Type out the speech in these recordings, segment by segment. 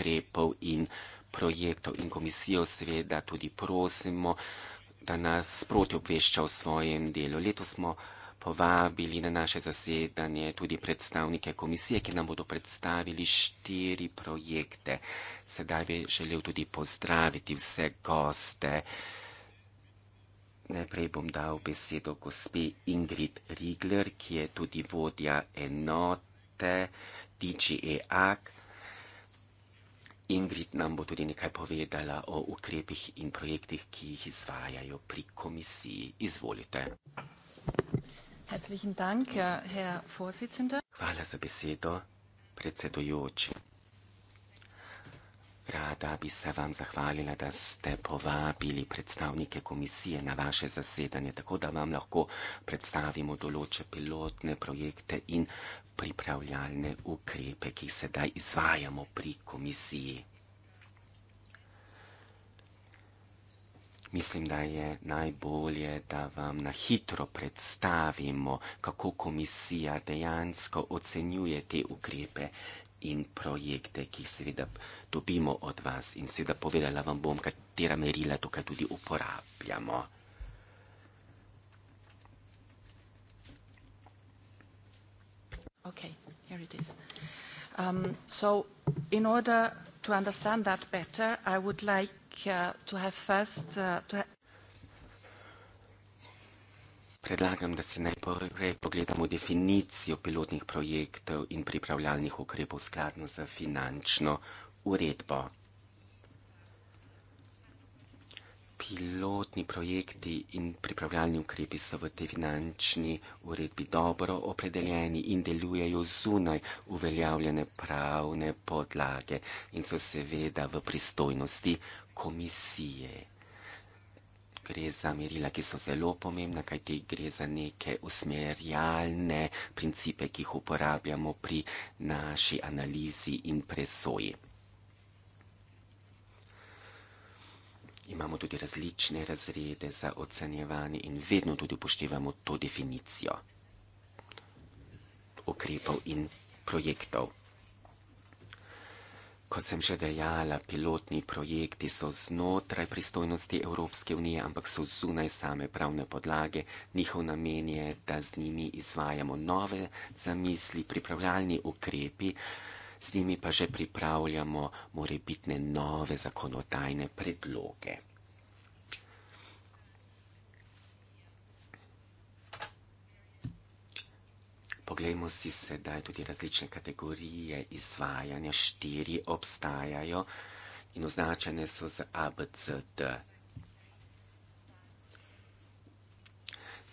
ukrepov in projektov. In komisijo seveda tudi prosimo, da nas sproti obvešča o svojem delu. Leto smo povabili na naše zasedanje tudi predstavnike komisije, ki nam bodo predstavili štiri projekte. Sedaj bi želel tudi pozdraviti vse goste. Najprej bom dal besedo gospe Ingrid Rigler, ki je tudi vodja enote DGEAC. Ingrid nam bo tudi nekaj povedala o ukrepih in projektih, ki jih izvajajo pri komisiji. Izvolite. Dank, äh, Herr Hvala za besedo, predsedujoči. Rada bi se vam zahvalila, da ste povabili predstavnike komisije na vaše zasedanje, tako da vam lahko predstavimo določe pilotne projekte in pripravljalne ukrepe, ki jih sedaj izvajamo pri komisiji. Mislim, da je najbolje, da vam na hitro predstavimo, kako komisija dejansko ocenjuje te ukrepe in projekte, ki seveda dobimo od vas in seveda povedala vam bom, katera merila tukaj tudi uporabljamo. Okay, here it is. Um, so in order to understand that better, I would like uh, to have first uh, to have Predlagam, da se najprej pogledamo definicijo pilotnih projektov in pripravljalnih ukrepov skladno z finančno uredbo. pilotni projekti in pripravljalni ukrepi so v tej finančni uredbi dobro opredeljeni in delujejo zunaj uveljavljene pravne podlage in so seveda v pristojnosti komisije. Gre za merila, ki so zelo pomembna, kajti gre za neke usmerjalne principe, ki jih uporabljamo pri naši analizi in presoji. imamo tudi različne razrede za ocenjevanje in vedno tudi upoštevamo to definicijo ukrepov in projektov. Kot sem že dejala, pilotni projekti so znotraj pristojnosti Evropske unije, ampak so zunaj same pravne podlage. Njihov namen je, da z njimi izvajamo nove zamisli, pripravljalni ukrepi, z njimi pa že pripravljamo morebitne nove zakonodajne predloge. Poglejmo si sedaj tudi različne kategorije izvajanja, štiri obstajajo in označene so z ABCD.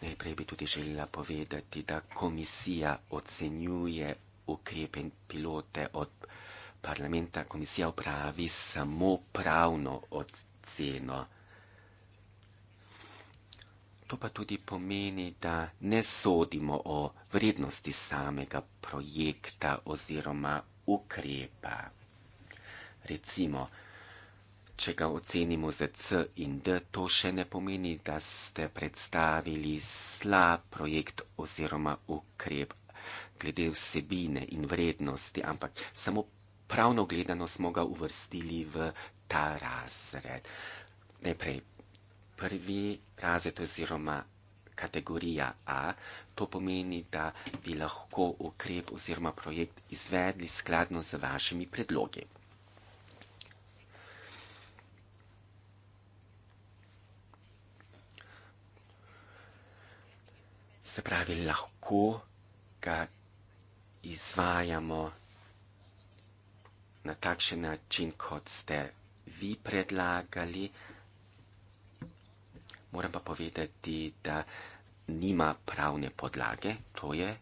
Najprej bi tudi želela povedati, da komisija ocenjuje ukrepe in pilote od parlamenta, komisija upravi samo pravno oceno. To pa tudi pomeni, da ne sodimo o vrednosti samega projekta oziroma ukrepa. Recimo, če ga ocenimo za C in D, to še ne pomeni, da ste predstavili slab projekt oziroma ukrep, glede vsebine in vrednosti, ampak samo pravno gledano smo ga uvrstili v ta razred. Najprej prvi razred oziroma kategorija A, to pomeni, da bi lahko ukrep oziroma projekt izvedli skladno z vašimi predlogi. Se pravi, lahko ga izvajamo na takšen način, kot ste vi predlagali. Moram pa povedati, da nima pravne podlage, to je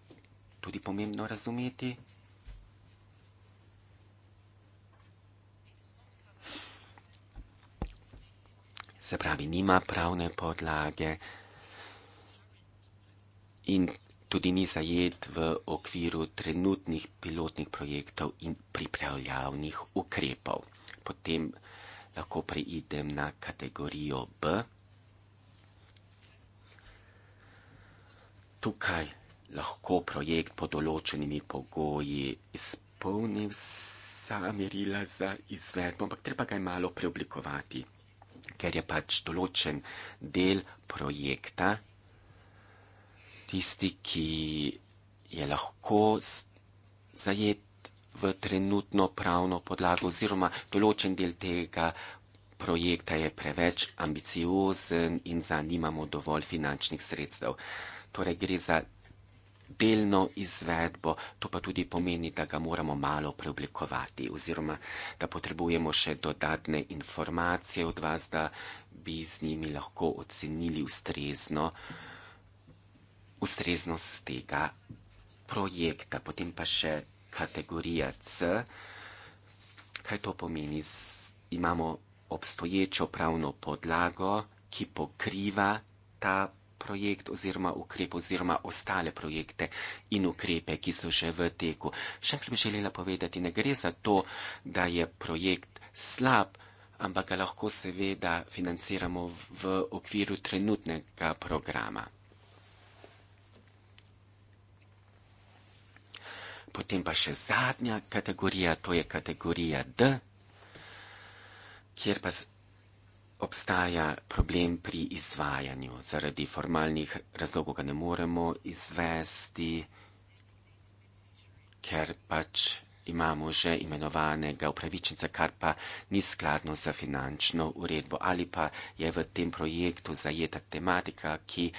tudi pomembno razumeti. Se pravi, nima pravne podlage in tudi ni zajet v okviru trenutnih pilotnih projektov in pripravljalnih ukrepov. Potem lahko preidem na kategorijo B. Tukaj lahko projekt pod določenimi pogoji izpolni vsa merila za izvedbo, ampak treba ga malo preoblikovati, ker je pač določen del projekta tisti, ki je lahko zajet v trenutno pravno podlago oziroma določen del tega projekta je preveč ambiciozen in zanimamo dovolj finančnih sredstev. Torej gre za delno izvedbo, to pa tudi pomeni, da ga moramo malo preoblikovati oziroma da potrebujemo še dodatne informacije od vas, da bi z njimi lahko ocenili ustrezno uh, ustreznost tega projekta, potem pa še kategorija C. Kaj to pomeni? Imamo obstoječo pravno podlago, ki pokriva ta projekt oziroma ukrep oziroma ostale projekte in ukrepe, ki so že v teku. Še enkrat bi želela povedati, ne gre za to, da je projekt slab, ampak ga lahko seveda financiramo v okviru trenutnega programa. potem pa še zadnja kategorija, to je kategorija D, kjer pa obstaja problem pri izvajanju. Zaradi formalnih razlogov ga ne moremo izvesti, ker pač imamo že imenovanega upravičenca, kar pa ni skladno za finančno uredbo ali pa je v tem projektu zajeta tematika, ki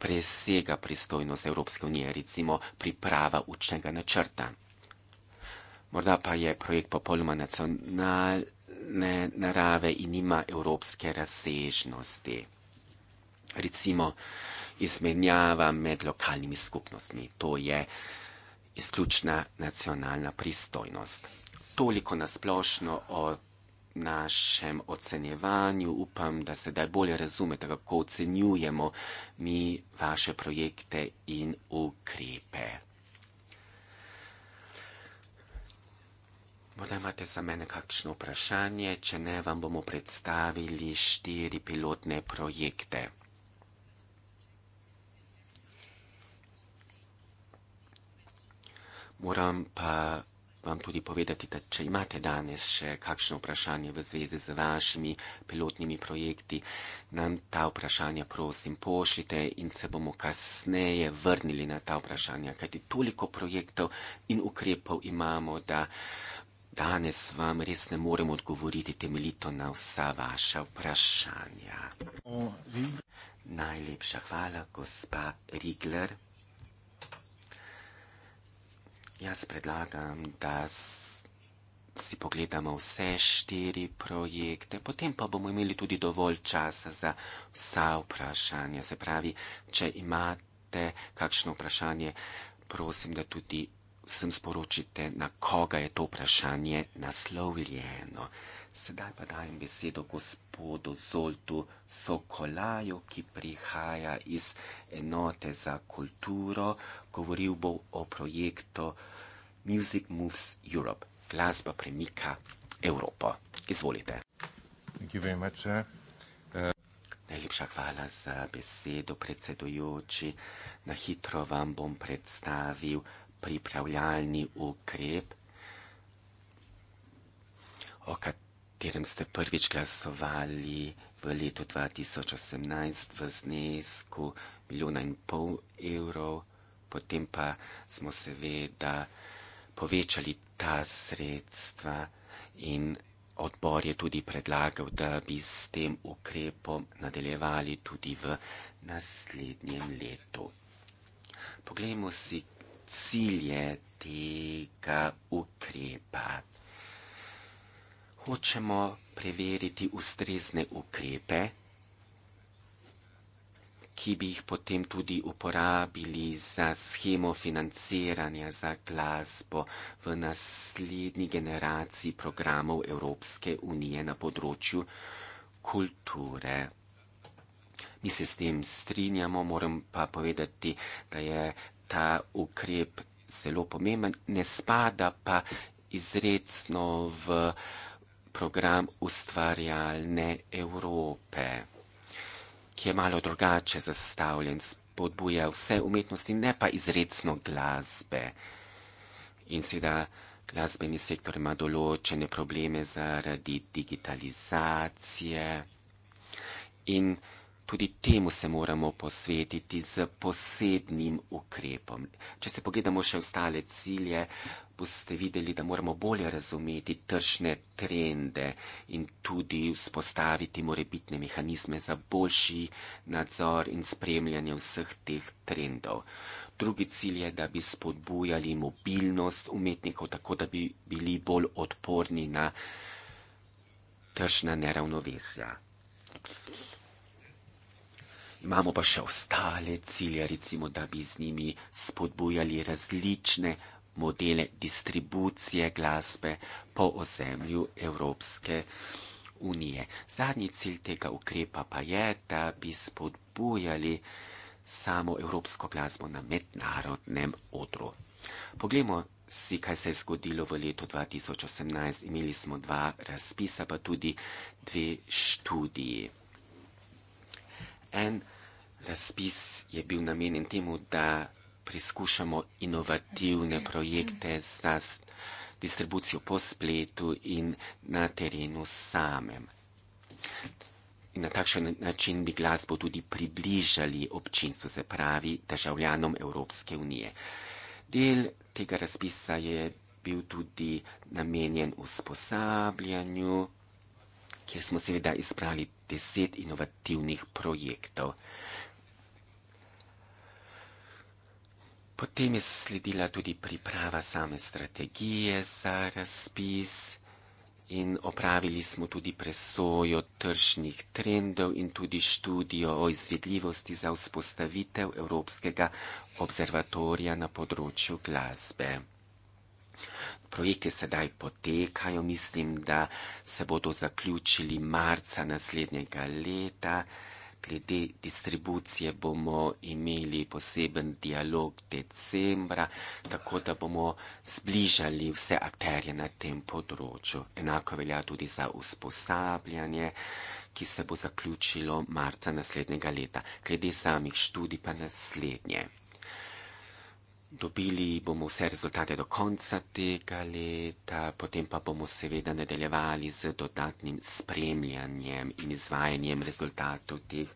presega pristojnost Evropske unije, recimo priprava učnega načrta. Morda pa je projekt popolnoma nacionalne narave in ima evropske razsežnosti. Recimo izmenjava med lokalnimi skupnostmi. To je izključna nacionalna pristojnost. Toliko nasplošno o našem ocenjevanju. Upam, da sedaj bolje razumete, kako ocenjujemo mi vaše projekte in ukrepe. Morda imate za mene kakšno vprašanje, če ne, vam bomo predstavili štiri pilotne projekte. Moram pa vam tudi povedati, da če imate danes še kakšno vprašanje v zvezi z vašimi pilotnimi projekti, nam ta vprašanja prosim pošljite in se bomo kasneje vrnili na ta vprašanja, kajti toliko projektov in ukrepov imamo, da danes vam res ne morem odgovoriti temeljito na vsa vaša vprašanja. Najlepša hvala, gospa Rigler. Jaz predlagam, da si pogledamo vse štiri projekte, potem pa bomo imeli tudi dovolj časa za vsa vprašanja. Se pravi, če imate kakšno vprašanje, prosim, da tudi vsem sporočite, na koga je to vprašanje naslovljeno. Sedaj pa dajem besedo gospodu Zoltu Sokolaju, ki prihaja iz enote za kulturo govoril bo o projektu Music Moves Europe, glasba premika Evropo. Izvolite. Uh... Najlepša hvala za besedo, predsedujoči. Na hitro vam bom predstavil pripravljalni ukrep, o katerem ste prvič glasovali v letu 2018 v znesku milijona in pol evrov potem pa smo seveda povečali ta sredstva in odbor je tudi predlagal, da bi s tem ukrepom nadaljevali tudi v naslednjem letu. Poglejmo si cilje tega ukrepa. Hočemo preveriti ustrezne ukrepe, ki bi jih potem tudi uporabili za schemo financiranja za glasbo v naslednji generaciji programov Evropske unije na področju kulture. Mi se s tem strinjamo, moram pa povedati, da je ta ukrep zelo pomemben, ne spada pa izredno v program ustvarjalne Evrope ki je malo drugače zastavljen, spodbuja vse umetnosti, ne pa izredno glasbe. In seveda glasbeni sektor ima določene probleme zaradi digitalizacije. In tudi temu se moramo posvetiti z posebnim ukrepom. Če se pogledamo še ostale cilje, boste videli, da moramo bolje razumeti tržne trende in tudi vzpostaviti morebitne mehanizme za boljši nadzor in spremljanje vseh teh trendov. Drugi cilj je, da bi spodbujali mobilnost umetnikov, tako da bi bili bolj odporni na tržna neravnovesja. Imamo pa še ostale cilje, recimo, da bi z njimi spodbujali različne modele distribucije glasbe po ozemlju Evropske unije. Zadnji cilj tega ukrepa pa je, da bi spodbujali samo evropsko glasbo na mednarodnem odru. Poglejmo si, kaj se je zgodilo v letu 2018. Imeli smo dva razpisa, pa tudi dve študiji. En razpis je bil namenjen temu, da preizkušamo inovativne projekte za distribucijo po spletu in na terenu samem. In na takšen način bi glasbo tudi približali občinstvu, se pravi državljanom Evropske unije. Del tega razpisa je bil tudi namenjen usposabljanju, kjer smo seveda izbrali deset inovativnih projektov. Potem je sledila tudi priprava same strategije za razpis in opravili smo tudi presojo tržnih trendov in tudi študijo o izvedljivosti za vzpostavitev Evropskega observatorija na področju glasbe projekti sedaj potekajo, mislim, da se bodo zaključili marca naslednjega leta. Glede distribucije bomo imeli poseben dialog decembra, tako da bomo zbližali vse akterje na tem področju. Enako velja tudi za usposabljanje, ki se bo zaključilo marca naslednjega leta. Glede samih študij pa naslednje dobili bomo vse rezultate do konca tega leta, potem pa bomo seveda nadaljevali z dodatnim spremljanjem in izvajanjem rezultatov teh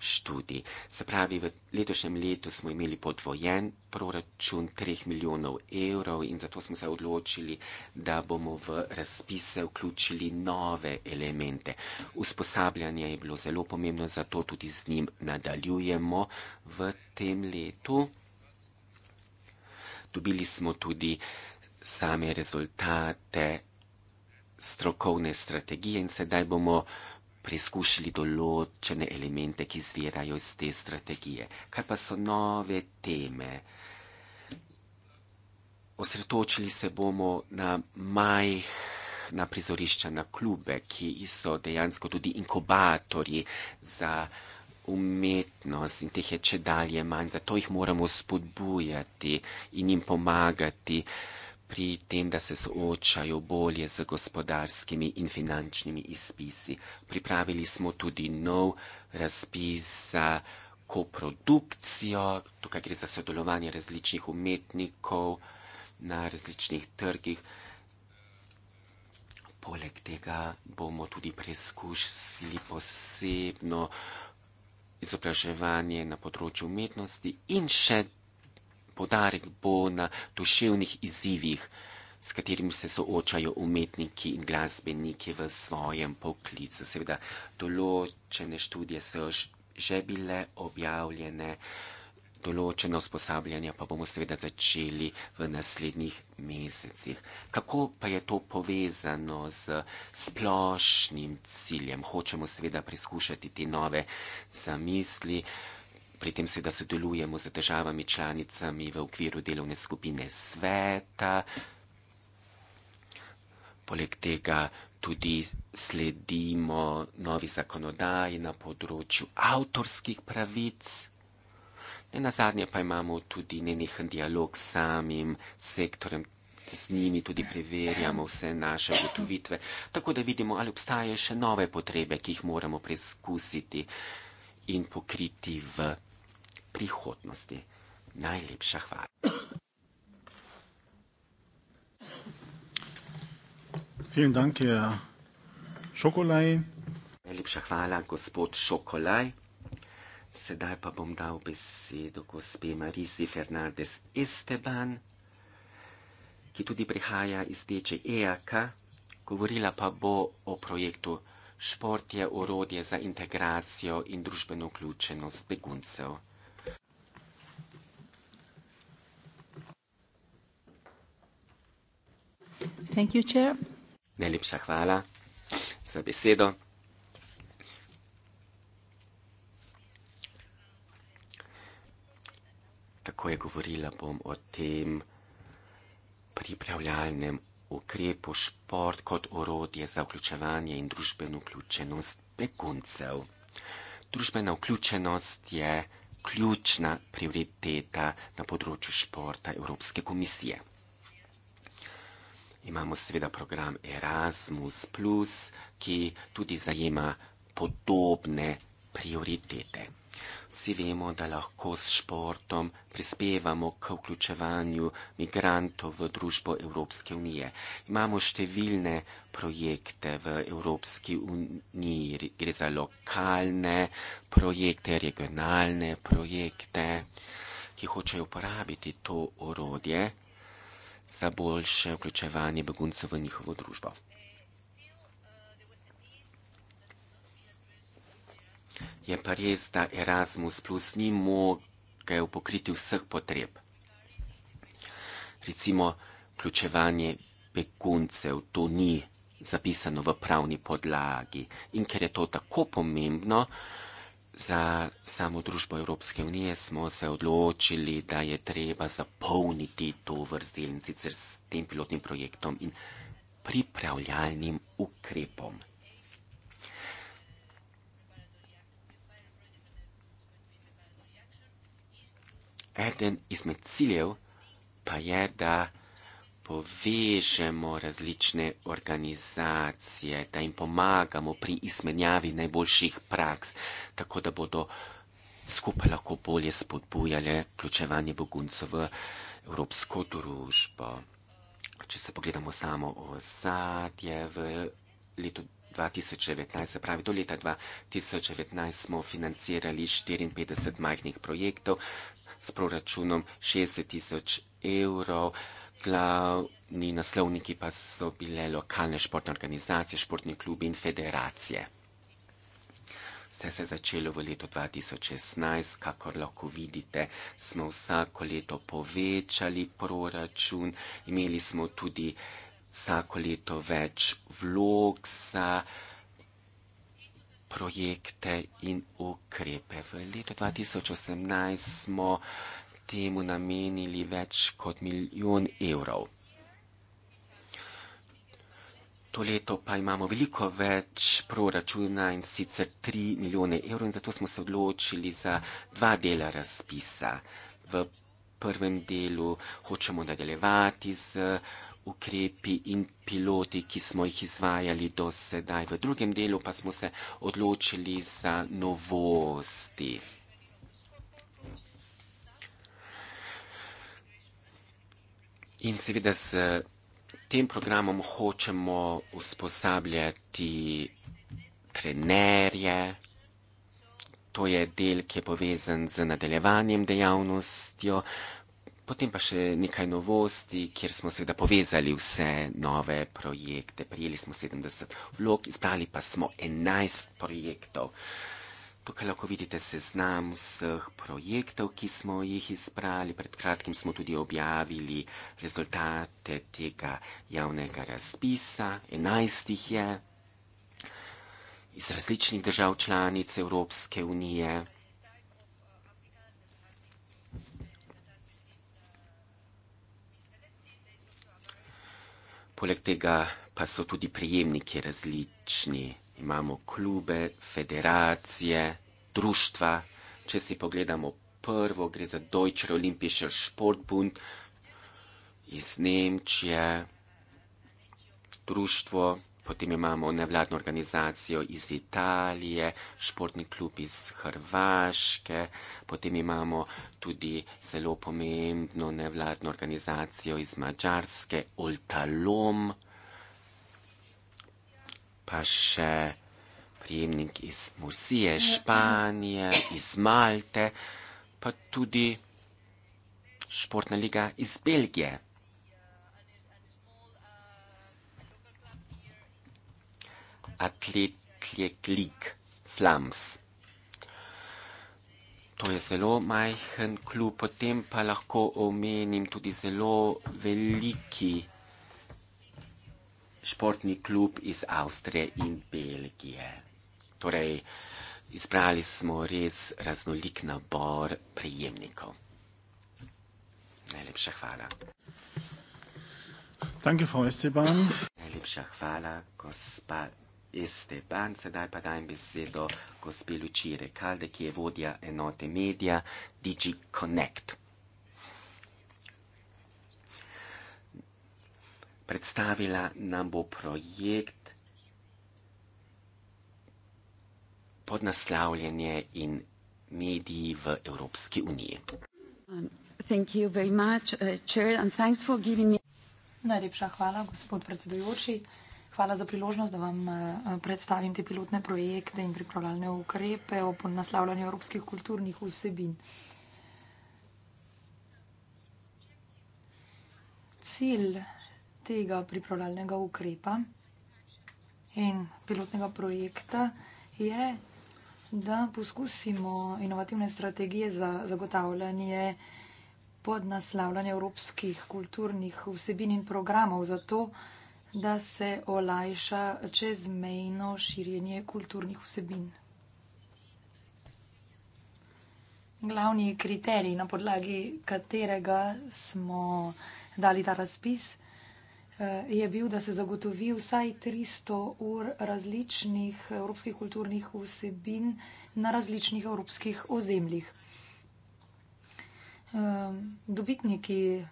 študij. Se pravi, v letošnjem letu smo imeli podvojen proračun 3 milijonov evrov in zato smo se odločili, da bomo v razpise vključili nove elemente. Usposabljanje je bilo zelo pomembno, zato tudi z njim nadaljujemo v tem letu dobili smo tudi same rezultate strokovne strategije in sedaj bomo preizkušali določene elemente, ki izvirajo iz te strategije. Kaj pa so nove teme? Osredotočili se bomo na majhna prizorišča, na klube, ki so dejansko tudi inkubatorji za umetnost in teh je če dalje manj, zato jih moramo spodbujati in jim pomagati pri tem, da se soočajo bolje z gospodarskimi in finančnimi izpisi. Pripravili smo tudi nov razpis za koprodukcijo, tukaj gre za sodelovanje različnih umetnikov na različnih trgih. Poleg tega bomo tudi preskušali posebno izobraževanje na področju umetnosti in še podarek bo na duševnih izzivih, s katerimi se soočajo umetniki in glasbeniki v svojem poklicu. Seveda, določene študije so že bile objavljene določeno usposabljanje pa bomo seveda začeli v naslednjih mesecih. Kako pa je to povezano z splošnim ciljem? Hočemo seveda preizkušati te nove zamisli, pri tem seveda sodelujemo z državami članicami v okviru delovne skupine sveta. Poleg tega tudi sledimo novi zakonodaji na področju avtorskih pravic in na zadnje pa imamo tudi nenehen dialog s samim sektorjem, z njimi tudi preverjamo vse naše ugotovitve, tako da vidimo, ali obstajajo še nove potrebe, ki jih moramo preizkusiti in pokriti v prihodnosti. Najlepša hvala. Najlepša hvala, gospod Šokolaj. Sedaj pa bom dal besedo gospe Marisi Fernandez Esteban, ki tudi prihaja iz teče EAK, govorila pa bo o projektu Šport je urodje za integracijo in družbeno vključenost beguncev. Thank you, Najlepša hvala za besedo. tako je govorila bom o tem pripravljalnem ukrepu šport kot orodje za vključevanje in družbeno vključenost beguncev. Družbena vključenost je ključna prioriteta na področju športa Evropske komisije. Imamo seveda program Erasmus, ki tudi zajema podobne prioritete. Vsi vemo, da lahko s športom prispevamo k vključevanju migrantov v družbo Evropske unije. Imamo številne projekte v Evropski uniji, gre za lokalne projekte, regionalne projekte, ki hočejo uporabiti to orodje za boljše vključevanje beguncev v njihovo družbo. Je pa res, da Erasmus plus ni mogel pokriti vseh potreb. Recimo, vključevanje beguncev, to ni zapisano v pravni podlagi. In ker je to tako pomembno za samo družbo Evropske unije, smo se odločili, da je treba zapolniti to vrzel in sicer s tem pilotnim projektom in pripravljalnim ukrepom. eden izmed ciljev pa je, da povežemo različne organizacije, da jim pomagamo pri izmenjavi najboljših praks, tako da bodo skupaj lahko bolje spodbujale vključevanje beguncev v evropsko družbo. Če se pogledamo samo o zadje v letu 2019, se pravi do leta 2019 smo financirali 54 majhnih projektov, s proračunom 60 tisoč evrov. Glavni naslovniki pa so bile lokalne športne organizacije, športni klubi in federacije. Vse se je začelo v letu 2016, kakor lahko vidite, smo vsako leto povečali proračun, imeli smo tudi vsako leto več vlog za proračun projekte in ukrepe. V letu 2018 smo temu namenili več kot milijon evrov. To leto pa imamo veliko več proračuna in sicer 3 milijone evrov in zato smo se odločili za dva dela razpisa. V prvem delu hočemo nadaljevati z uh, ukrepi in piloti, ki smo jih izvajali do sedaj. V drugem delu pa smo se odločili za novosti. In seveda z tem programom hočemo usposabljati trenerje. To je del, ki je povezan z nadaljevanjem dejavnostjo. Potem pa še nekaj novosti, kjer smo seveda povezali vse nove projekte. Prijeli smo 70 vlog, izbrali pa smo 11 projektov. Tukaj lahko vidite seznam vseh projektov, ki smo jih izbrali. Pred kratkim smo tudi objavili rezultate tega javnega razpisa. 11 jih je iz različnih držav članic Evropske unije. Poleg tega pa so tudi prijemniki različni. Imamo klube, federacije, društva. Če si pogledamo prvo, gre za Deutsche Olympische Sportbund iz Nemčije, društvo. Potem imamo nevladno organizacijo iz Italije, športni klub iz Hrvaške, potem imamo tudi zelo pomembno nevladno organizacijo iz Mačarske, Oltalom, pa še prijemnik iz Musije, Španije, iz Malte, pa tudi športna liga iz Belgije. atletleklik flams. To je zelo majhen klub, potem pa lahko omenim tudi zelo veliki športni klub iz Avstrije in Belgije. Torej, izbrali smo res raznolik nabor prijemnikov. Najlepša hvala. Danke, Frau Esteban. Najlepša hvala, gospa Este Ban, sedaj pa dajem besedo gospe Luči Rekalde, ki je vodja enote medija DigiConnect. Predstavila nam bo projekt podnaslavljanje in mediji v Evropski uniji. Um, uh, Najlepša hvala, gospod predsedujoči. Hvala za priložnost, da vam eh, predstavim te pilotne projekte in pripravljalne ukrepe o naslavljanju evropskih kulturnih vsebin. Cilj tega pripravljalnega ukrepa in pilotnega projekta je, da poskusimo inovativne strategije za zagotavljanje podnaslavljanja evropskih kulturnih vsebin in programov za to, da se vsebin da se olajša čezmejno širjenje kulturnih vsebin. Glavni kriterij, na podlagi katerega smo dali ta razpis, eh, je bil, da se zagotovi vsaj 300 ur različnih evropskih kulturnih vsebin na različnih evropskih ozemljih. Ehm, dobitniki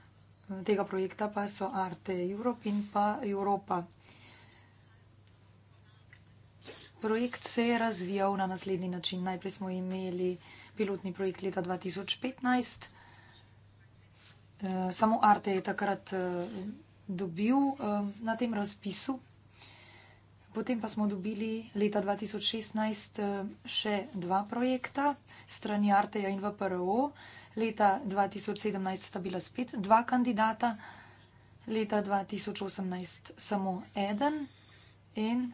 tega projekta pa so Arte Europe in pa Evropa. Projekt se je razvijal na naslednji način. Najprej smo imeli pilotni projekt leta 2015. Eh, samo Arte je takrat eh, dobil eh, na tem razpisu. Potem pa smo dobili leta 2016 še dva projekta strani Arteja in VPRO. Leta 2017 sta bila spet dva kandidata, leta 2018 samo eden in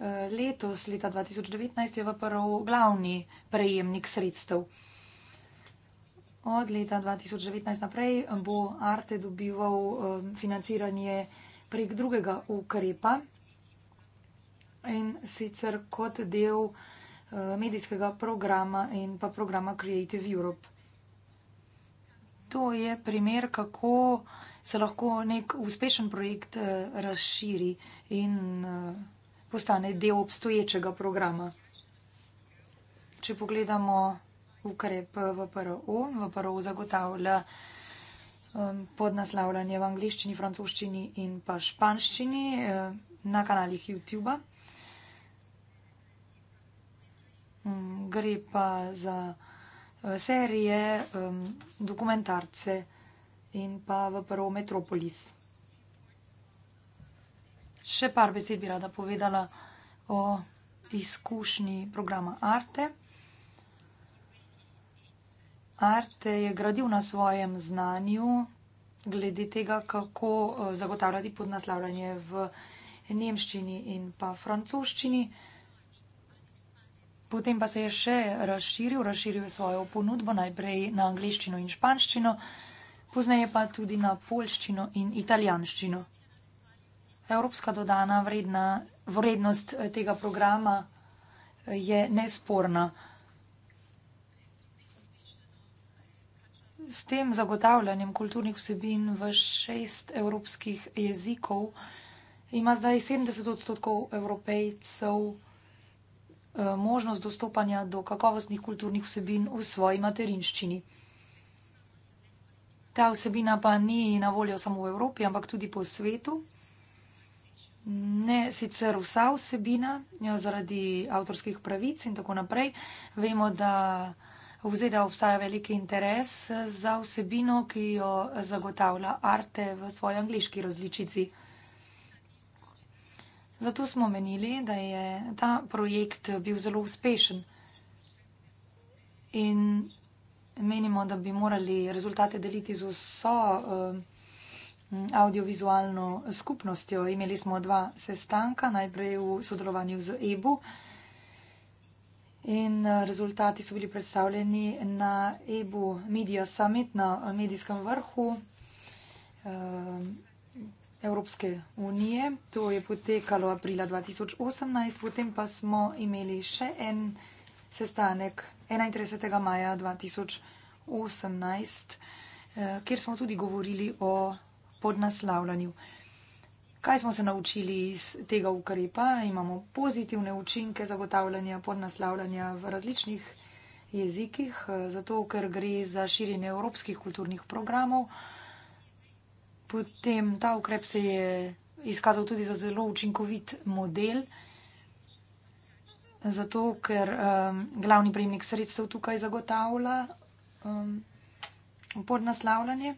eh, letos, leta 2019, je v prvem glavni prejemnik sredstev. Od leta 2019 naprej bo Arte dobival eh, financiranje prek drugega ukrepa in sicer kot del eh, medijskega programa in pa programa Creative Europe to je primer, kako se lahko nek uspešen projekt eh, razširi in eh, postane del obstoječega programa. Če pogledamo ukrep eh, VPRO, VPRO zagotavlja podnaslavljanje v angliščini, francoščini in pa španščini na kanalih YouTube. Mm, gre pa za. Eh, serije, um, dokumentarce in pa v prvo Metropolis. Še par besed bi rada povedala o izkušnji programa Arte. Arte je gradil na svojem znanju glede tega, kako eh, zagotavljati podnaslavljanje v nemščini in pa francoščini. Potem pa se je še razširil, razširil svojo ponudbo najprej na angliščino in španščino, pozneje pa tudi na polščino in italijanščino. Evropska dodana vredna, vrednost eh, tega programa eh, je nesporna. S tem zagotavljanjem kulturnih vsebin v šest evropskih jezikov ima zdaj 70 odstotkov evropejcev. Eh, možnost dostopanja do kakovostnih kulturnih vsebin v svoji materinščini. Ta vsebina pa ni na voljo samo v Evropi, ampak tudi po svetu. Ne sicer vsa vsebina ja, zaradi avtorskih pravic in tako naprej. Vemo, da v ZDA obstaja veliki interes za vsebino, ki jo zagotavlja Arte v svoji angliški različici. Zato smo menili, da je ta projekt bil zelo uspešen in menimo, da bi morali rezultate deliti z vso eh, audiovizualno skupnostjo. Imeli smo dva sestanka, najprej v sodelovanju z EBU in eh, rezultati so bili predstavljeni na EBU Media Summit na eh, medijskem vrhu. Evropske unije. To je potekalo aprila 2018, potem pa smo imeli še en sestanek 31. maja 2018, eh, kjer smo tudi govorili o podnaslavljanju. Kaj smo se naučili iz tega ukrepa? Imamo pozitivne učinke zagotavljanja podnaslavljanja v različnih jezikih, eh, zato ker gre za širjenje evropskih kulturnih programov potem ta ukrep se je izkazal tudi za zelo učinkovit model, zato ker um, glavni prejemnik sredstev tukaj zagotavlja um, podnaslavljanje.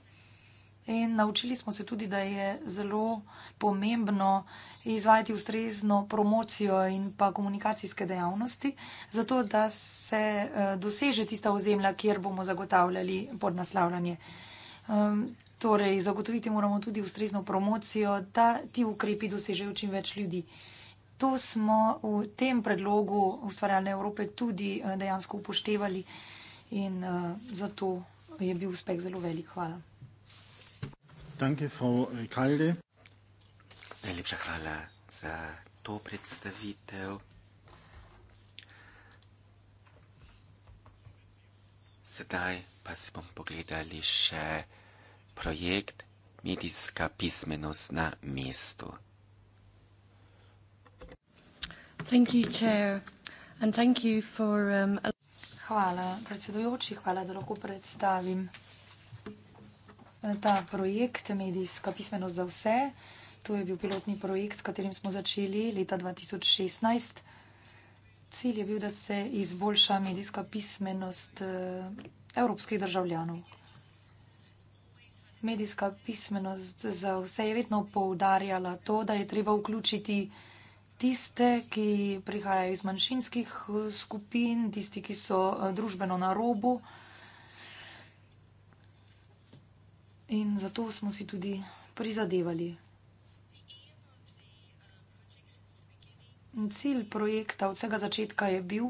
In naučili smo se tudi, da je zelo pomembno izvajati ustrezno promocijo in pa komunikacijske dejavnosti, zato da se uh, doseže tista ozemlja, kjer bomo zagotavljali podnaslavljanje. Um, Torej, zagotoviti moramo tudi ustrezno promocijo, da ti ukrepi dosežejo čim več ljudi. To smo v tem predlogu ustvarjalne Evrope tudi eh, dejansko upoštevali in uh, zato je bil uspeh zelo velik. Hvala. Danke, Frau eh, Kalde. Najlepša hvala za to predstavitev. Sedaj pa si bom pogledali še projekt Medijska pismenost na mestu. Thank you, chair. And thank you for, um, hvala, predsedujoči, hvala, da lahko predstavim eh, ta projekt Medijska pismenost za vse. To je bil pilotni projekt, s katerim smo začeli leta 2016. Cilj je bil, da se izboljša medijska pismenost eh, evropskih državljanov medijska pismenost za vse je vedno poudarjala to, da je treba vključiti tiste, ki prihajajo iz manjšinskih eh, skupin, tisti, ki so eh, družbeno na robu. In zato smo si tudi prizadevali. Cilj projekta od vsega začetka je bil,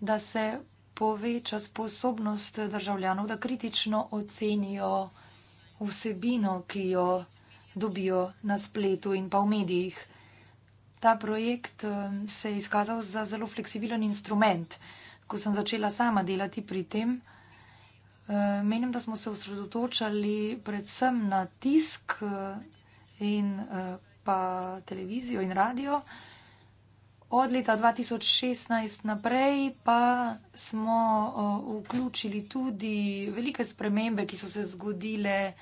da se poveča sposobnost državljanov, da kritično ocenijo vsebino, ki jo dobijo na spletu in pa v medijih. Ta projekt eh, se je izkazal za zelo fleksibilen instrument. Ko sem začela sama delati pri tem, eh, menim, da smo se osredotočali predvsem na tisk eh, in pa televizijo in radio, od leta 2016 naprej pa smo uh, vključili tudi velike spremembe, ki so se zgodile e,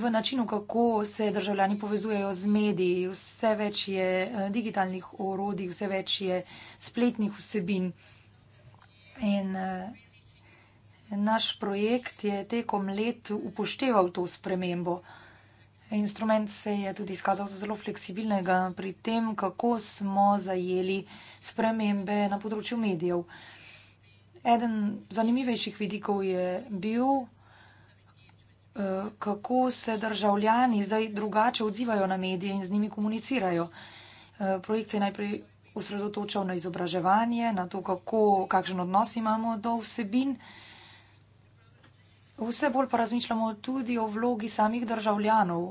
v načinu, kako se državljani povezujejo z mediji. Vse več je e, digitalnih orodij, vse več je spletnih vsebin. In uh, naš projekt je tekom let upošteval to spremembo. Instrument se je tudi izkazal za zelo fleksibilnega pri tem, kako smo zajeli spremembe na področju medijev. Eden zanimivejših vidikov je bil, eh, kako se državljani zdaj drugače odzivajo na medije in z njimi komunicirajo. Eh, projekt se je najprej osredotočal na izobraževanje, na to, kako, kakšen odnos imamo do vsebin. Vse bolj pa razmišljamo tudi o vlogi samih državljanov.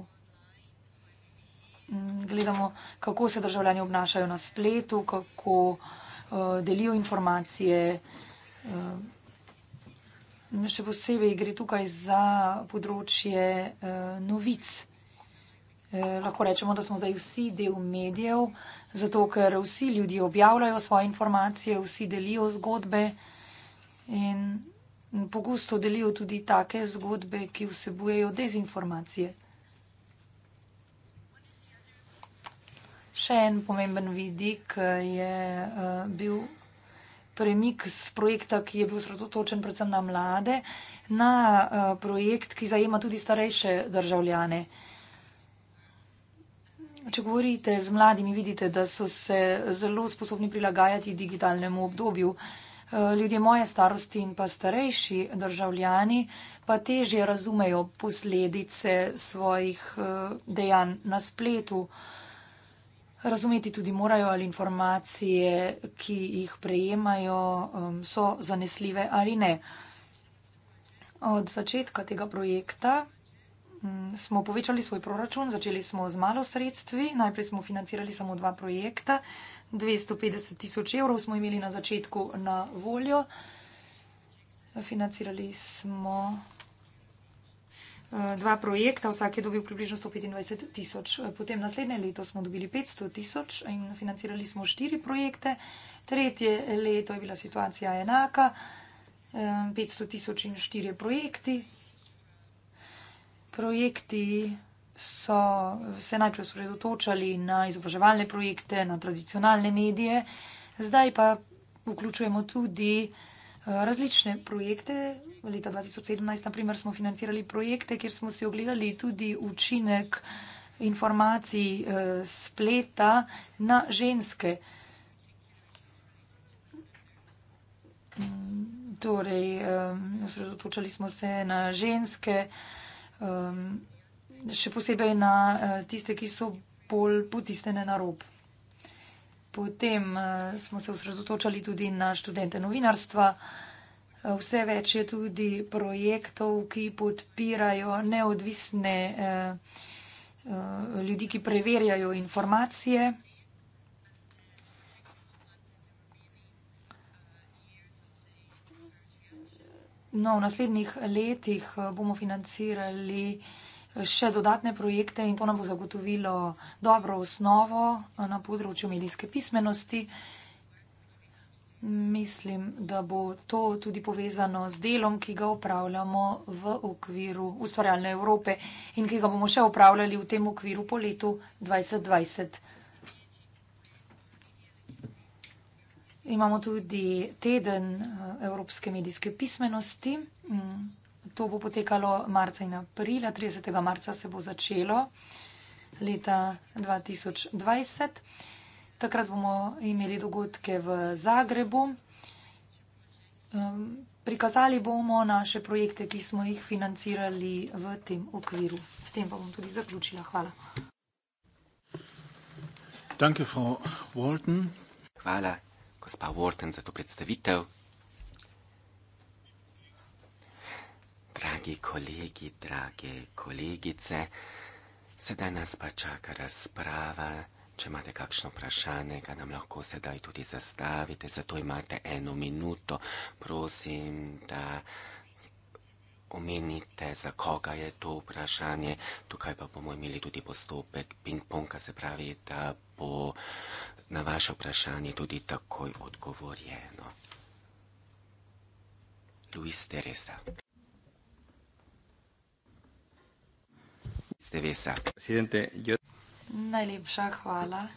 Mm, gledamo, kako se državljani obnašajo na spletu, kako eh, delijo informacije. Eh, še posebej gre tukaj za področje eh, novic. Lahko rečemo, da smo zdaj vsi del medijev, zato ker vsi ljudje objavljajo svoje informacije, vsi delijo zgodbe in vsi pogosto delijo tudi take zgodbe, ki vsebujejo dezinformacije. Še en pomemben vidik eh, je eh, bil premik z projekta, ki je bil sredotočen predvsem na mlade, na eh, projekt, ki zajema tudi starejše državljane. Če govorite z mladimi, vidite, da so se zelo sposobni prilagajati digitalnemu obdobju. Eh, ljudje moje starosti in pa starejši državljani pa težje razumejo posledice svojih eh, dejanj na spletu. Razumeti tudi morajo, ali informacije, ki jih prejemajo, so zanesljive ali ne. Od začetka tega projekta mm, smo povečali svoj proračun, začeli smo z malo sredstvi, najprej smo financirali samo dva projekta. 250 tisoč evrov smo imeli na začetku na voljo. Financirali smo eh, dva projekta, vsak je dobil približno 125 tisoč. Potem naslednje leto smo dobili 500 tisoč in financirali smo štiri projekte. Tretje leto je bila situacija enaka, 500 eh, tisoč in štiri projekti. Projekti so se najprej osredotočali na izobraževalne projekte, na tradicionalne medije, zdaj pa vključujemo tudi eh, različne projekte. V leta 2017, naprimer, smo financirali projekte, kjer smo si ogledali tudi učinek informacij eh, spleta na ženske. Torej, eh, osredotočali smo se na ženske še posebej na uh, tiste, ki so bolj potisnjene na rob. Potem uh, smo se osredotočali tudi na študente novinarstva. Eh, vse več je tudi projektov, ki podpirajo neodvisne eh, ljudi, ki preverjajo informacije. No, v naslednjih letih bomo financirali eh, še dodatne projekte in to nam bo zagotovilo dobro osnovo na področju medijske pismenosti. Mislim, da bo to tudi povezano z delom, ki ga upravljamo v okviru ustvarjalne Evrope in ki ga bomo še upravljali v tem okviru po letu 2020. Imamo tudi teden eh, Evropske medijske pismenosti. Mm to bo potekalo marca in aprila, 30. marca se bo začelo leta 2020. Takrat bomo imeli dogodke v Zagrebu. Ehm, prikazali bomo naše projekte, ki smo jih financirali v tem okviru. S tem pa bom tudi zaključila. Hvala. Danke, Hvala, gospa Walton, za to predstavitev. dragi kolegi, drage kolegice, sedaj nas pa čaka razprava. Če imate kakšno vprašanje, ga nam lahko sedaj tudi zastavite, zato imate eno minuto, prosim, da omenite, za koga je to vprašanje. Tukaj pa bomo imeli tudi postopek ping-ponga, se pravi, da bo na vaše vprašanje tudi takoj odgovorjeno. Luis Teresa. Stevesa. Najlepša hvala.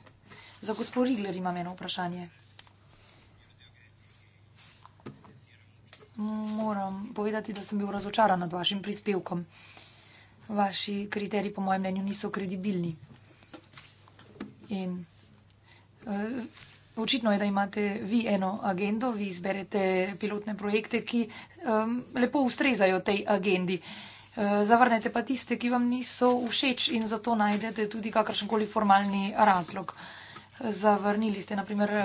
Za gospod Rigler imam eno vprašanje. Moram povedati, da sem bil razočaran nad vašim prispevkom. Vaši kriteriji, po mojem mnenju, niso kredibilni. In uh, očitno je, da imate vi eno agendo, vi izberete pilotne projekte, ki um, lepo ustrezajo tej agendi. Uh, Eh, zavrnete pa tiste, ki vam niso všeč in zato najdete tudi kakršenkoli formalni razlog. Eh, zavrnili ste naprimer eh,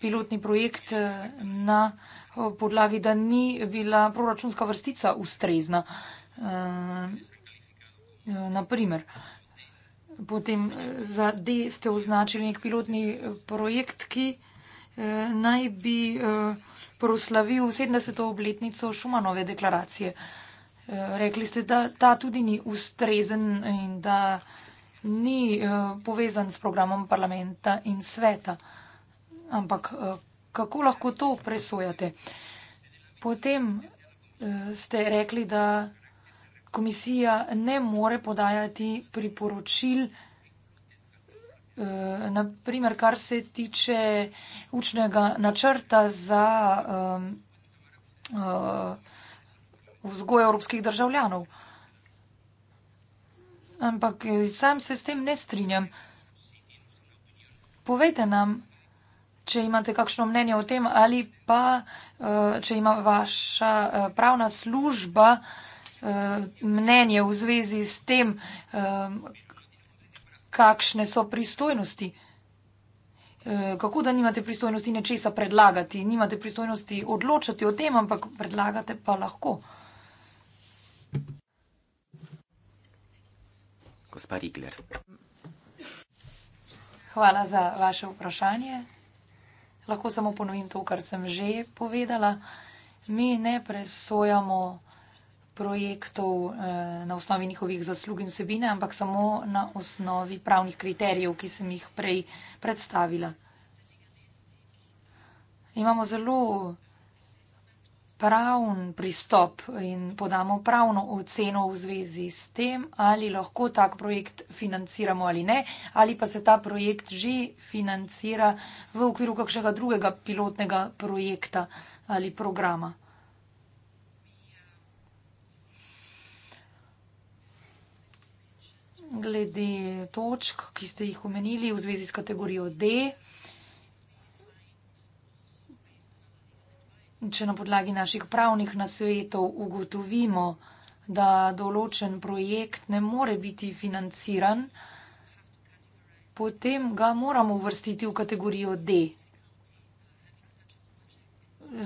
pilotni projekt na podlagi, da ni bila proračunska vrstica ustrezna. Naprimer, potem za D ste označili nek pilotni projekt, ki naj bi proslavil 70. obletnico Šumanove deklaracije. Eh, rekli ste, da ta tudi ni ustrezen in da ni eh, povezan s programom parlamenta in sveta. Ampak eh, kako lahko to presojate? Potem ste rekli, da komisija ne more podajati priporočil, naprimer, kar se tiče učnega načrta za. Uh, vzgoj evropskih državljanov. Ampak eh, sam se s tem ne strinjam. Povejte nam, če imate kakšno mnenje o tem ali pa, eh, če ima vaša eh, pravna služba mnenje v zvezi s tem, kakšne so pristojnosti. Kako da nimate pristojnosti nečesa predlagati, nimate pristojnosti odločati o tem, ampak predlagate pa lahko. Gospa Rigler. Hvala za vaše vprašanje. Lahko samo ponovim to, kar sem že povedala. Mi ne presojamo projektov eh, na osnovi njihovih zaslug in vsebine, ampak samo na osnovi pravnih kriterijev, ki sem jih prej predstavila. Imamo zelo pravni pristop in podamo pravno oceno v zvezi s tem, ali lahko tak projekt financiramo ali ne, ali pa se ta projekt že financira v okviru kakšnega drugega pilotnega projekta ali programa. Glede točk, ki ste jih omenili v zvezi s kategorijo D, če na podlagi naših pravnih nasvetov ugotovimo, da določen projekt ne more biti financiran, potem ga moramo uvrstiti v kategorijo D.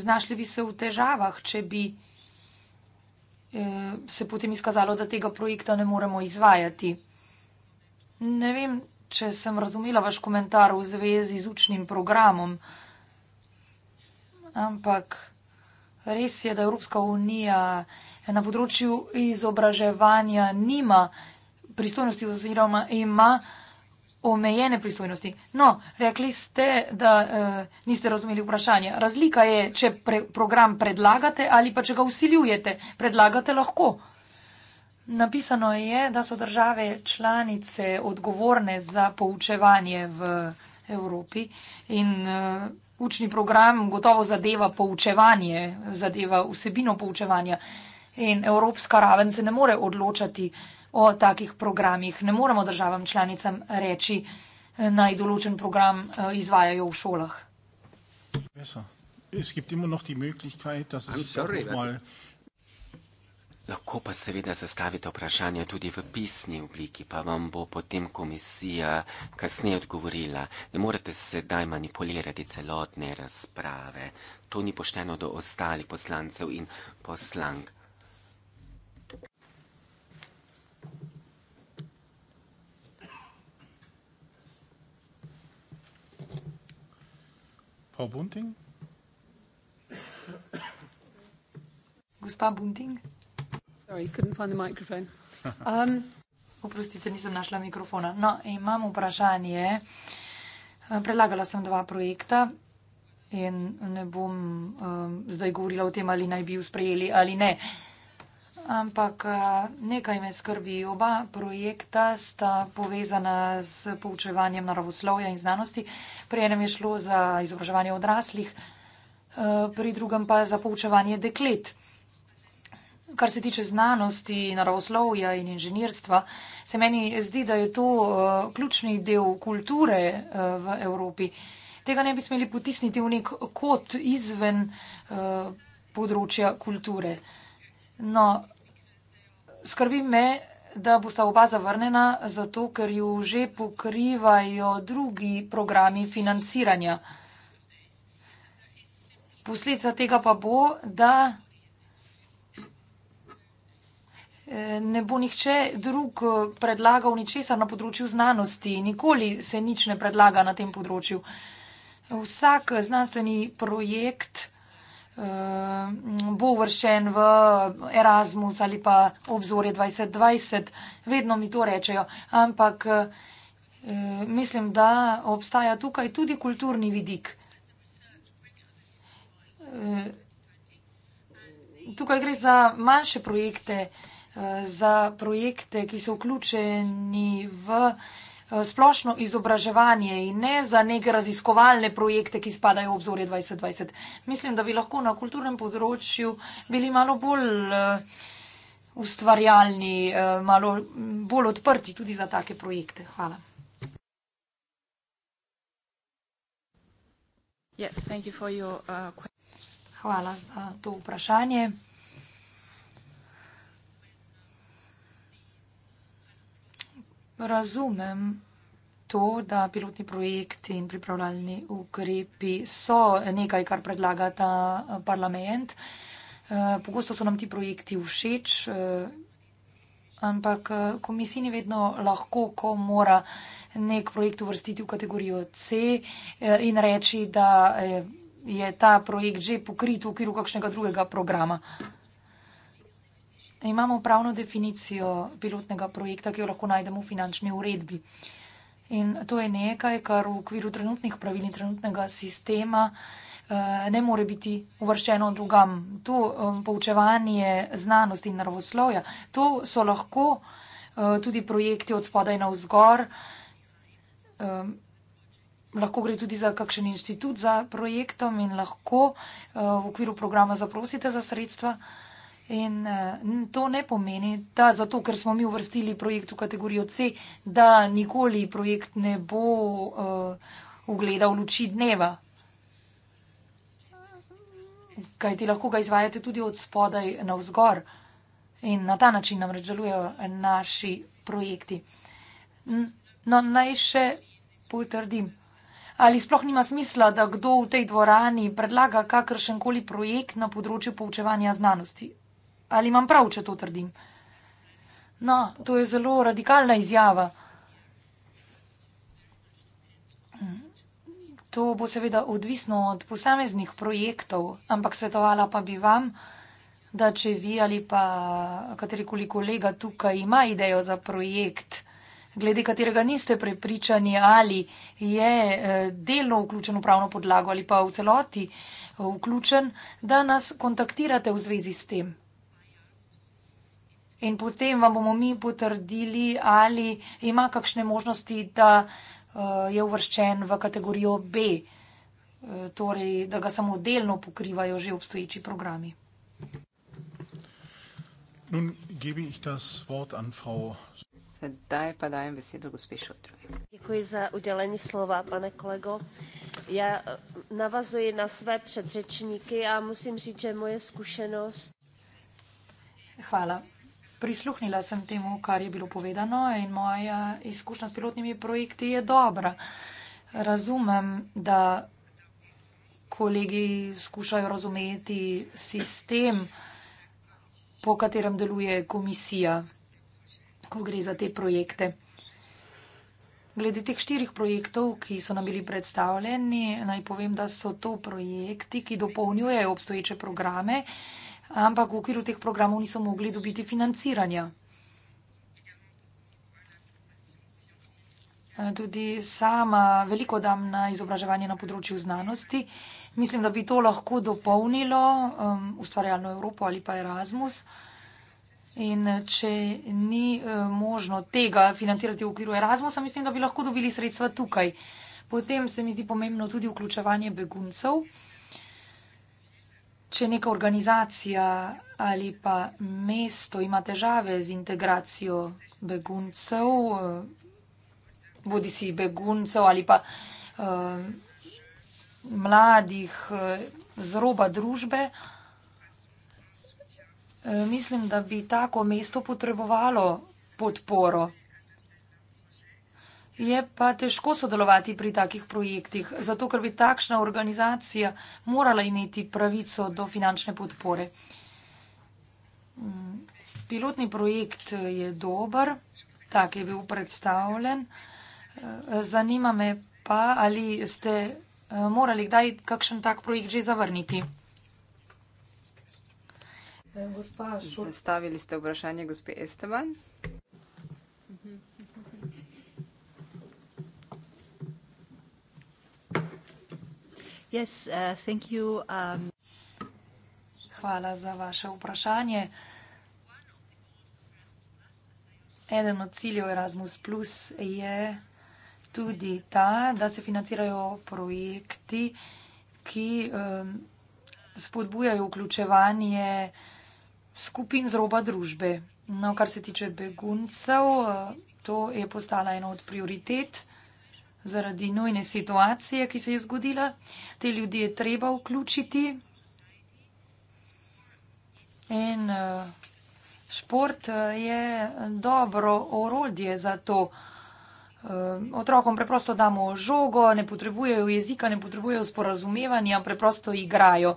Znašli bi se v težavah, če bi eh, se potem izkazalo, da tega projekta ne moremo izvajati. Ne vem, če sem razumela vaš komentar v zvezi z učnim programom ampak res je, da Evropska unija na področju izobraževanja nima pristojnosti oziroma ima omejene pristojnosti. No, rekli ste, da uh, niste razumeli vprašanja. Razlika je, če pre program predlagate ali pa če ga usiljujete. Predlagate lahko. Napisano je, da so države članice odgovorne za poučevanje v Evropi in uh, učni program gotovo zadeva poučevanje, zadeva vsebino poučevanja. In evropska raven se ne more odločati o takih programih. Ne moremo državam članicam reči, eh, naj določen program eh, izvajajo v šolah. Besser. Es gibt immer noch die Möglichkeit, dass es sorry, noch mal that... Lahko pa seveda zastavite vprašanje tudi v pisni obliki, pa vam bo potem komisija kasneje odgovorila. Ne morete sedaj manipulirati celotne razprave. To ni pošteno do ostalih poslancev in poslank. Pa Bunting? Gospa Bunting? Sorry, couldn't find the microphone. Um, Oprostite, nisem našla mikrofona. No, imam vprašanje. Eh, predlagala sem dva projekta in ne bom um, zdaj govorila o tem, ali naj bi ju sprejeli ali ne. Ampak eh, nekaj me skrbi. Oba projekta sta povezana s poučevanjem naravoslovja in znanosti. Pri enem je šlo za izobraževanje odraslih, pri drugem pa za poučevanje deklet kar se tiče znanosti, naravoslovja in inženirstva, se meni zdi, da je to uh, ključni del kulture uh, v Evropi. Tega ne bi smeli potisniti v nek kot izven uh, področja kulture. No, skrbi me, da bosta oba zavrnjena, zato ker ju že pokrivajo drugi programi financiranja. Posledica tega pa bo, da ne bo nihče drug eh, predlagal ničesar na področju znanosti. Nikoli se nič ne predlaga na tem področju. Vsak znanstveni projekt eh, bo vršen v Erasmus ali pa obzorje 2020. Vedno mi to rečejo. Ampak eh, mislim, da obstaja tukaj tudi kulturni vidik. Tukaj gre za manjše projekte za projekte, ki so vključeni v eh, splošno izobraževanje in ne za neke raziskovalne projekte, ki spadajo v obzorje 2020. Mislim, da bi lahko na kulturnem področju bili malo bolj eh, ustvarjalni, eh, malo bolj odprti tudi za take projekte. Hvala. Yes, thank you for your, uh, Hvala za to vprašanje. Razumem to, da pilotni projekti in pripravljalni ukrepi so nekaj, kar predlaga ta eh, parlament. Eh, pogosto so nam ti projekti všeč, eh, ampak komisija ni vedno lahko, ko mora nek projekt uvrstiti v kategorijo C in reči, da je ta projekt že pokrit v okviru kakšnega drugega programa. Imamo pravno definicijo pilotnega projekta, ki jo lahko najdemo v finančni uredbi. In to je nekaj, kar v okviru trenutnih pravil in trenutnega sistema eh, ne more biti uvrščeno drugam. To eh, poučevanje znanosti in naravoslovja, to so lahko eh, tudi projekti od spodaj na vzgor. Lahko gre tudi za kakšen inštitut za projektom in lahko v okviru programa zaprosite za sredstva. In eh, to ne pomeni, da zato, ker smo mi uvrstili projekt v kategorijo C, da nikoli projekt ne bo uh, ugledal luči dneva. Kaj ti lahko ga izvajate tudi od spodaj na vzgor. In na ta način nam reželujejo naši projekti. No, naj še potrdim. Ali sploh nima smisla, da kdo v tej dvorani predlaga kakršen koli projekt na področju poučevanja znanosti? Ali imam prav, če to trdim? No, to je zelo radikalna izjava. To bo seveda odvisno od posameznih projektov, ampak svetovala pa bi vam, da če vi ali pa katerikoli kolega tukaj ima idejo za projekt, glede katerega niste prepričani ali je eh, delno vključen v pravno podlago ali pa v celoti eh, vključen, da nas kontaktirate v zvezi s tem in potem vam bomo mi potrdili, ali ima kakšne možnosti, da eh, je uvrščen v kategorijo B, eh, torej da ga samo delno pokrivajo že obstoječi programi. Sedaj pa dajem besedo gospešu Otrovi. Děkuji za udělení slova, pane kolego. Já eh, navazuji na své předřečníky a musím říct, že moje zkušenost... Hvala prisluhnila sem temu, kar je bilo povedano in moja izkušnja s pilotnimi projekti je dobra. Razumem, da kolegi skušajo razumeti sistem, po katerem deluje komisija, ko gre za te projekte. Glede teh štirih projektov, ki so nam bili predstavljeni, naj povem, da so to projekti, ki dopolnjujejo obstoječe programe ampak v okviru teh programov niso mogli dobiti financiranja. E, tudi sama veliko dam na izobraževanje na področju znanosti. Mislim, da bi to lahko dopolnilo um, ustvarjalno Evropo ali pa Erasmus. In če ni um, možno tega financirati v okviru Erasmusa, mislim, da bi lahko dobili sredstva tukaj. Potem se mi zdi pomembno tudi vključevanje beguncev. Če neka organizacija ali pa mesto ima težave z integracijo beguncev, eh, bodi si beguncev ali pa uh, mladih eh, z roba družbe, mislim, da bi tako mesto potrebovalo podporo. Je pa težko sodelovati pri takih projektih, zato ker bi takšna organizacija morala imeti pravico do finančne podpore. Mm, pilotni projekt je dober, tak je bil predstavljen. Eh, zanima me pa, ali ste eh, morali kdaj kakšen tak projekt že zavrniti. Stavili ste vprašanje gospe Esteban. Yes, uh, thank you. Um... Hvala za vaše vprašanje. Eden od ciljev Erasmus Plus je tudi ta, da se financirajo projekti, ki um, spodbujajo vključevanje skupin zroba družbe. No, kar se tiče beguncev, uh, to je postala ena od prioritet zaradi nujne situacije, ki se je zgodila. Te ljudi je treba vključiti. In eh, šport eh, je dobro orodje za to. Eh, otrokom preprosto damo žogo, ne potrebujejo jezika, ne potrebujejo sporazumevanja, preprosto igrajo.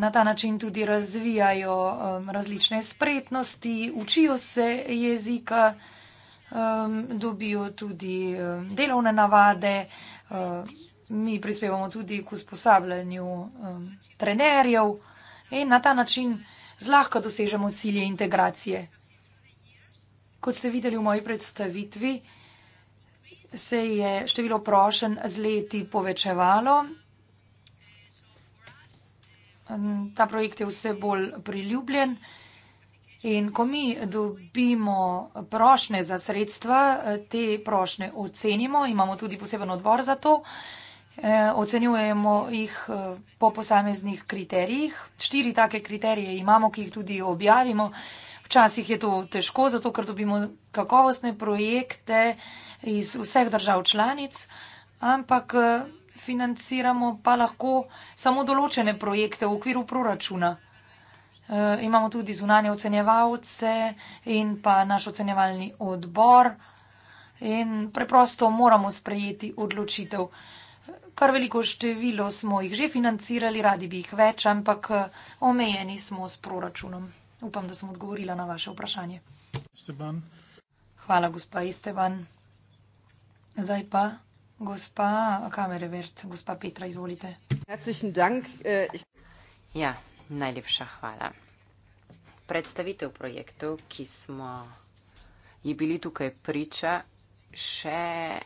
Na ta način tudi razvijajo različne spretnosti, učijo se jezika um, dobijo tudi um, delovne navade, um, mi prispevamo tudi k usposabljanju um, trenerjev in na ta način zlahka dosežemo cilje integracije. Kot ste videli v moji predstavitvi, se je število prošen z leti povečevalo. Ta projekt je vse bolj priljubljen. In ko mi dobimo prošnje za sredstva, te prošnje ocenimo, imamo tudi poseben odbor za to, eh, ocenjujemo jih eh, po posameznih kriterijih. Štiri take kriterije imamo, ki jih tudi objavimo. Včasih je to težko, zato ker dobimo kakovostne projekte iz vseh držav članic, ampak eh, financiramo pa lahko samo določene projekte v okviru proračuna. Eh, imamo tudi zunanje ocenjevalce in pa naš ocenjevalni odbor in preprosto moramo sprejeti odločitev. Kar veliko število smo jih že financirali, radi bi jih več, ampak eh, omejeni smo s proračunom. Upam, da sem odgovorila na vaše vprašanje. Esteban. Hvala, gospa Esteban. Zdaj pa, gospa Kamerevert, gospa Petra, izvolite. Eh, ja, najlepša hvala. Predstavitev projektov, ki smo ji bili tukaj priča, še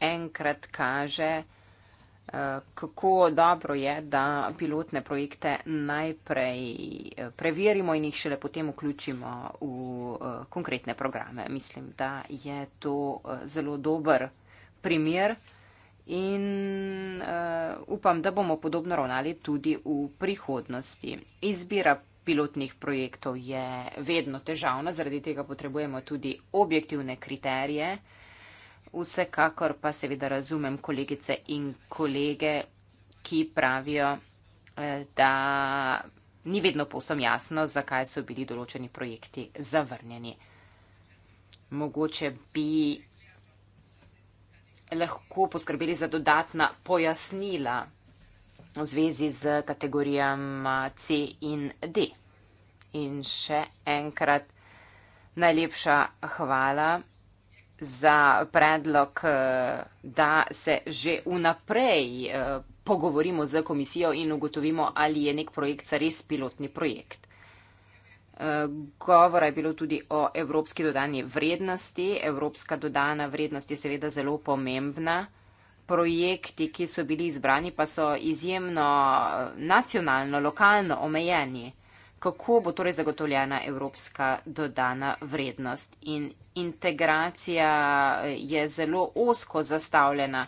enkrat kaže, eh, kako dobro je, da pilotne projekte najprej eh, preverimo in jih šele potem vključimo v eh, konkretne programe. Mislim, da je to zelo dober primer in uh, upam, da bomo podobno ravnali tudi v prihodnosti. Izbira pilotnih projektov je vedno težavna, zaradi tega potrebujemo tudi objektivne kriterije. Vsekakor pa seveda razumem kolegice in kolege, ki pravijo, eh, da ni vedno povsem jasno, zakaj so bili določeni projekti zavrnjeni. Mogoče bi lahko poskrbeli za dodatna pojasnila v zvezi z kategorijama C in D. In še enkrat najlepša hvala za predlog, da se že vnaprej pogovorimo z komisijo in ugotovimo, ali je nek projekt res pilotni projekt. Govora je bilo tudi o evropski dodani vrednosti. Evropska dodana vrednost je seveda zelo pomembna. Projekti, ki so bili izbrani, pa so izjemno eh, nacionalno, lokalno omejeni. Kako bo torej zagotovljena evropska dodana vrednost? In integracija eh, je zelo osko zastavljena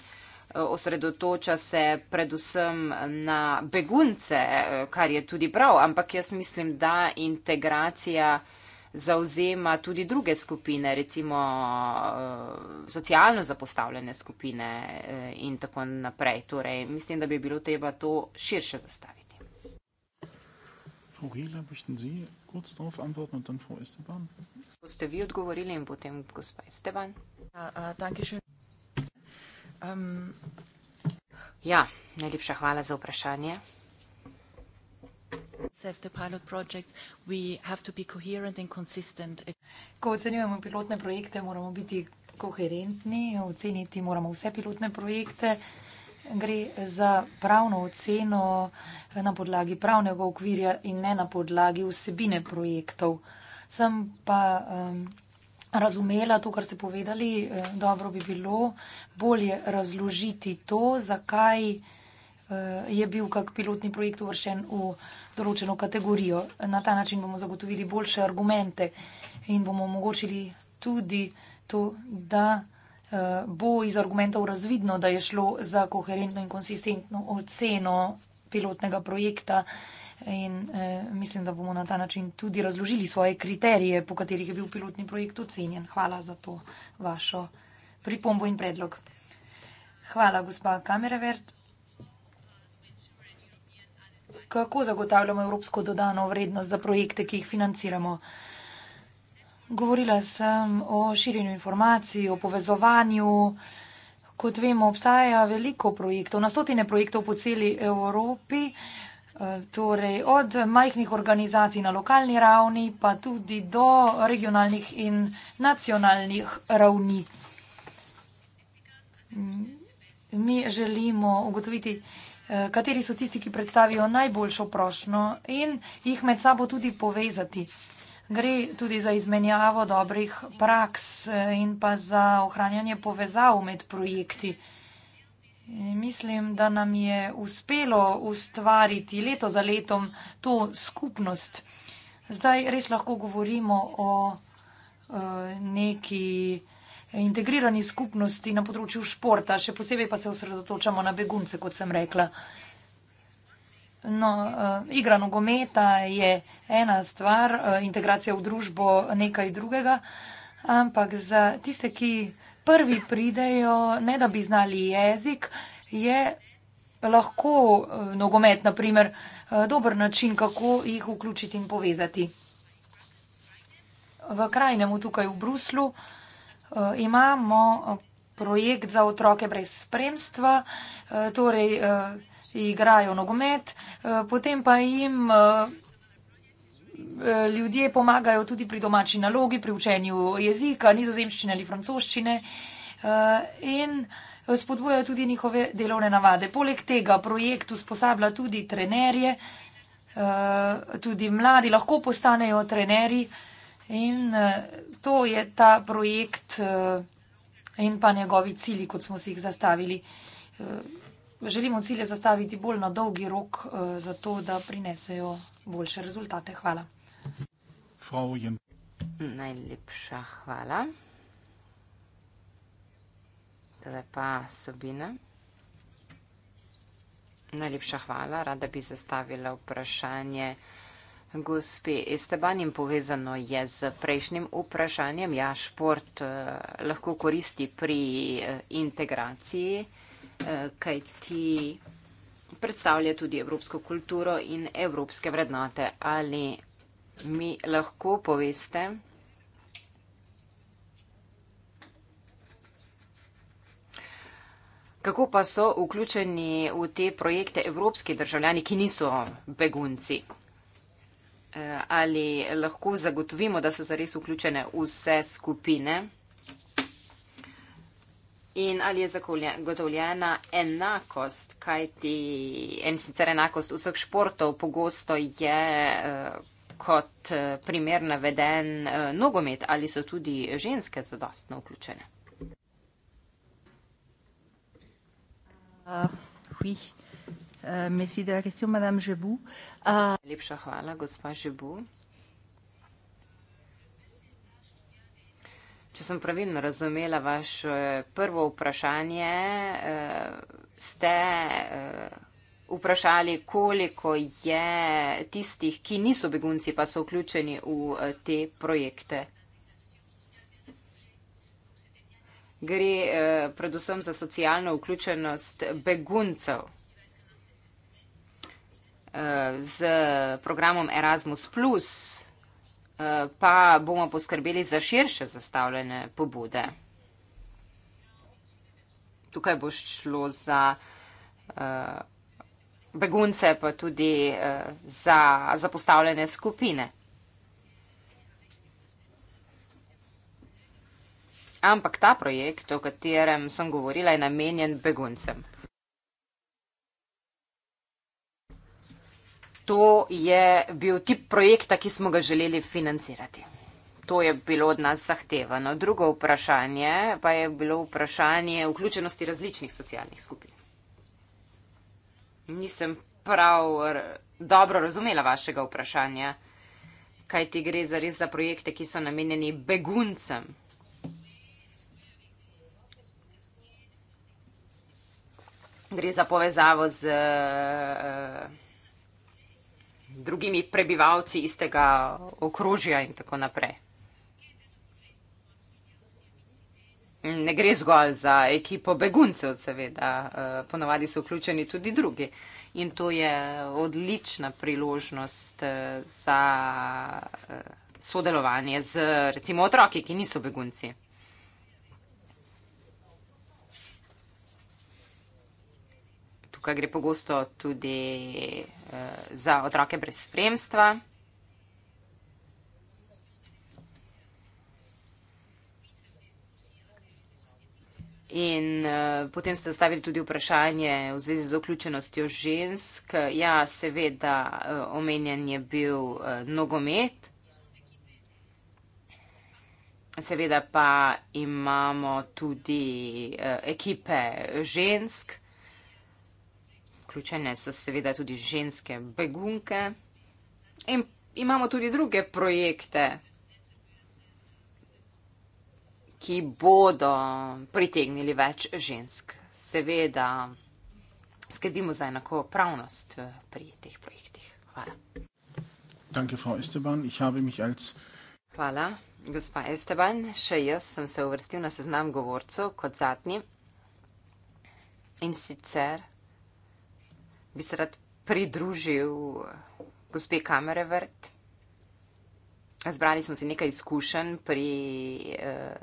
osredotoča se predvsem na begunce, kar je tudi prav, ampak jaz mislim, da integracija zauzema tudi druge skupine, recimo eh, socialno zapostavljene skupine eh, in tako naprej. Torej, mislim, da bi bilo treba to širše zastaviti. Boste vi odgovorili in potem gospod Esteban? Uh, uh, Um... Ja, najlepša hvala za vprašanje. Ko ocenjujemo pilotne projekte, moramo biti koherentni, oceniti moramo vse pilotne projekte. Gre za pravno oceno eh, na podlagi pravnega okvirja in ne na podlagi vsebine projektov. Sem pa um, razumela to, kar ste povedali, eh, dobro bi bilo bolje razložiti to, zakaj eh, je bil kak pilotni projekt uvršen v določeno kategorijo. Na ta način bomo zagotovili boljše argumente in bomo omogočili tudi to, da eh, bo iz argumentov razvidno, da je šlo za koherentno in konsistentno oceno pilotnega projekta. In eh, mislim, da bomo na ta način tudi razložili svoje kriterije, po katerih je bil pilotni projekt ocenjen. Hvala za to vašo pripombo in predlog. Hvala, gospa Kameravert. Kako zagotavljamo evropsko dodano vrednost za projekte, ki jih financiramo? Govorila sem o širjenju informacij, o povezovanju. Kot vemo, obstaja veliko projektov, na stotine projektov po celi Evropi torej od majhnih organizacij na lokalni ravni, pa tudi do regionalnih in nacionalnih ravni. Mi želimo ugotoviti, eh, kateri so tisti, ki predstavijo najboljšo prošno in jih med sabo tudi povezati. Gre tudi za izmenjavo dobrih praks eh, in pa za ohranjanje povezav med projekti. Mislim, da nam je uspelo ustvariti leto za letom to skupnost. Zdaj res lahko govorimo o eh, neki integrirani skupnosti na področju športa, še posebej pa se osredotočamo na begunce, kot sem rekla. No, eh, igra nogometa je ena stvar, eh, integracija v družbo nekaj drugega, ampak za tiste, ki prvi pridejo, ne da bi znali jezik, je lahko eh, nogomet, naprimer, eh, dober način, kako jih vključiti in povezati. V krajnemu tukaj v Bruslu eh, imamo projekt za otroke brez spremstva, torej igrajo nogomet, potem pa jim. Eh, ljudje pomagajo tudi pri domači nalogi, pri učenju jezika, nizozemščine ali francoščine eh, in spodbujajo tudi njihove delovne navade. Poleg tega projekt usposablja tudi trenerje, eh, tudi mladi lahko postanejo trenerji in to je ta projekt in pa njegovi cili, kot smo si jih zastavili želimo cilje zastaviti bolj na dolgi rok, eh, zato da prinesejo boljše rezultate. Hvala. Najlepša hvala. Zdaj pa Sabina. Najlepša hvala. Rada bi zastavila vprašanje gospe Esteban in povezano je z prejšnjim vprašanjem. Ja, šport eh, lahko koristi pri eh, integraciji. Eh, kaj ti predstavlja tudi evropsko kulturo in evropske vrednote. Ali mi lahko poveste, kako pa so vključeni v te projekte evropski državljani, ki niso begunci? Eh, ali lahko zagotovimo, da so zares vključene vse skupine? In ali je zagotovljena enakost, kaj ti en sicer enakost vseh športov pogosto je eh, kot eh, primer naveden eh, nogomet, ali so tudi ženske zadostno vključene? Uh, oui. Uh, merci de la question, madame Jebu. Uh, Lepša hvala, gospa Jebu. Če sem pravilno razumela vaše prvo vprašanje, eh, ste eh, vprašali, koliko je tistih, ki niso begunci, pa so vključeni v eh, te projekte. Gre predvsem za socialno vključenost beguncev z programom Erasmus+ pa bomo poskrbeli za širše zastavljene pobude. Tukaj bo šlo za uh, begunce, pa tudi uh, za zapostavljene skupine. Ampak ta projekt, o katerem sem govorila, je namenjen beguncem. to je bil tip projekta, ki smo ga želeli financirati. To je bilo od nas zahtevano. Drugo vprašanje pa je bilo vprašanje vključenosti različnih socialnih skupin. Nisem prav dobro razumela vašega vprašanja, kaj ti gre za res za projekte, ki so namenjeni beguncem. Gre za povezavo z. Uh, drugimi prebivalci istega okrožja in tako naprej. Ne gre zgolj za ekipo beguncev, seveda, eh, ponovadi so vključeni tudi drugi. In to je odlična priložnost eh, za eh, sodelovanje z recimo otroki, ki niso begunci. tukaj gre pogosto tudi uh, za otroke brez spremstva. In uh, potem ste zastavili tudi vprašanje v zvezi z vključenostjo žensk. Ja, seveda, uh, omenjen je bil uh, nogomet. Seveda pa imamo tudi uh, ekipe žensk. Uh, vključene so seveda tudi ženske begunke in imamo tudi druge projekte, ki bodo pritegnili več žensk. Seveda skrbimo za enako pravnost eh, pri teh projektih. Hvala. Danke, Frau Esteban. Ich habe mich als... Hvala, gospa Esteban. Še jaz sem se uvrstil na seznam govorcev kot zadnji. In sicer bi se rad pridružil gospe kamere vrt. Zbrali smo si nekaj izkušenj pri eh,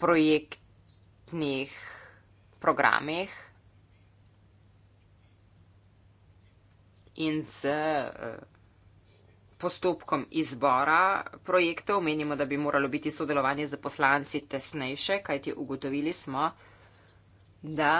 projektnih programih in z eh, postopkom izbora projektov menimo, da bi moralo biti sodelovanje z poslanci tesnejše, kajti ugotovili smo, da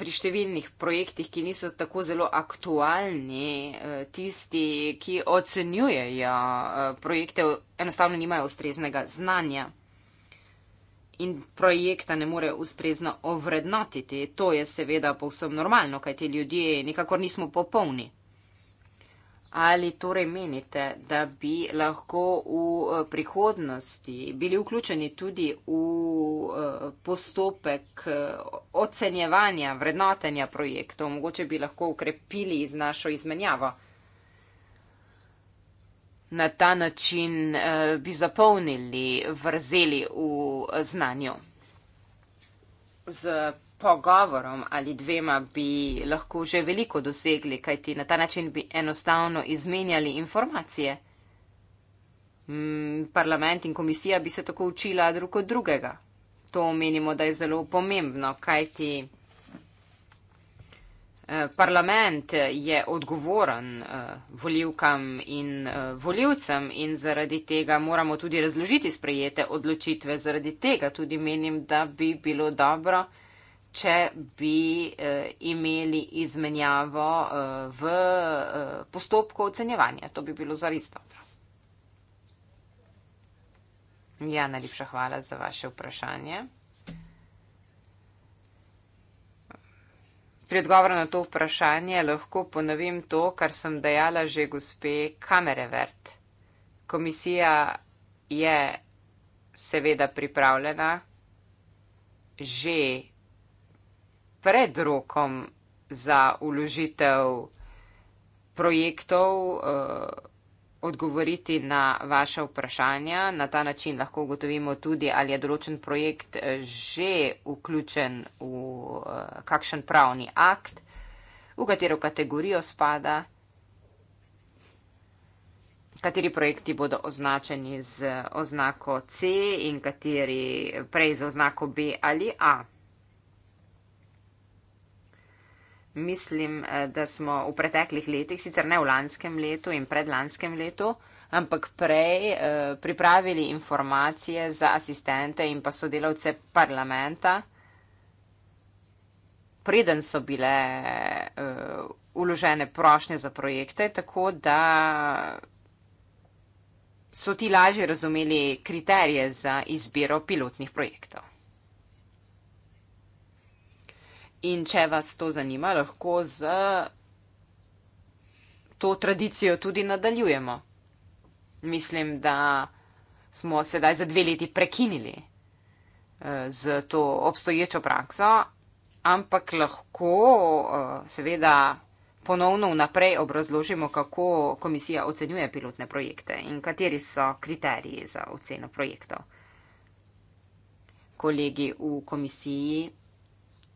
pri številnih projektih, ki niso tako zelo aktualni, eh, tisti, ki ocenjujejo eh, projekte, enostavno nimajo ustreznega znanja in projekta ne more ustrezno ovrednotiti. To je seveda povsem normalno, kajti ljudje nikakor nismo popolni. Ali torej menite, da bi lahko v eh, prihodnosti bili vključeni tudi v eh, postopek eh, ocenjevanja, vrednotenja projektov, mogoče bi lahko ukrepili z našo izmenjavo? Na ta način bi zapolnili vrzeli v znanju. Z pogovorom ali dvema bi lahko že veliko dosegli, kajti na ta način bi enostavno izmenjali informacije. Mm, parlament in komisija bi se tako učila drug od drugega. To menimo, da je zelo pomembno, kajti eh, parlament je odgovoren eh, voljivkam in eh, voljivcem in zaradi tega moramo tudi razložiti sprejete odločitve. Zaradi tega tudi menim, da bi bilo dobro, če bi eh, imeli izmenjavo eh, v eh, postopku ocenjevanja. To bi bilo zares dobro. Ja, najlepša hvala za vaše vprašanje. Pri odgovoru na to vprašanje lahko ponovim to, kar sem dejala že gospe Kamerevert. Komisija je seveda pripravljena že pred rokom za uložitev projektov eh, odgovoriti na vaše vprašanja. Na ta način lahko ugotovimo tudi, ali je določen projekt eh, že vključen v eh, kakšen pravni akt, v katero kategorijo spada, kateri projekti bodo označeni z oznako C in kateri prej z oznako B ali A. mislim, eh, da smo v preteklih letih, sicer ne v lanskem letu in predlanskem letu, ampak prej eh, pripravili informacije za asistente in pa sodelavce parlamenta, preden so bile uložene eh, prošnje za projekte, tako da so ti lažje razumeli kriterije za izbiro pilotnih projektov. In če vas to zanima, lahko z to tradicijo tudi nadaljujemo. Mislim, da smo sedaj za dve leti prekinili z eh, to obstoječo prakso, ampak lahko eh, seveda ponovno vnaprej obrazložimo, kako komisija ocenjuje pilotne projekte in kateri so kriteriji za oceno projektov. Kolegi v komisiji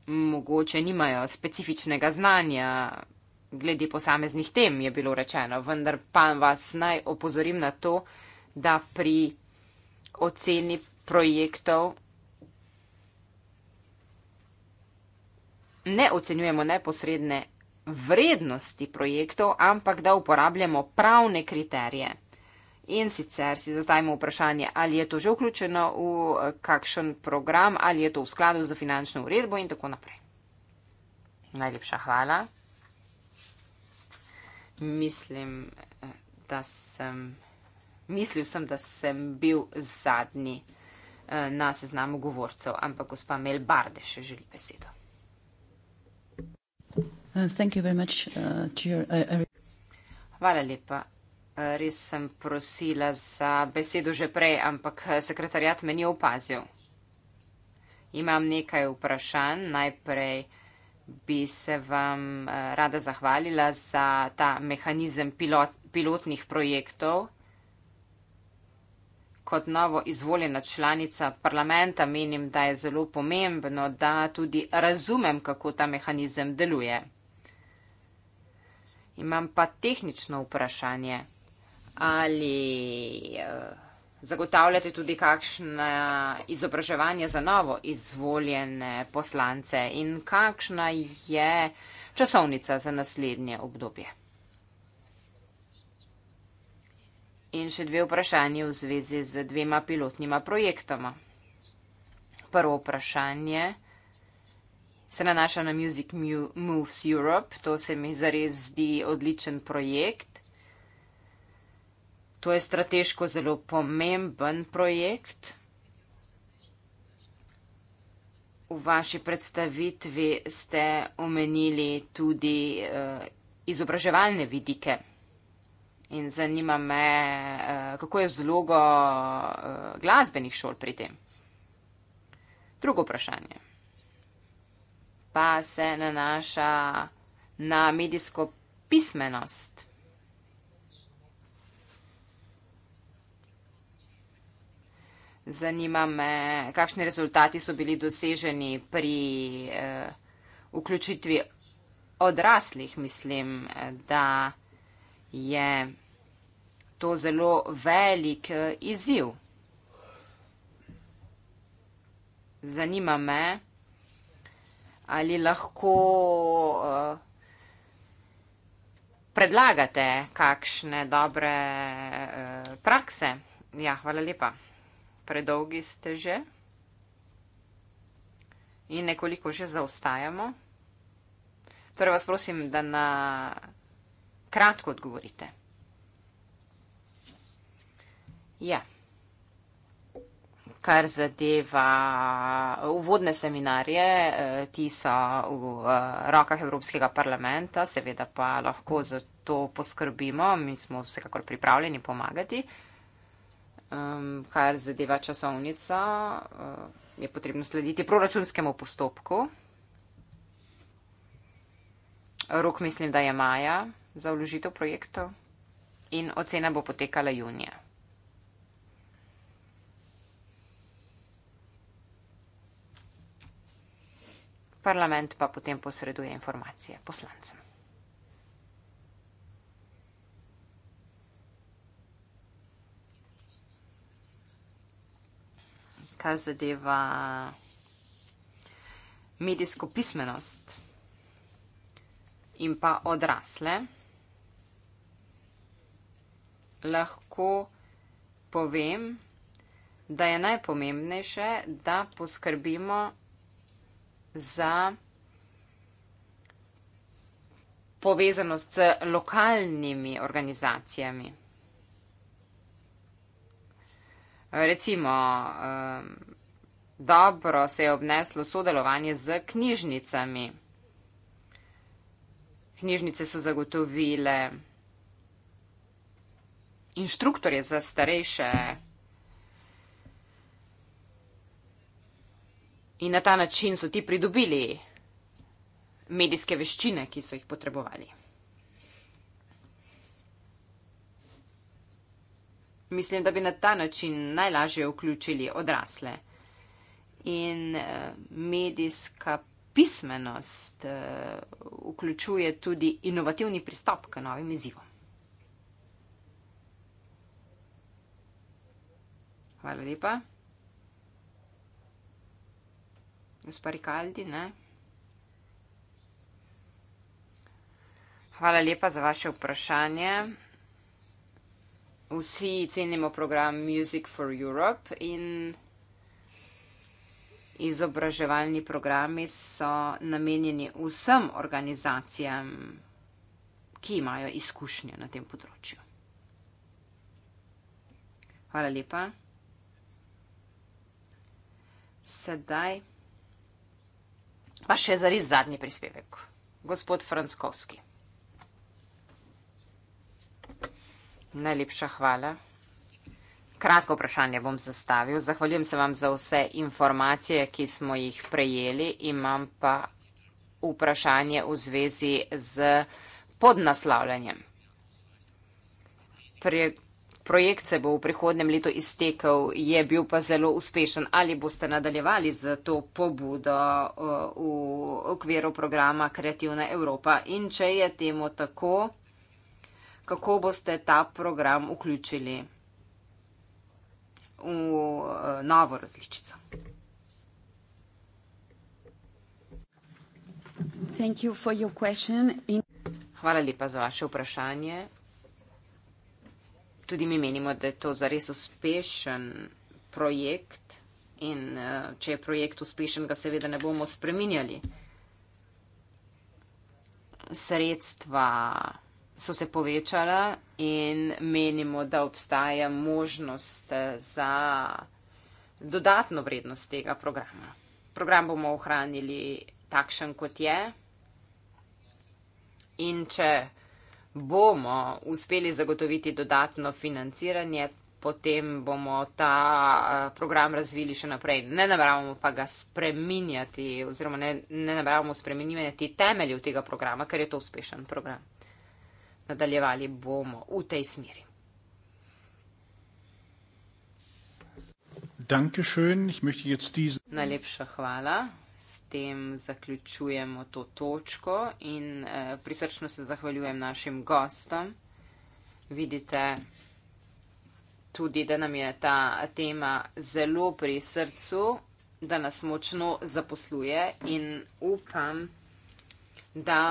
mogoče nimajo specifičnega znanja glede posameznih tem, je bilo rečeno, vendar pa vas naj opozorim na to, da pri oceni projektov ne ocenjujemo neposredne vrednosti projektov, ampak da uporabljamo pravne kriterije. In sicer si zastavimo vprašanje, ali je to že vključeno v eh, kakšen program, ali je to v skladu z finančno uredbo in tako naprej. Najlepša hvala. Mislim, eh, da sem, mislil sem, da sem bil zadnji eh, na seznamu govorcev, ampak gospa Mel Barde še želi besedo. Uh, much, uh, uh, Hvala lepa. Res sem prosila za besedo že prej, ampak sekretarjat me ni opazil. Imam nekaj vprašanj. Najprej bi se vam eh, rada zahvalila za ta mehanizem pilot, pilotnih projektov. Kot novo izvoljena članica parlamenta menim, da je zelo pomembno, da tudi razumem, kako ta mehanizem deluje. Imam pa tehnično vprašanje ali eh, zagotavljate tudi kakšne izobraževanje za novo izvoljene poslance in kakšna je časovnica za naslednje obdobje. In še dve vprašanje v zvezi z dvema pilotnima projektoma. Prvo vprašanje se nanaša na Music Moves Europe. To se mi zares zdi odličen projekt. To je strateško zelo pomemben projekt. V vaši predstavitvi ste omenili tudi eh, izobraževalne vidike. In zanima me, eh, kako je z logo eh, glasbenih šol pri tem. Drugo vprašanje pa se nanaša na medijsko pismenost. Zanima me, kakšni rezultati so bili doseženi pri eh, vključitvi odraslih. Mislim, da je to zelo velik eh, izziv. Zanima me, ali lahko eh, predlagate kakšne dobre eh, prakse. Ja, hvala lepa predolgi ste že in nekoliko že zaostajamo. Torej vas prosim, da na kratko odgovorite. Ja, kar zadeva eh, uvodne seminarje, eh, ti so v eh, rokah Evropskega parlamenta, seveda pa lahko za to poskrbimo, mi smo vsekakor pripravljeni pomagati. Um, kar zadeva časovnica, uh, eh, je potrebno slediti proračunskemu postopku. Rok mislim, da je maja za vložitev projektov in ocena bo potekala junija. Parlament pa potem posreduje informacije poslancem. kar zadeva medijsko pismenost in pa odrasle, lahko povem, da je najpomembnejše, da poskrbimo za povezanost z lokalnimi organizacijami. Recimo, um, dobro se je obneslo sodelovanje z knjižnicami. Knjižnice so zagotovile inštruktorje za starejše. In na ta način so ti pridobili medijske veščine, ki so jih potrebovali. Mislim, da bi na ta način najlažje vključili odrasle. In eh, medijska pismenost eh, vključuje tudi inovativni pristop k novim izzivom. Hvala lepa. Gospa Rikaldi, ne? Hvala lepa za vaše vprašanje vsi cenimo program Music for Europe in izobraževalni programi so namenjeni vsem organizacijam, ki imajo izkušnje na tem področju. Hvala lepa. Sedaj pa še zares zadnji prispevek, gospod Frankovski. Najlepša hvala. Kratko vprašanje bom zastavil. Zahvaljujem se vam za vse informacije, ki smo jih prejeli. Imam pa vprašanje v zvezi z podnaslavljanjem. Pre, projekt se bo v prihodnem letu iztekel, je bil pa zelo uspešen. Ali boste nadaljevali z to pobudo eh, v okviru programa Kreativna Evropa? In če je temu tako, kako boste ta program vključili v eh, novo različico. Hvala lepa za vaše vprašanje. Tudi mi menimo, da je to zares uspešen projekt in eh, če je projekt uspešen, ga seveda ne bomo spreminjali. Sredstva so se povečala in menimo, da obstaja možnost eh, za dodatno vrednost tega programa. Program bomo ohranili takšen, kot je. In če bomo uspeli zagotoviti dodatno financiranje, potem bomo ta eh, program razvili še naprej. Ne nameravamo pa ga spreminjati oziroma ne, ne nameravamo spreminjati temeljev tega programa, ker je to uspešen program. Nadaljevali bomo v tej smeri. Najlepša hvala. S tem zaključujemo to točko in eh, prisrčno se zahvaljujem našim gostom. Vidite tudi, da nam je ta tema zelo pri srcu, da nas močno zaposluje in upam, da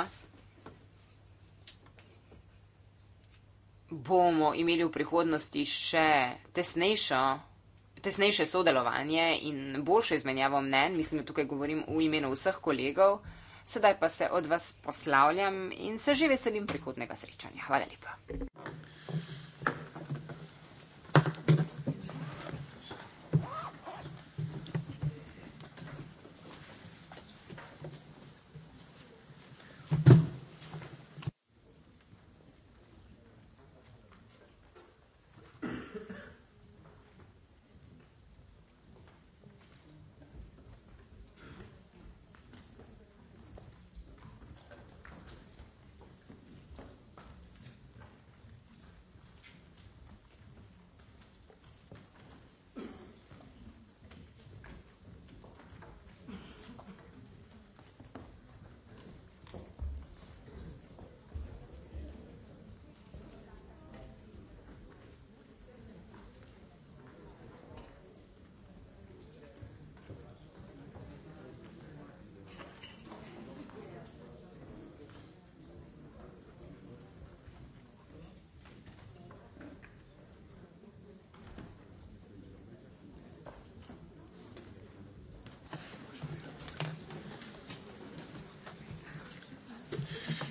bomo imeli v prihodnosti še tesnejšo. Tesnejše sodelovanje in boljšo izmenjavo mnen, mislim, da tukaj govorim v imenu vseh kolegov, sedaj pa se od vas poslavljam in se že veselim prihodnega srečanja. Hvala lepa.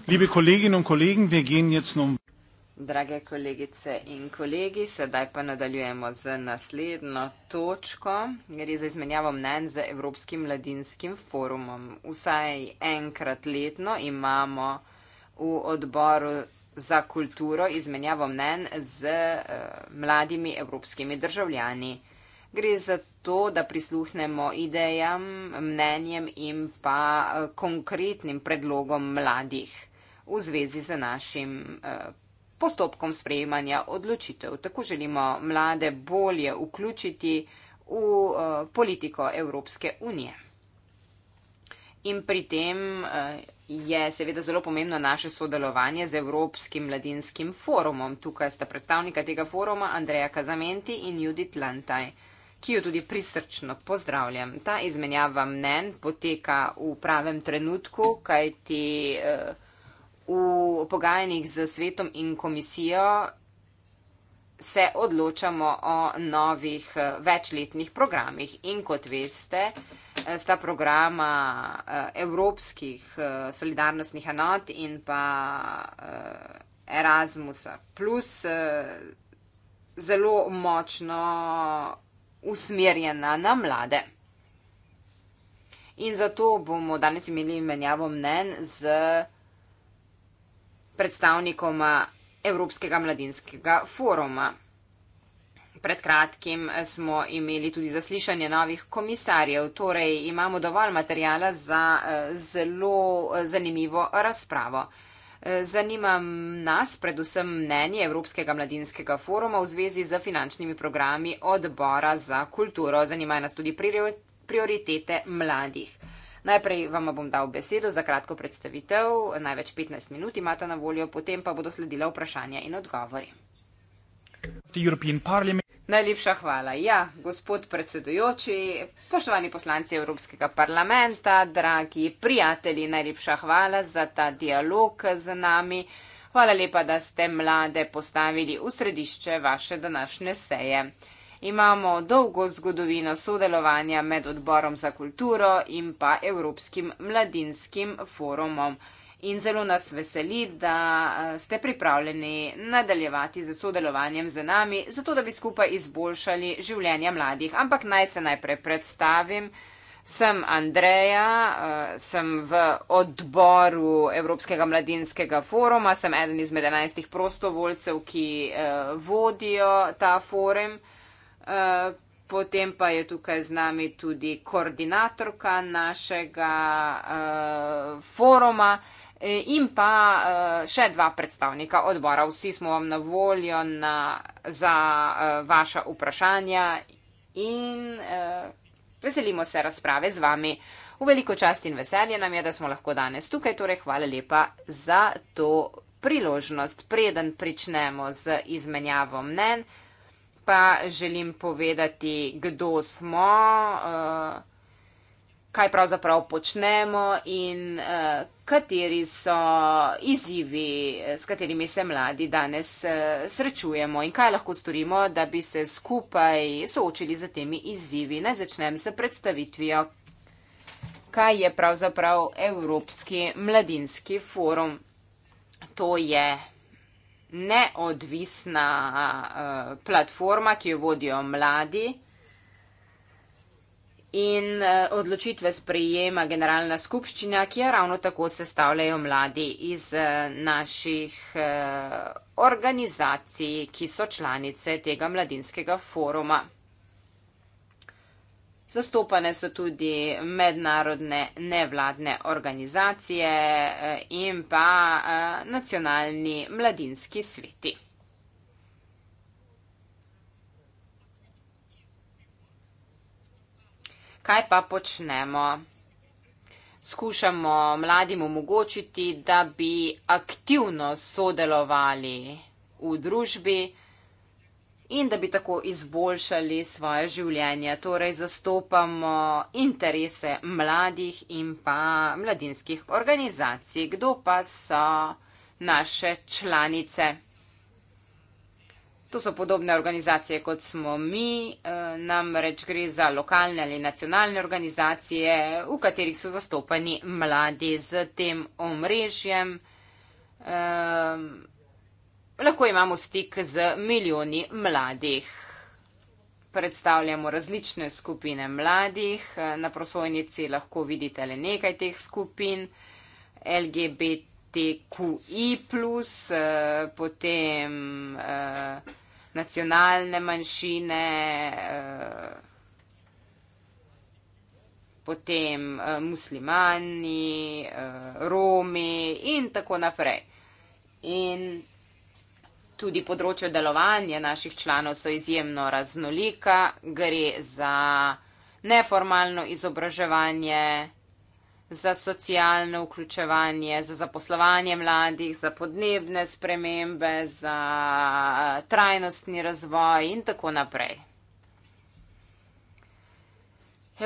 Liebe Kolleginnen und Kollegen, wir gehen jetzt nun. Drage kolegice in kolegi, sedaj pa nadaljujemo z naslednjo točko. Gre za izmenjavo mnenj z Evropskim mladinskim forumom. Vsaj enkrat letno imamo v odboru za kulturo izmenjavo mnenj z uh, mladimi evropskimi državljani. Gre za to, da prisluhnemo idejam, mnenjem in pa uh, konkretnim predlogom mladih v zvezi z našim eh, postopkom sprejemanja odločitev. Tako želimo mlade bolje vključiti v eh, politiko Evropske unije. In pri tem eh, je seveda zelo pomembno naše sodelovanje z Evropskim mladinskim forumom. Tukaj sta predstavnika tega foruma Andreja Kazamenti in Judith Lantaj, ki jo tudi prisrčno pozdravljam. Ta izmenjava mnen poteka v pravem trenutku, kajti eh, v pogajanjih z svetom in komisijo se odločamo o novih eh, večletnih programih. In kot veste, eh, sta programa eh, evropskih solidarnostnih enot in pa Erasmusa plus zelo močno usmerjena na mlade. In zato bomo danes imeli menjavo mnen z predstavnikoma Evropskega mladinskega foruma. Pred kratkim smo imeli tudi zaslišanje novih komisarjev, torej imamo dovolj materijala za eh, zelo eh, zanimivo razpravo. Eh, zanima nas predvsem mnenje Evropskega mladinskega foruma v zvezi z finančnimi programi odbora za kulturo. Zanimajo nas tudi prioritete mladih. Najprej vam bom dal besedo za kratko predstavitev, največ 15 minut imate na voljo, potem pa bodo sledila vprašanja in odgovori. Najlepša hvala. Ja, gospod predsedujoči, poštovani poslanci Evropskega parlamenta, dragi prijatelji, najlepša hvala za ta dialog z nami. Hvala lepa, da ste mlade postavili v središče vaše današnje seje imamo dolgo zgodovino sodelovanja med odborom za kulturo in pa Evropskim mladinskim forumom. In zelo nas veseli, da ste pripravljeni nadaljevati z sodelovanjem z nami, zato da bi skupaj izboljšali življenje mladih. Ampak naj se najprej predstavim. Sem Andreja, sem v odboru Evropskega mladinskega foruma, sem eden izmed enajstih prostovoljcev, ki vodijo ta forum. Eh, potem pa je tukaj z nami tudi koordinatorka našega uh, foruma eh, in pa uh, še dva predstavnika odbora. Vsi smo vam na voljo na, za uh, vaša vprašanja in uh, veselimo se razprave z vami. V veliko čast in veselje nam je, da smo lahko danes tukaj. Torej, hvala lepa za to priložnost, preden pričnemo z izmenjavo mnen pa želim povedati, kdo smo, eh, kaj pravzaprav počnemo in eh, kateri so izzivi, s katerimi se mladi danes eh, srečujemo in kaj lahko storimo, da bi se skupaj soočili z temi izzivi. Naj začnem s predstavitvijo, kaj je pravzaprav Evropski mladinski forum. To je neodvisna uh, platforma, ki jo vodijo mladi. In eh, odločitve sprejema generalna skupščina, ki jo ravno tako sestavljajo mladi iz eh, naših organizacij, ki so članice tega mladinskega foruma. Zastopane so tudi mednarodne nevladne organizacije eh, in pa eh, nacionalni mladinski sveti. Kaj pa počnemo? Skušamo mladim omogočiti, da bi aktivno sodelovali v družbi, in da bi tako izboljšali svoje življenje. Torej zastopamo interese mladih in pa mladinskih organizacij. Kdo pa so naše članice? To so podobne organizacije, kot smo mi, eh, namreč gre za lokalne ali nacionalne organizacije, v katerih so zastopani mladi z tem omrežjem. Eh, lahko imamo stik z milijoni mladih. Predstavljamo različne skupine mladih. Na prosojnici lahko vidite le nekaj teh skupin. LGBTQI, eh, potem eh, nacionalne manjšine, eh, potem eh, muslimani, eh, romi in tako naprej. In Tudi področje delovanja naših članov so izjemno raznolika, gre za neformalno izobraževanje, za socialno vključevanje, za zaposlovanje mladih, za podnebne spremembe, za eh, trajnostni razvoj in tako naprej.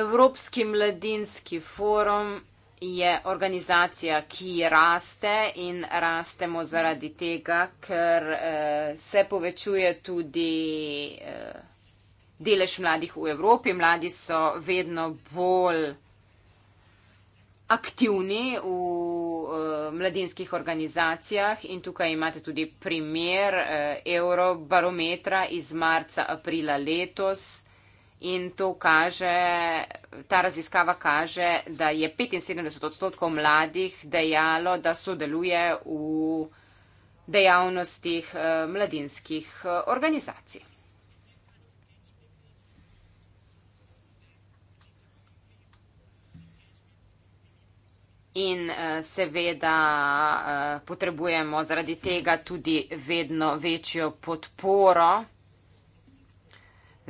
Evropski mladinski forum je organizacija, ki raste in rastemo zaradi tega, ker uh, se povečuje tudi uh, delež mladih v Evropi. Mladi so vedno bolj aktivni v uh, mladinskih organizacijah in tukaj imate tudi primer uh, Eurobarometra iz marca, aprila letos. In to kaže, ta raziskava kaže, da je 75 odstotkov mladih dejalo, da sodeluje v dejavnostih eh, mladinskih eh, organizacij. In eh, seveda potrebujemo zaradi tega tudi vedno večjo podporo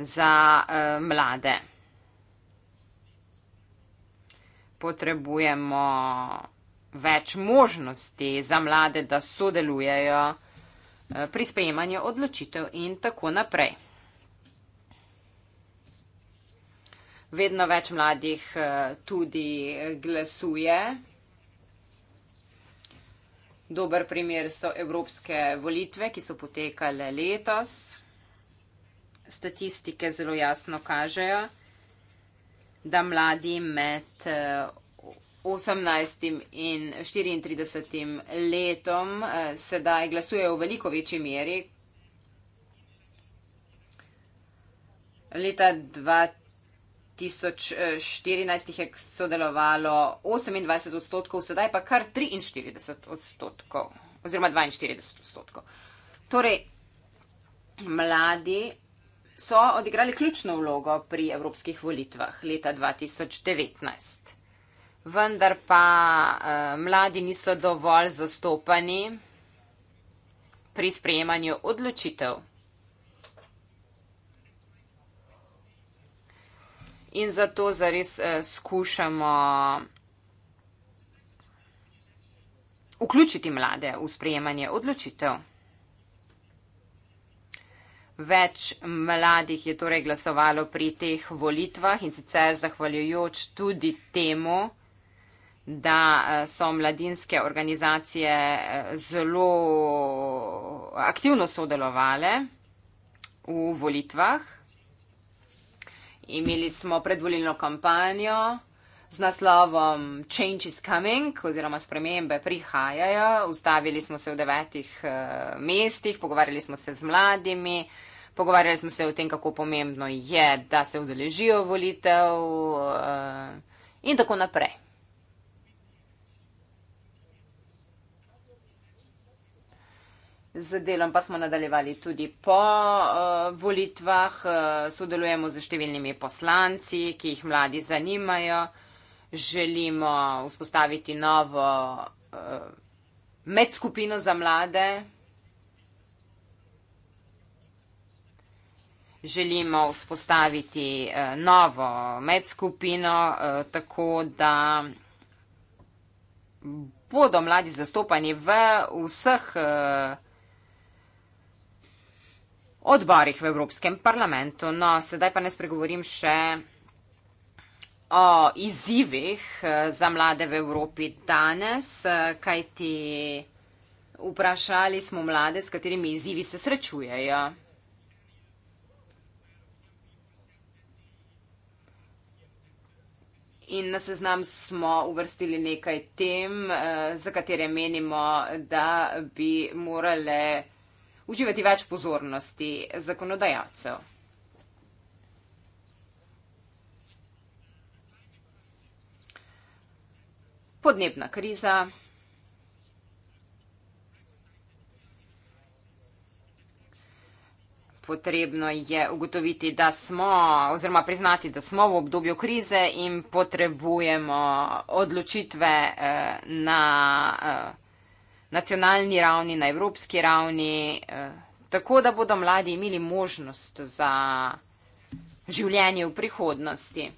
za uh, mlade. Potrebujemo več možnosti za mlade, da sodelujejo eh, pri sprejemanju odločitev in tako naprej. Vedno več mladih eh, tudi glasuje. Dober primer so evropske volitve, ki so potekale letos statistike zelo jasno kažejo, da mladi med 18 eh, in 34 letom eh, sedaj glasujejo v veliko večji meri. Leta 2014 jih je sodelovalo 28 odstotkov, sedaj pa kar 43 odstotkov oziroma 42 odstotkov. Torej, mladi so odigrali ključno vlogo pri evropskih volitvah leta 2019. Vendar pa eh, mladi niso dovolj zastopani pri sprejemanju odločitev. In zato zares eh, skušamo vključiti mlade v sprejemanje odločitev. Več mladih je torej glasovalo pri teh volitvah in sicer zahvaljujoč tudi temu, da eh, so mladinske organizacije eh, zelo aktivno sodelovale v volitvah. Imeli smo predvolilno kampanjo z naslovom Change is coming, oziroma spremembe prihajajo. Ustavili smo se v devetih eh, mestih, pogovarjali smo se z mladimi, pogovarjali smo se o tem, kako pomembno je, da se udeležijo volitev eh, in tako naprej. Z delom pa smo nadaljevali tudi po uh, volitvah, uh, sodelujemo z številnimi poslanci, ki jih mladi zanimajo. Uh, želimo vzpostaviti novo uh, medskupino za mlade. Želimo vzpostaviti uh, novo medskupino, uh, tako da bodo mladi zastopani v vseh uh, odborih v Evropskem parlamentu. No, sedaj pa ne spregovorim še o izzivih eh, za mlade v Evropi danes, eh, kaj ti vprašali smo mlade, s katerimi izzivi se srečujejo. In na seznam smo uvrstili nekaj tem, eh, za katere menimo, da bi morale uživati več pozornosti zakonodajalcev. podnebna kriza, potrebno je ugotoviti, da smo oziroma priznati, da smo v obdobju krize in potrebujemo odločitve eh, na eh, nacionalni ravni, na evropski ravni, eh, tako da bodo mladi imeli možnost za življenje v prihodnosti.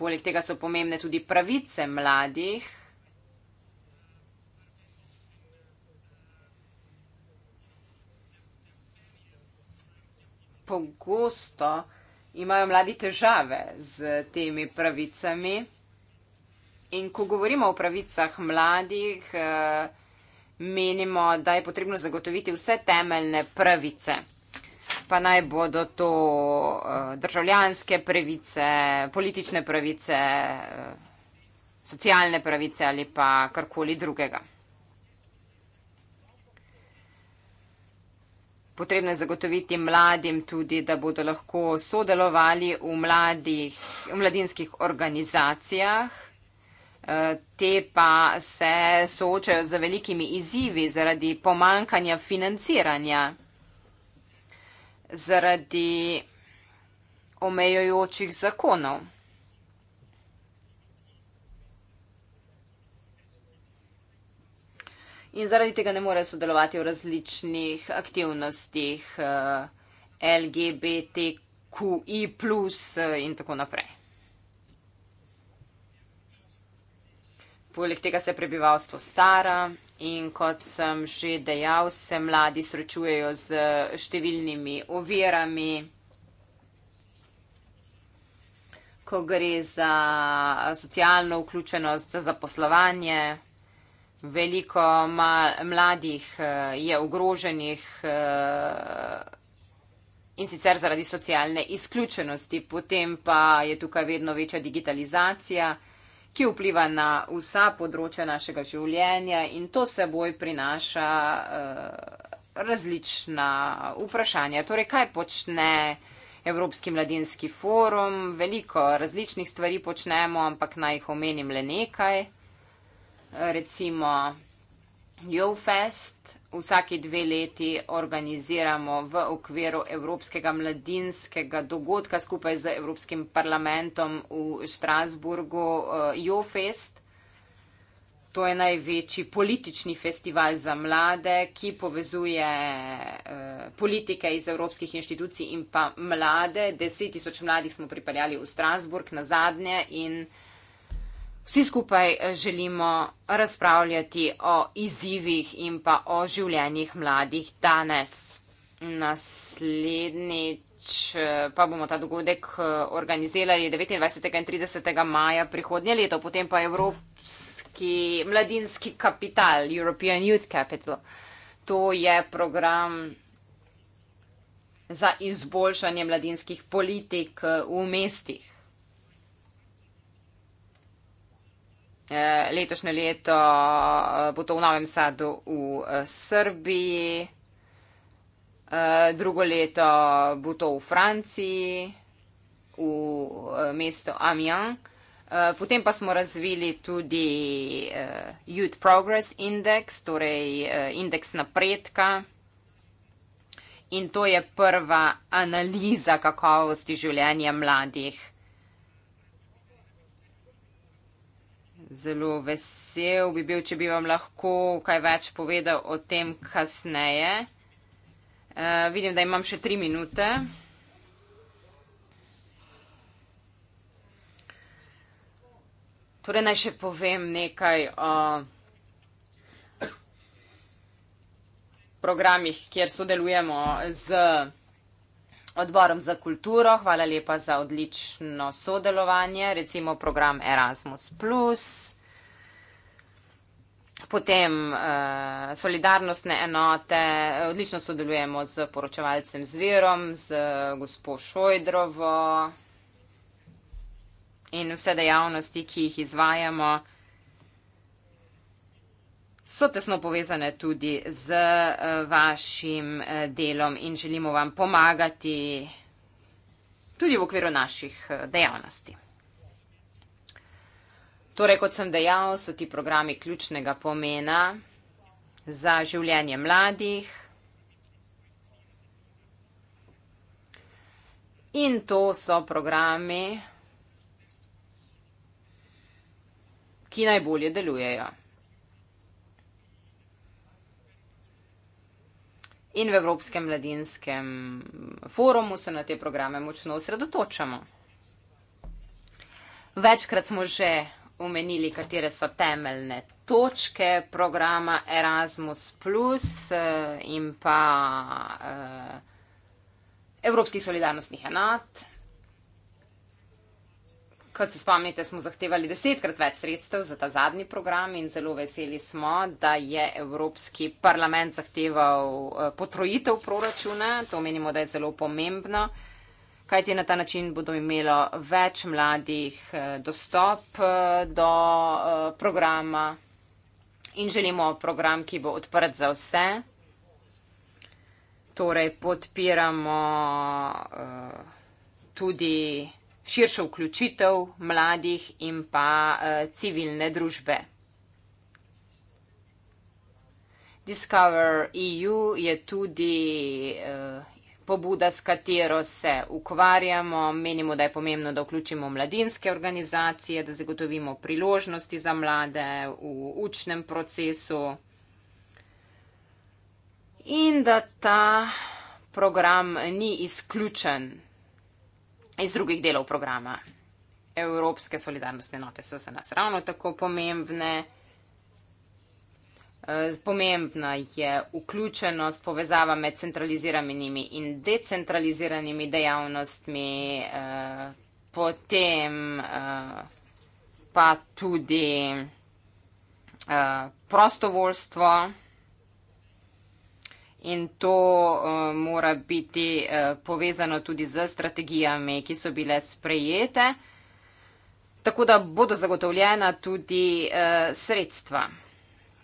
Poleg tega so pomembne tudi pravice mladih. Pogosto imajo mladi težave z temi pravicami. In ko govorimo o pravicah mladih, eh, menimo, da je potrebno zagotoviti vse temeljne pravice pa naj bodo to eh, državljanske pravice, politične pravice, eh, socialne pravice ali pa karkoli drugega. Potrebno je zagotoviti mladim tudi, da bodo lahko sodelovali v, mladih, v mladinskih organizacijah. Eh, te pa se soočajo z velikimi izzivi zaradi pomankanja financiranja zaradi omejojočih zakonov. In zaradi tega ne more sodelovati v različnih aktivnostih eh, LGBTQI eh, in tako naprej. Poleg tega se prebivalstvo stara In kot sem že dejal, se mladi srečujejo z številnimi ovirami, ko gre za socialno vključenost, za zaposlovanje. Veliko mladih eh, je ogroženih eh, in sicer zaradi socialne izključenosti, potem pa je tukaj vedno večja digitalizacija ki vpliva na vsa področja našega življenja in to seboj prinaša eh, različna vprašanja. Torej, kaj počne Evropski mladinski forum? Veliko različnih stvari počnemo, ampak naj jih omenim le nekaj. Recimo, YoFest, vsake dve leti organiziramo v okviru Evropskega mladinskega dogodka skupaj z Evropskim parlamentom v Štrasburgu eh, JoFest. To je največji politični festival za mlade, ki povezuje eh, politike iz evropskih inštitucij in pa mlade. Deset tisoč mladih smo pripeljali v Strasburg na zadnje in Vsi skupaj eh, želimo razpravljati o izzivih in pa o življenjih mladih danes. Naslednjič eh, pa bomo ta dogodek eh, organizirali 29. in 30. maja prihodnje leto, potem pa Evropski mladinski kapital, European Youth Capital. To je program za izboljšanje mladinskih politik v mestih. Eh, letošnje leto eh, bo to v Novem Sadu v eh, Srbiji, drugo leto bo to v Franciji, v mestu Amiens. Potem pa smo razvili tudi Youth Progress Index, torej indeks napredka. In to je prva analiza kakovosti življenja mladih zelo vesel bi bil, če bi vam lahko kaj več povedal o tem kasneje. Uh, vidim, da imam še tri minute. Torej, naj še povem nekaj o programih, kjer sodelujemo z. Odborom za kulturo, hvala lepa za odlično sodelovanje, recimo program Erasmus. Potem eh, solidarnostne enote, odlično sodelujemo z poročevalcem Zverom, z eh, gospod Šojdrovo in vse dejavnosti, ki jih izvajamo so tesno povezane tudi z eh, vašim eh, delom in želimo vam pomagati tudi v okviru naših eh, dejavnosti. Torej, kot sem dejal, so ti programi ključnega pomena za življenje mladih in to so programi, ki najbolje delujejo. in v Evropskem mladinskem forumu se na te programe močno osredotočamo. Večkrat smo že omenili, katere so temeljne točke programa Erasmus Plus eh, in pa eh, Evropskih solidarnostnih enot, Kot se spomnite, smo zahtevali desetkrat več sredstev za ta zadnji program in zelo veseli smo, da je Evropski parlament zahteval eh, potrojitev proračuna. To menimo, da je zelo pomembno, kajti na ta način bodo imelo več mladih eh, dostop eh, do programa in želimo program, ki bo odprt za vse. Torej podpiramo uh, tudi širšo vključitev mladih in pa eh, civilne družbe. Discover EU je tudi eh, pobuda, s katero se ukvarjamo. Menimo, da je pomembno, da vključimo mladinske organizacije, da zagotovimo priložnosti za mlade v učnem procesu in da ta program ni izključen iz drugih delov programa. Evropske solidarnostne note so za nas ravno tako pomembne. Eh, pomembna je vključenost, povezava med centraliziranimi in decentraliziranimi dejavnostmi, eh, potem eh, pa tudi prostovoljstvo in to uh, mora biti uh, povezano tudi z strategijami, ki so bile sprejete, tako da bodo zagotovljena tudi uh, sredstva.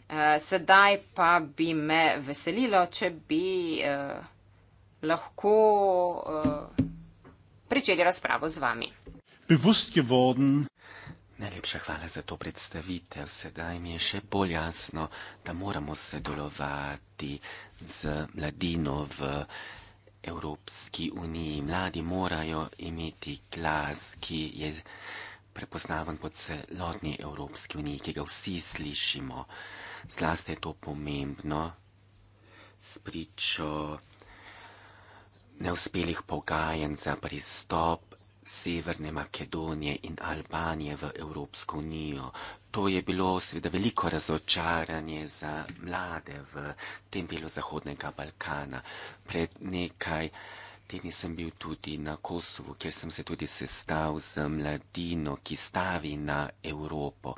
Uh, sedaj pa bi me veselilo, če bi uh, lahko uh, pričeli razpravo z vami. Bewusst geworden. Najlepša hvala za to predstavitev. Sedaj mi je še bolj jasno, da moramo sodelovati z mladino v Evropski uniji. Mladi morajo imeti glas, ki je prepoznavan kot celotni Evropski uniji, ki ga vsi slišimo. Zlasti je to pomembno s pričo neuspelih pogajanj za pristop Severne Makedonije in Albanije v Evropsko unijo. To je bilo seveda veliko razočaranje za mlade v tem delu Zahodnega Balkana. Pred nekaj tedni sem bil tudi na Kosovu, kjer sem se tudi sestal z mladino, ki stavi na Evropo.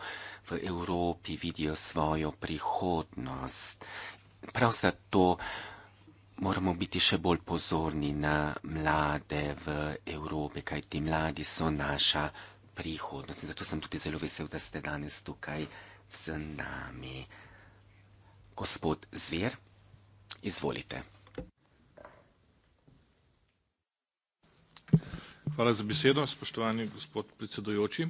V Evropi vidijo svojo prihodnost. Prav zato moramo biti še bolj pozorni na mlade v Evropi, kaj ti mladi so naša prihodnost. Zato sem tudi zelo vesel, da ste danes tukaj z nami. Gospod Zver, izvolite. Hvala za besedo, spoštovani gospod predsedujoči.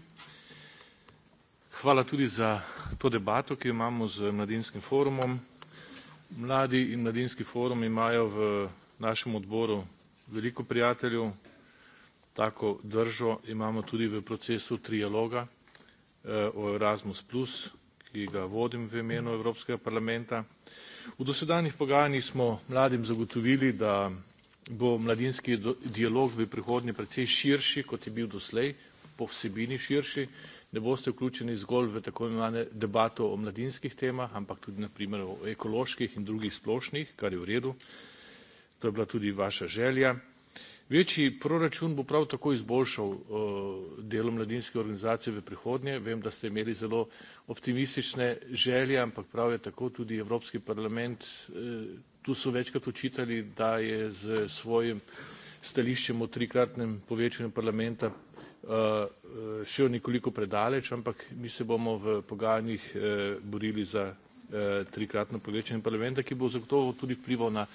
Hvala tudi za to debato, ki jo imamo z Mladinskim forumom. Mladi in mladinski forum imajo v našem odboru veliko prijateljev, tako držo imamo tudi v procesu trialoga eh, o Erasmus+, plus, ki ga vodim v imenu Evropskega parlamenta. V dosedanjih pogajanjih smo mladim zagotovili, da bo mladinski dialog v prihodnje precej širši, kot je bil doslej, po vsebini širši, ne boste vključeni zgolj v tako imenovane debato o mladinskih temah, ampak tudi naprimer o ekoloških in drugih splošnih, kar je v redu. To je bila tudi vaša želja. Večji proračun bo prav tako izboljšal eh, delo mladinske organizacije v prihodnje. Vem, da ste imeli zelo optimistične želje, ampak prav je tako tudi Evropski parlament. Eh, tu so večkrat očitali, da je z svojim stališčem o trikratnem povečanju parlamenta uh, eh, šel nekoliko predaleč, ampak mi se bomo v pogajanjih uh, borili za uh, trikratno povečanje parlamenta, ki bo zagotovo tudi vplival na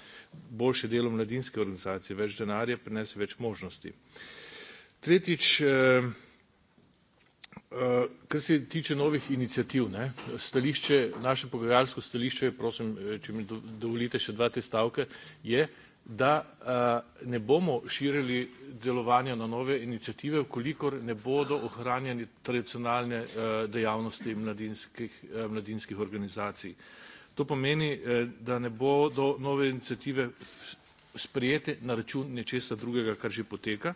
boljše delo mladinske organizacije. Več denarja prinese več možnosti. Tretjič, uh, Uh, kar se tiče novih inicijativ, ne, stališče, naše pogajalsko stališče je, prosim, če mi dovolite še dva te stavke, je, da eh, ne bomo širili delovanja na nove inicijative, vkolikor ne bodo ohranjeni tradicionalne eh, dejavnosti mladinskih, eh, mladinskih organizacij. To pomeni, da ne bodo nove inicijative sprijete na račun nečesa drugega, kar že poteka.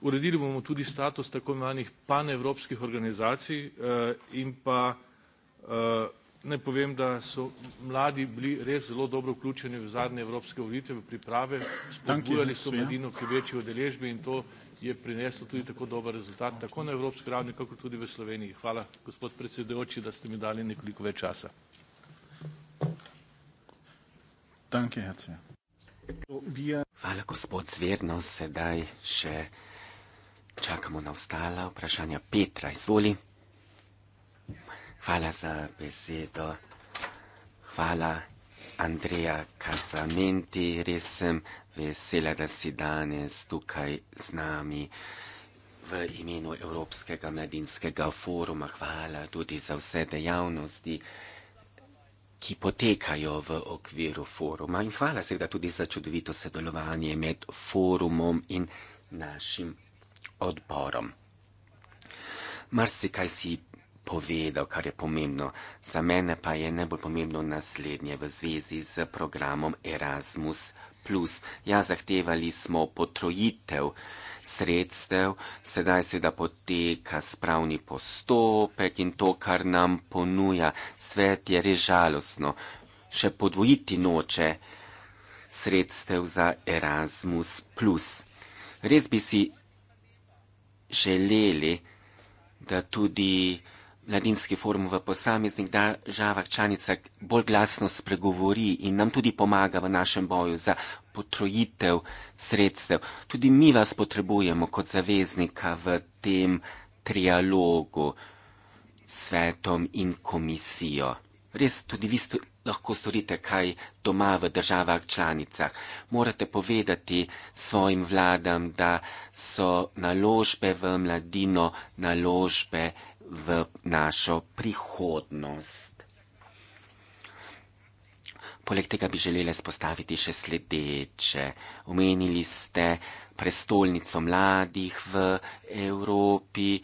Uredili bomo tudi status tako imenovanih panevropskih organizacij in pa naj povem, da so mladi bili res zelo dobro vključeni v zadnje evropske volitve, v priprave, spodbujali so ja. mladino k večji udeležbi in to je prineslo tudi tako dober rezultat, tako na evropski ravni, kakor tudi v Sloveniji. Hvala, gospod predsedujoči, da ste mi dali nekoliko več časa. Hvala, gospod Zverno. Sedaj še čakamo na ostala vprašanja. Petra, izvoli. Hvala za besedo. Hvala, Andreja Casamenti, res sem vesela, da si danes tukaj z nami v imenu Evropskega mladinskega foruma. Hvala tudi za vse dejavnosti, ki potekajo v okviru foruma in hvala seveda tudi za čudovito sodelovanje med forumom in našim odborom. Marsikaj si povedal, kar je pomembno. Za mene pa je najbolj pomembno naslednje v zvezi z programom Erasmus. Plus. Ja, zahtevali smo potrojitev sredstev, sedaj seveda poteka spravni postopek in to, kar nam ponuja svet, je res žalostno. Še podvojiti noče sredstev za Erasmus. Plus. Res bi si želeli, da tudi Mladinski forum v posameznih državah članicah bolj glasno spregovori in nam tudi pomaga v našem boju za potrojitev sredstev. Tudi mi vas potrebujemo kot zaveznika v tem trialogu s svetom in komisijo. Res tudi vi sto, lahko storite kaj doma v državah članicah. Morate povedati svojim vladam, da so naložbe v mladino naložbe v našo prihodnost. Poleg tega bi želela spostaviti še sledeče. Omenili ste prestolnico mladih v Evropi,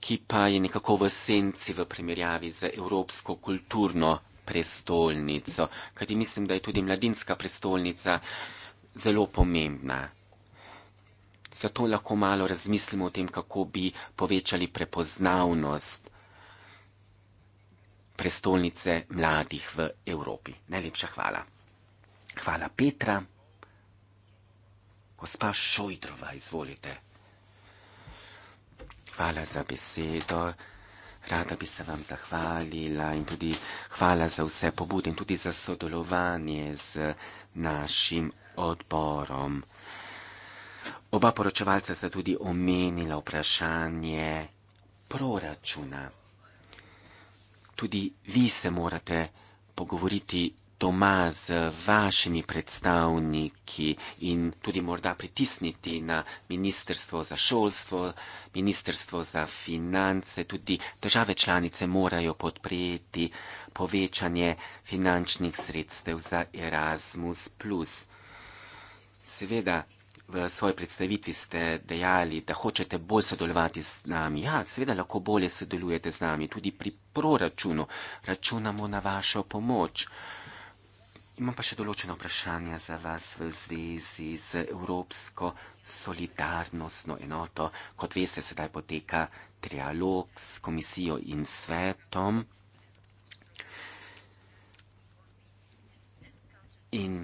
ki pa je nekako v senci v primerjavi z evropsko kulturno prestolnico, kajti mislim, da je tudi mladinska prestolnica zelo pomembna. Zato lahko malo razmislimo o tem, kako bi povečali prepoznavnost prestolnice mladih v Evropi. Najlepša hvala. Hvala Petra. Gospa Šojdrova, izvolite. Hvala za besedo. Rada bi se vam zahvalila in tudi hvala za vse pobude in tudi za sodelovanje z našim odborom. Oba poročevalca sta tudi omenila vprašanje proračuna. Tudi vi se morate pogovoriti doma z vašimi predstavniki in tudi morda pritisniti na Ministrstvo za šolstvo, Ministrstvo za finance. Tudi države članice morajo podpreti povečanje finančnih sredstev za Erasmus. Seveda, v svoji predstavitvi ste dejali, da hočete bolj sodelovati z nami. Ja, seveda lahko bolje sodelujete z nami, tudi pri proračunu računamo na vašo pomoč. Imam pa še določena vprašanja za vas v zvezi z Evropsko solidarnostno enoto. Kot veste, sedaj poteka trialog s komisijo in svetom. In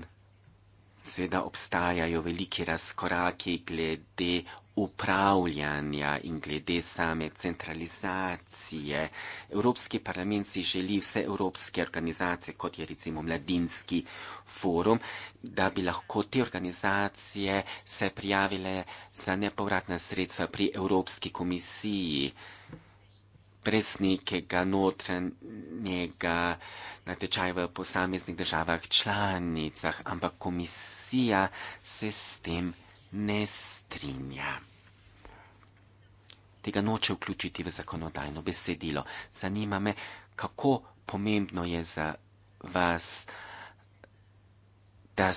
seveda obstajajo veliki razkoraki glede upravljanja in glede same centralizacije. Evropski parlament si želi vse evropske organizacije, kot je recimo Mladinski forum, da bi lahko te organizacije se prijavile za nepovratna sredstva pri Evropski komisiji brez nekega notranjega natečaja v posameznih državah članicah, ampak komisija se s tem ne strinja. Tega noče vključiti v zakonodajno besedilo. Zanima me, kako pomembno je za vas, da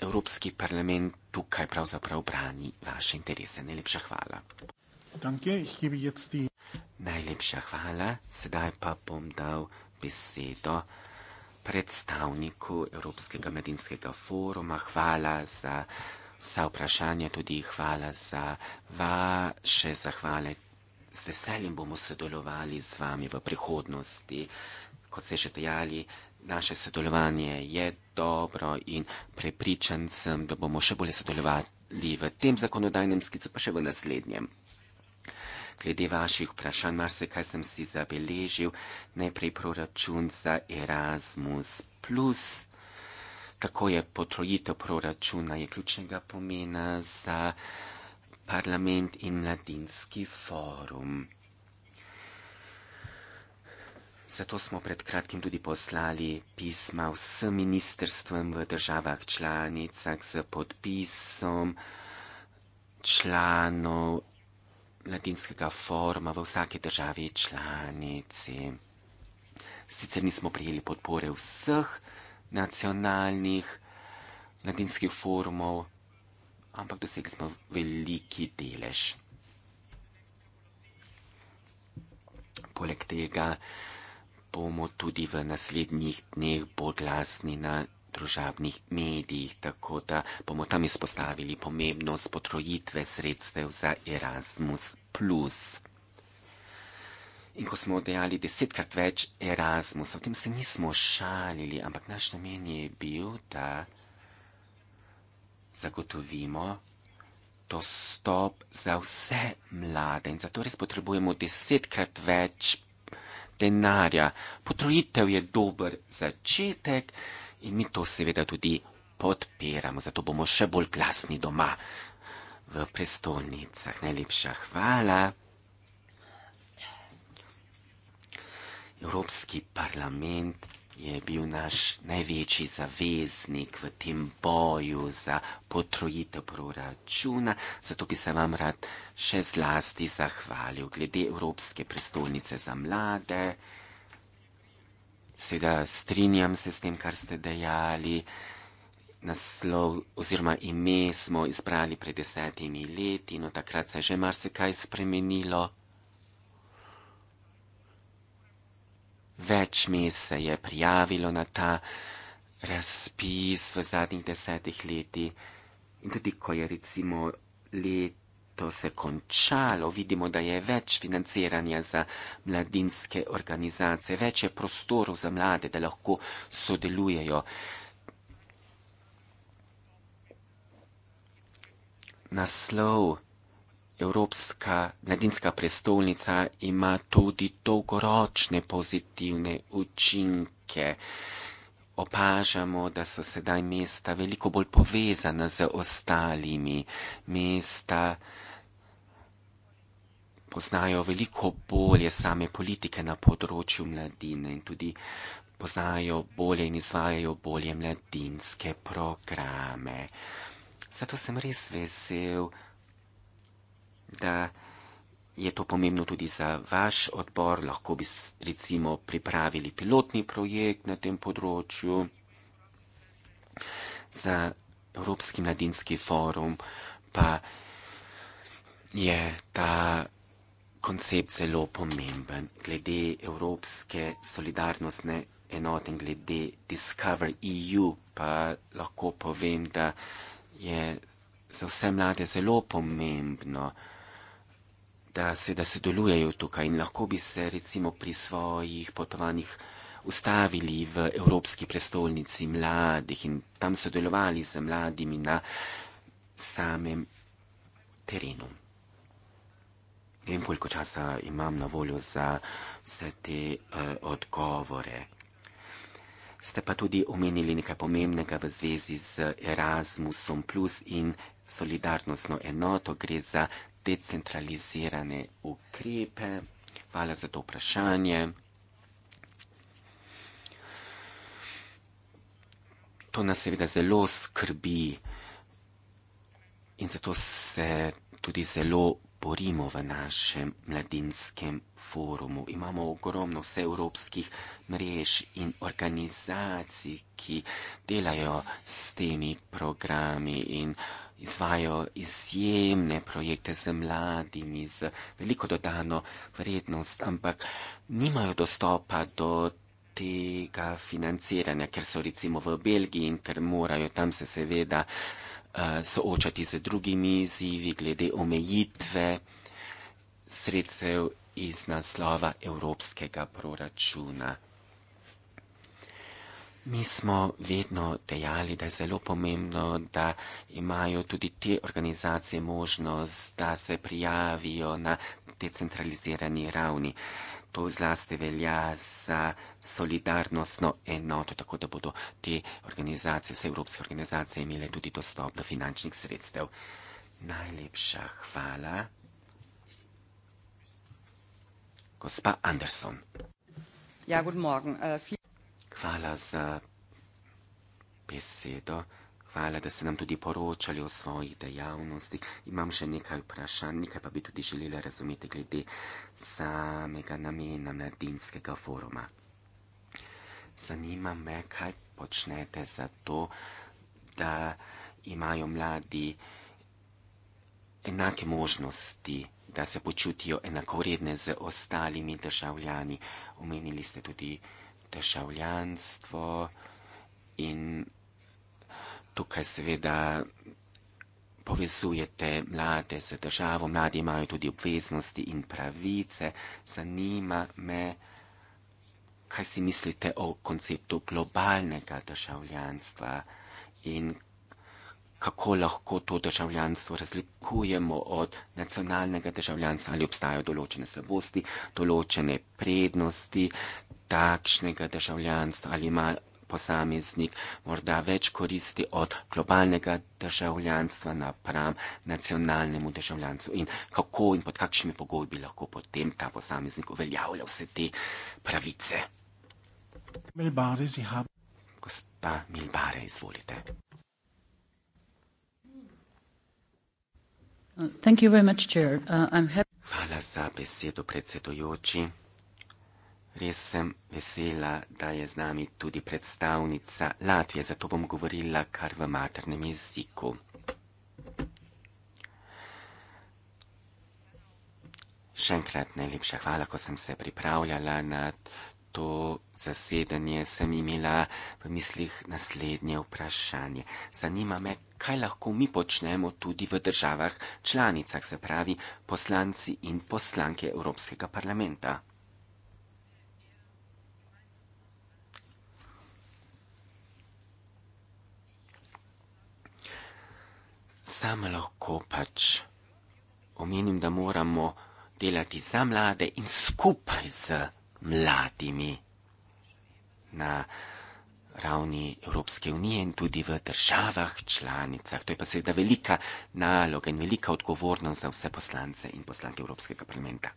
Evropski parlament tukaj pravzaprav brani vaše interese. Najlepša hvala. Danke, ich gebe jetzt die. Najlepša hvala, sedaj pa bom dal besedo predstavniku Evropskega medijskega foruma. Hvala za vsa vprašanja, tudi hvala za vaše zahvale. Z veseljem bomo sodelovali z vami v prihodnosti. Kot ste že dejali, naše sodelovanje je dobro in prepričan sem, da bomo še bolje sodelovali v tem zakonodajnem sklicu, pa še v naslednjem. Glede vaših vprašanj, marsikaj sem si zabeležil, najprej proračun za Erasmus. Plus. Tako je potrojitev proračuna je ključnega pomena za parlament in mladinski forum. Zato smo pred kratkim tudi poslali pisma vsem ministrstvom v državah članicah z podpisom članov latinskega foruma v vsaki državi članici. Sicer nismo prijeli podpore vseh nacionalnih latinskih forumov, ampak dosegli smo veliki delež. Poleg tega bomo tudi v naslednjih dneh bolj glasni na družabnih medijih, tako da bomo tam izpostavili pomembnost potrojitve sredstev za Erasmus. In ko smo dejali desetkrat več Erasmusa, o tem se nismo šalili, ampak naš namen je bil, da zagotovimo dostop za vse mlade in zato res potrebujemo desetkrat več denarja. Potrojitev je dober začetek in mi to seveda tudi podpiramo, zato bomo še bolj glasni doma v prestolnicah. Najlepša hvala. Evropski parlament je bil naš največji zaveznik v tem boju za potrojitev proračuna, zato bi se vam rad še zlasti zahvalil glede Evropske prestolnice za mlade. Seveda strinjam se s tem, kar ste dejali. Naslov oziroma ime smo izbrali pred desetimi leti, no takrat se je že marsikaj spremenilo. Več mest se je prijavilo na ta razpis v zadnjih desetih letih in tudi ko je recimo let to se končalo. Vidimo, da je več financiranja za mladinske organizacije, več je prostorov za mlade, da lahko sodelujejo. Naslov Evropska mladinska prestolnica ima tudi dolgoročne pozitivne učinke. Opažamo, da so sedaj mesta veliko bolj povezana z ostalimi mesta poznajo veliko bolje same politike na področju mladine in tudi poznajo bolje in izvajajo bolje mladinske programe. Zato sem res vesel, da je to pomembno tudi za vaš odbor. Lahko bi recimo pripravili pilotni projekt na tem področju za Evropski mladinski forum, pa je ta koncept zelo pomemben, glede evropske solidarnostne enote in glede Discover EU, pa lahko povem, da je za vse mlade zelo pomembno, da se da sodelujejo tukaj in lahko bi se recimo pri svojih potovanjih ustavili v Evropski prestolnici mladih in tam sodelovali z mladimi na samem terenu vem, koliko časa imam na voljo za vse te uh, odgovore. Ste pa tudi omenili nekaj pomembnega v zvezi z Erasmusom plus in solidarnostno enoto, gre za decentralizirane ukrepe. Hvala za to vprašanje. To nas seveda zelo skrbi in zato se tudi zelo borimo v našem mladinskem forumu. Imamo ogromno vseevropskih mrež in organizacij, ki delajo s temi programi in izvajo izjemne projekte z mladimi, z veliko dodano vrednost, ampak nimajo dostopa do tega financiranja, ker so recimo v Belgiji in ker morajo tam se seveda Eh, soočati z drugimi izzivi glede omejitve sredstev iz naslova evropskega proračuna. Mi smo vedno dejali, da je zelo pomembno, da imajo tudi te organizacije možnost, da se prijavijo na decentralizirani ravni. To zlasti velja za solidarnostno enoto, tako da bodo te organizacije, vse evropske organizacije, imele tudi dostop do finančnih sredstev. Najlepša hvala. Gospa Anderson. Ja, good morning. Uh, hvala za besedo. Hvala, da ste nam tudi poročali o svojih dejavnostih. Imam še nekaj vprašanj, nekaj pa bi tudi želela razumeti glede samega namena mladinskega foruma. Zanima me, kaj počnete za to, da imajo mladi enake možnosti, da se počutijo enakovredne z ostalimi državljani. Omenili ste tudi državljanstvo in državljanstvo tukaj seveda povezujete mlade z državo, mladi imajo tudi obveznosti in pravice. Zanima me, kaj si mislite o konceptu globalnega državljanstva in kako lahko to državljanstvo razlikujemo od nacionalnega državljanstva, ali obstajajo določene slabosti, določene prednosti takšnega državljanstva, ali ima posameznik morda več koristi od globalnega državljanstva napram nacionalnemu državljanstvu in kako in pod kakšnimi pogoji bi lahko potem ta posameznik uveljavljal vse te pravice. Milbare, ja. Gospa Milbare, izvolite. Uh, Hvala za besedo, predsedujoči. Res sem vesela, da je z nami tudi predstavnica Latvije, zato bom govorila kar v maternem jeziku. Še enkrat najlepša hvala, ko sem se pripravljala na to zasedanje, sem imela v mislih naslednje vprašanje. Zanima me, kaj lahko mi počnemo tudi v državah članicah, se pravi poslanci in poslanke Evropskega parlamenta. sam lahko pač omenim, da moramo delati za mlade in skupaj z mladimi na ravni Evropske unije in tudi v državah članicah. To je pa seveda velika naloga in velika odgovornost za vse poslance in poslanke Evropskega parlamenta.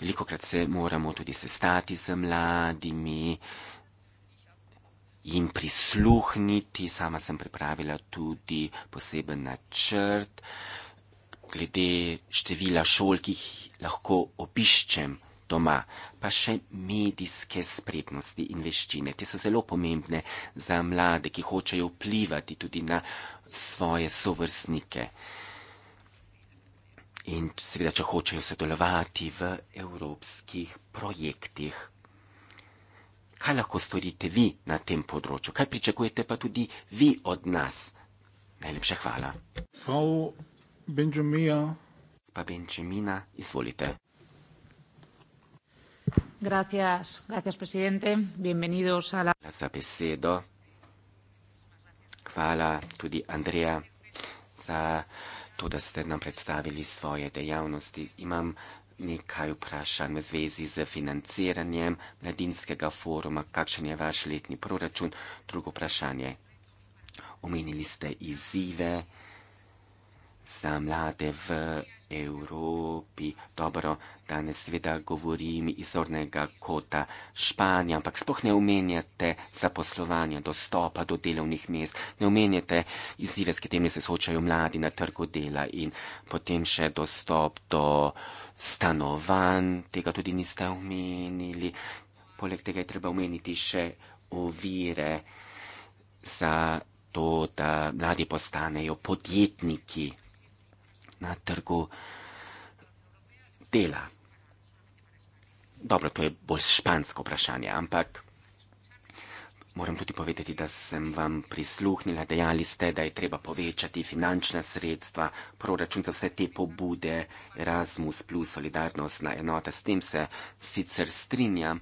Veliko krat se moramo tudi sestati z mladimi, jim prisluhniti. Sama sem pripravila tudi poseben načrt glede števila šol, ki jih lahko obiščem doma, pa še medijske spretnosti in veščine. Te so zelo pomembne za mlade, ki hočejo vplivati tudi na svoje sovrstnike. In seveda, če hočejo sodelovati v evropskih projektih kaj lahko storite vi na tem področju, kaj pričakujete pa tudi vi od nas. Najlepša hvala. Frau Benjamina. Spa Benjamina, izvolite. Gracias, gracias presidente. Bienvenidos a la... Za besedo. Hvala tudi Andreja za to, da ste nam predstavili svoje dejavnosti. Imam nekaj vprašanj v zvezi z financiranjem mladinskega foruma, kakšen je vaš letni proračun. Drugo vprašanje. Omenili ste izzive za mlade v Evropi. Dobro, danes seveda govorim iz ornega kota Španija, ampak spoh ne omenjate zaposlovanja, dostopa do delovnih mest, ne omenjate izzive, s katerimi se soočajo mladi na trgu dela in potem še dostop do stanovanj, tega tudi niste omenili. Poleg tega je treba omeniti še ovire za to, da mladi postanejo podjetniki na trgu dela. Dobro, to je bolj špansko vprašanje, ampak. Moram tudi povedati, da sem vam prisluhnila, dejali ste, da je treba povečati finančna sredstva, proračun za vse te pobude, Erasmus plus solidarnostna enota. S tem se sicer strinjam,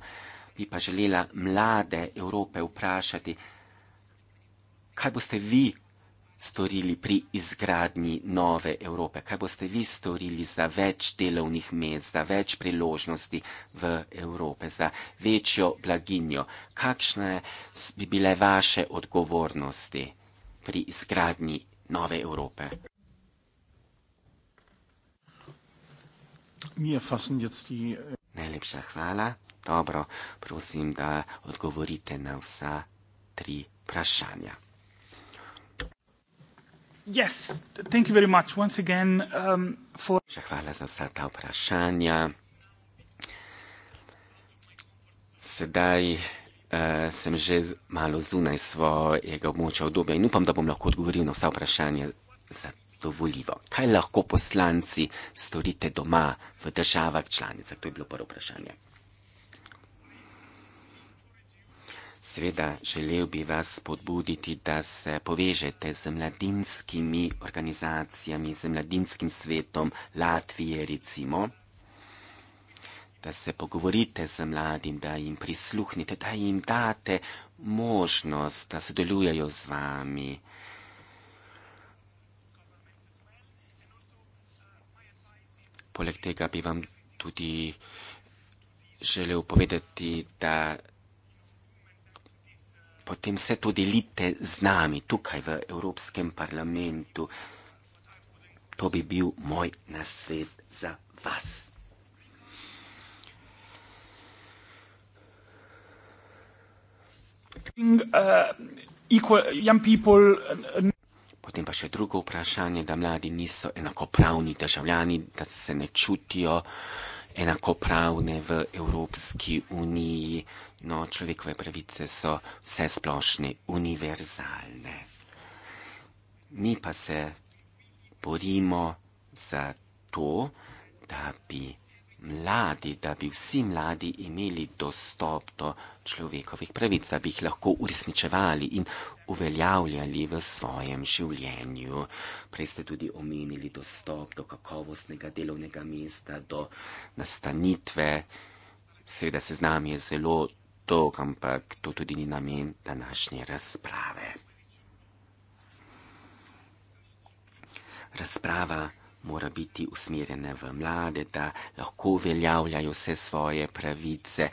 bi pa želela mlade Evrope vprašati, kaj boste vi storili pri izgradnji nove Evrope? Kaj boste vi storili za več delovnih mest, za več priložnosti v Evrope, za večjo blaginjo? Kakšne bi bile vaše odgovornosti pri izgradnji nove Evrope? Äh Najlepša hvala. Dobro, prosim, da odgovorite na vsa tri vprašanja. Yes, thank you very much once again um, for. Hvala za vsa ta vprašanja. Sedaj uh, sem že malo zunaj svojega območja obdobja in upam, da bom lahko odgovoril na vsa vprašanja zadovoljivo. Kaj lahko poslanci storite doma v državah članicah? To je bilo prvo vprašanje. Seveda želel bi vas spodbuditi, da se povežete z mladinskimi organizacijami, z mladinskim svetom Latvije recimo, da se pogovorite z mladim, da jim prisluhnite, da jim date možnost, da sodelujejo z vami. Poleg tega bi vam tudi želel povedati, da potem se to delite z nami tukaj v Evropskem parlamentu. To bi bil moj nasvet za vas. Eh, eh, potem pa še drugo vprašanje, da mladi niso enakopravni državljani, da se ne čutijo enakopravne v Evropski uniji. No, človekove pravice so vse splošne, univerzalne. Mi pa se borimo za to, da bi mladi, da bi vsi mladi imeli dostop do človekovih pravic, da bi jih lahko uresničevali in uveljavljali v svojem življenju. Prej ste tudi omenili dostop do kakovostnega delovnega mesta, do nastanitve. Seveda se z nami je zelo to, ampak to tudi ni namen današnje razprave. Razprava mora biti usmerjena v mlade, da lahko uveljavljajo vse svoje pravice.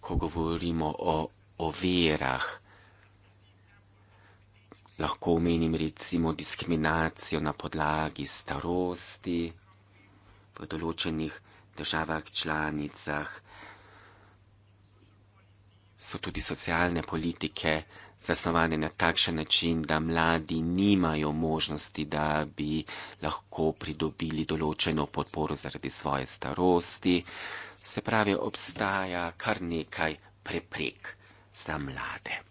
Ko govorimo o, o verah, Lahko omenim recimo diskriminacijo na podlagi starosti v določenih državah članicah. So tudi socialne politike zasnovane na takšen način, da mladi nimajo možnosti, da bi lahko pridobili določeno podporo zaradi svoje starosti. Se pravi, obstaja kar nekaj preprek za mlade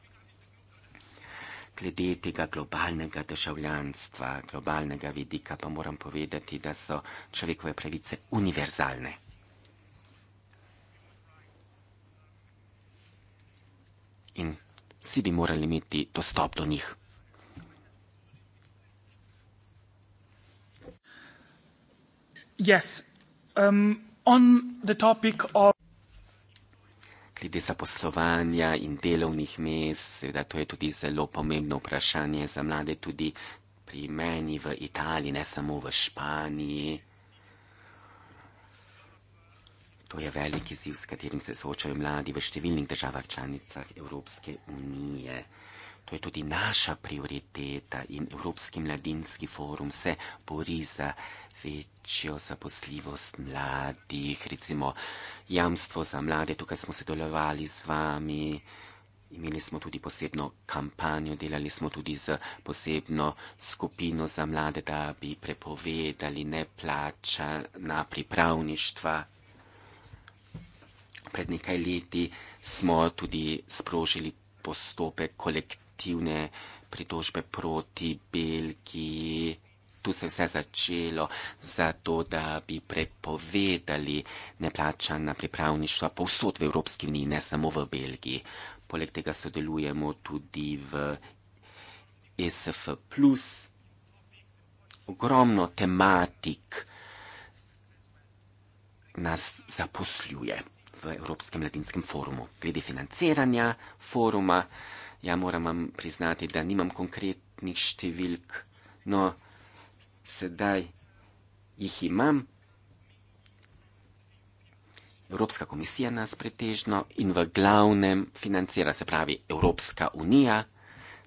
glede tega globalnega državljanstva, globalnega vidika, pa moram povedati, da so človekove pravice univerzalne. In vsi bi morali imeti dostop do njih. Yes. Um, on the topic of glede zaposlovanja in delovnih mest, seveda to je tudi zelo pomembno vprašanje za mlade, tudi pri meni v Italiji, ne samo v Španiji. To je veliki ziv, s katerim se soočajo mladi v številnih državah članicah Evropske unije. To je tudi naša prioriteta in Evropski mladinski forum se bori za večjo zaposljivost mladih, recimo jamstvo za mlade, tukaj smo sodelovali z vami, imeli smo tudi posebno kampanjo, delali smo tudi z posebno skupino za mlade, da bi prepovedali neplačana pripravništva. Pred nekaj leti smo tudi sprožili postopek kolektivne pritožbe proti Belgiji tu se vse začelo, zato da bi prepovedali neplačana pripravništva povsod v Evropski uniji, ne samo v Belgiji. Poleg tega sodelujemo tudi v ESF. Ogromno tematik nas zaposluje v Evropskem mladinskem forumu. Glede financiranja foruma, ja moram vam priznati, da nimam konkretnih številk, no, sedaj jih imam. Evropska komisija nas pretežno in v glavnem financira, se pravi Evropska unija.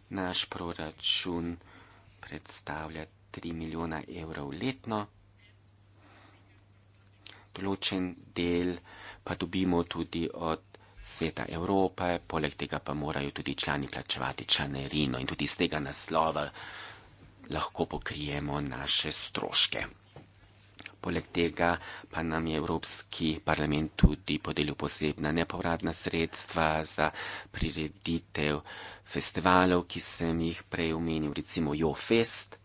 Naš proračun predstavlja 3 milijona evrov letno. Določen del pa dobimo tudi od sveta Evrope, poleg tega pa morajo tudi člani plačevati članerino in tudi iz tega naslova lahko pokrijemo naše stroške. Poleg tega pa nam je Evropski parlament tudi podelil posebna nepovratna sredstva za prireditev festivalov, ki sem jih prej omenil, recimo JoFest.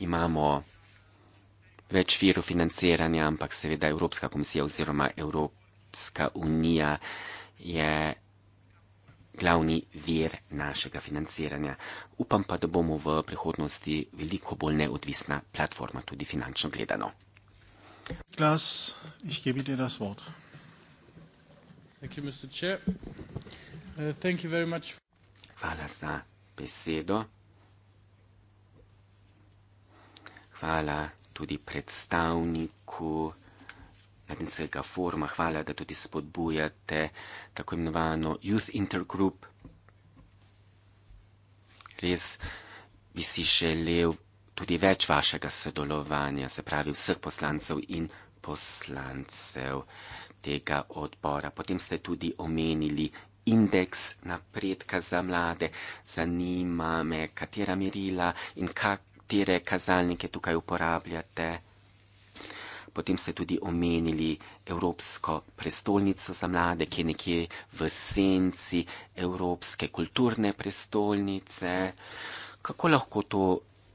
Imamo več virov financiranja, ampak seveda Evropska komisija oziroma Evropska unija je glavni vir našega financiranja. Upam pa, da bomo v prihodnosti veliko bolj neodvisna platforma, tudi finančno gledano. Glas, ich gebe dir das Wort. Thank you, Mr. Chair. Uh, thank you very much. Hvala za besedo. Hvala tudi predstavniku. Latinskega foruma, hvala, da tudi spodbujate tako imenovano Youth Intergroup. Res bi si želel tudi več vašega sodelovanja, se pravi vseh poslancev in poslancev tega odbora. Potem ste tudi omenili indeks napredka za mlade. Zanima me, katera merila in katere kazalnike tukaj uporabljate potem ste tudi omenili Evropsko prestolnico za mlade, ki je nekje v senci Evropske kulturne prestolnice. Kako lahko to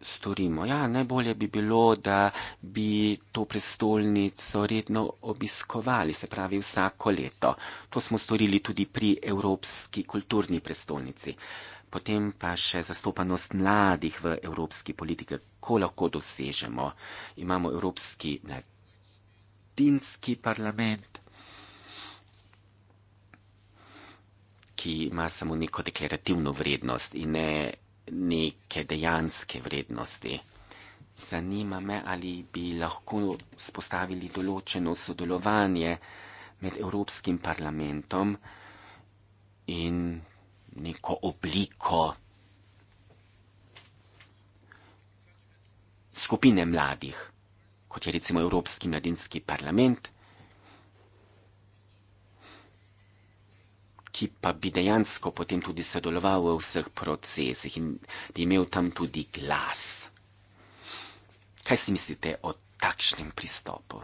storimo? Ja, najbolje bi bilo, da bi to prestolnico redno obiskovali, se pravi vsako leto. To smo storili tudi pri Evropski kulturni prestolnici. Potem pa še zastopanost mladih v evropski politiki, kako lahko dosežemo. Imamo evropski mladi latinski parlament, ki ima samo neko deklarativno vrednost in ne neke dejanske vrednosti. Zanima me, ali bi lahko spostavili določeno sodelovanje med Evropskim parlamentom in neko obliko skupine mladih kot je recimo Evropski mladinski parlament, ki pa bi dejansko potem tudi sodeloval v vseh procesih in bi imel tam tudi glas. Kaj si mislite o takšnem pristopu?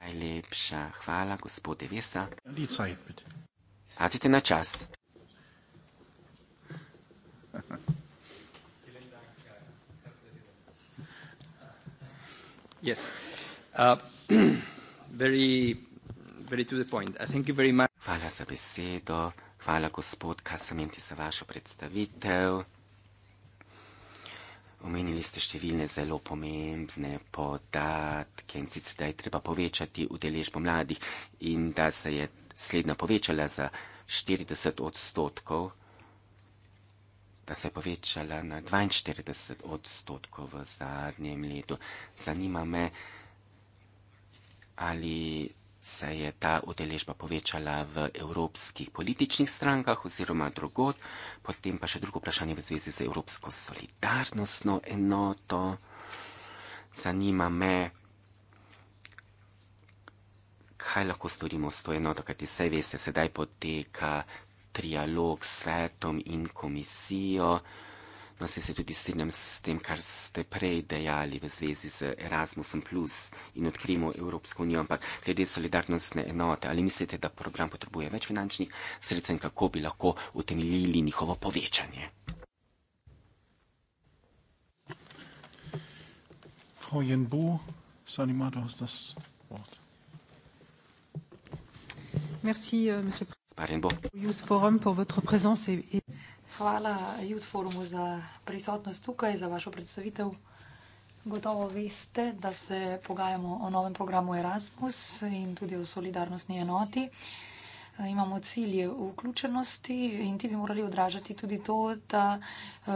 Najlepša hvala, gospode Vesa. Pazite na čas. Ha ha. Uh, Hvala za besedo. Hvala, gospod Casamenti, za vašo predstavitev. Omenili ste številne zelo pomembne podatke in sicer, da je treba povečati udeležbo mladih in da se je slednja povečala za štirideset odstotkov da se je povečala na 42 odstotkov v zadnjem letu. Zanima me, ali se je ta udeležba povečala v evropskih političnih strankah oziroma drugod. Potem pa še drugo vprašanje v zvezi z evropsko solidarnostno enoto. Zanima me, kaj lahko storimo s to enoto, kajti vse veste, sedaj poteka trialog s svetom in komisijo. No, se, se tudi strinjam s tem, kar ste prej dejali v zvezi z Erasmusom plus in odkrimo Evropsko unijo, ampak glede solidarnostne enote, ali mislite, da program potrebuje več finančnih sredstev in kako bi lahko utemeljili njihovo povečanje? Merci, euh, monsieur le Président. Barjen bo. Hvala Youth Forumu za prisotnost tukaj, za vašo predstavitev. Gotovo veste, da se pogajamo o novem programu Erasmus in tudi o solidarnostni enoti. Imamo cilje vključenosti in ti bi morali odražati tudi to, da uh,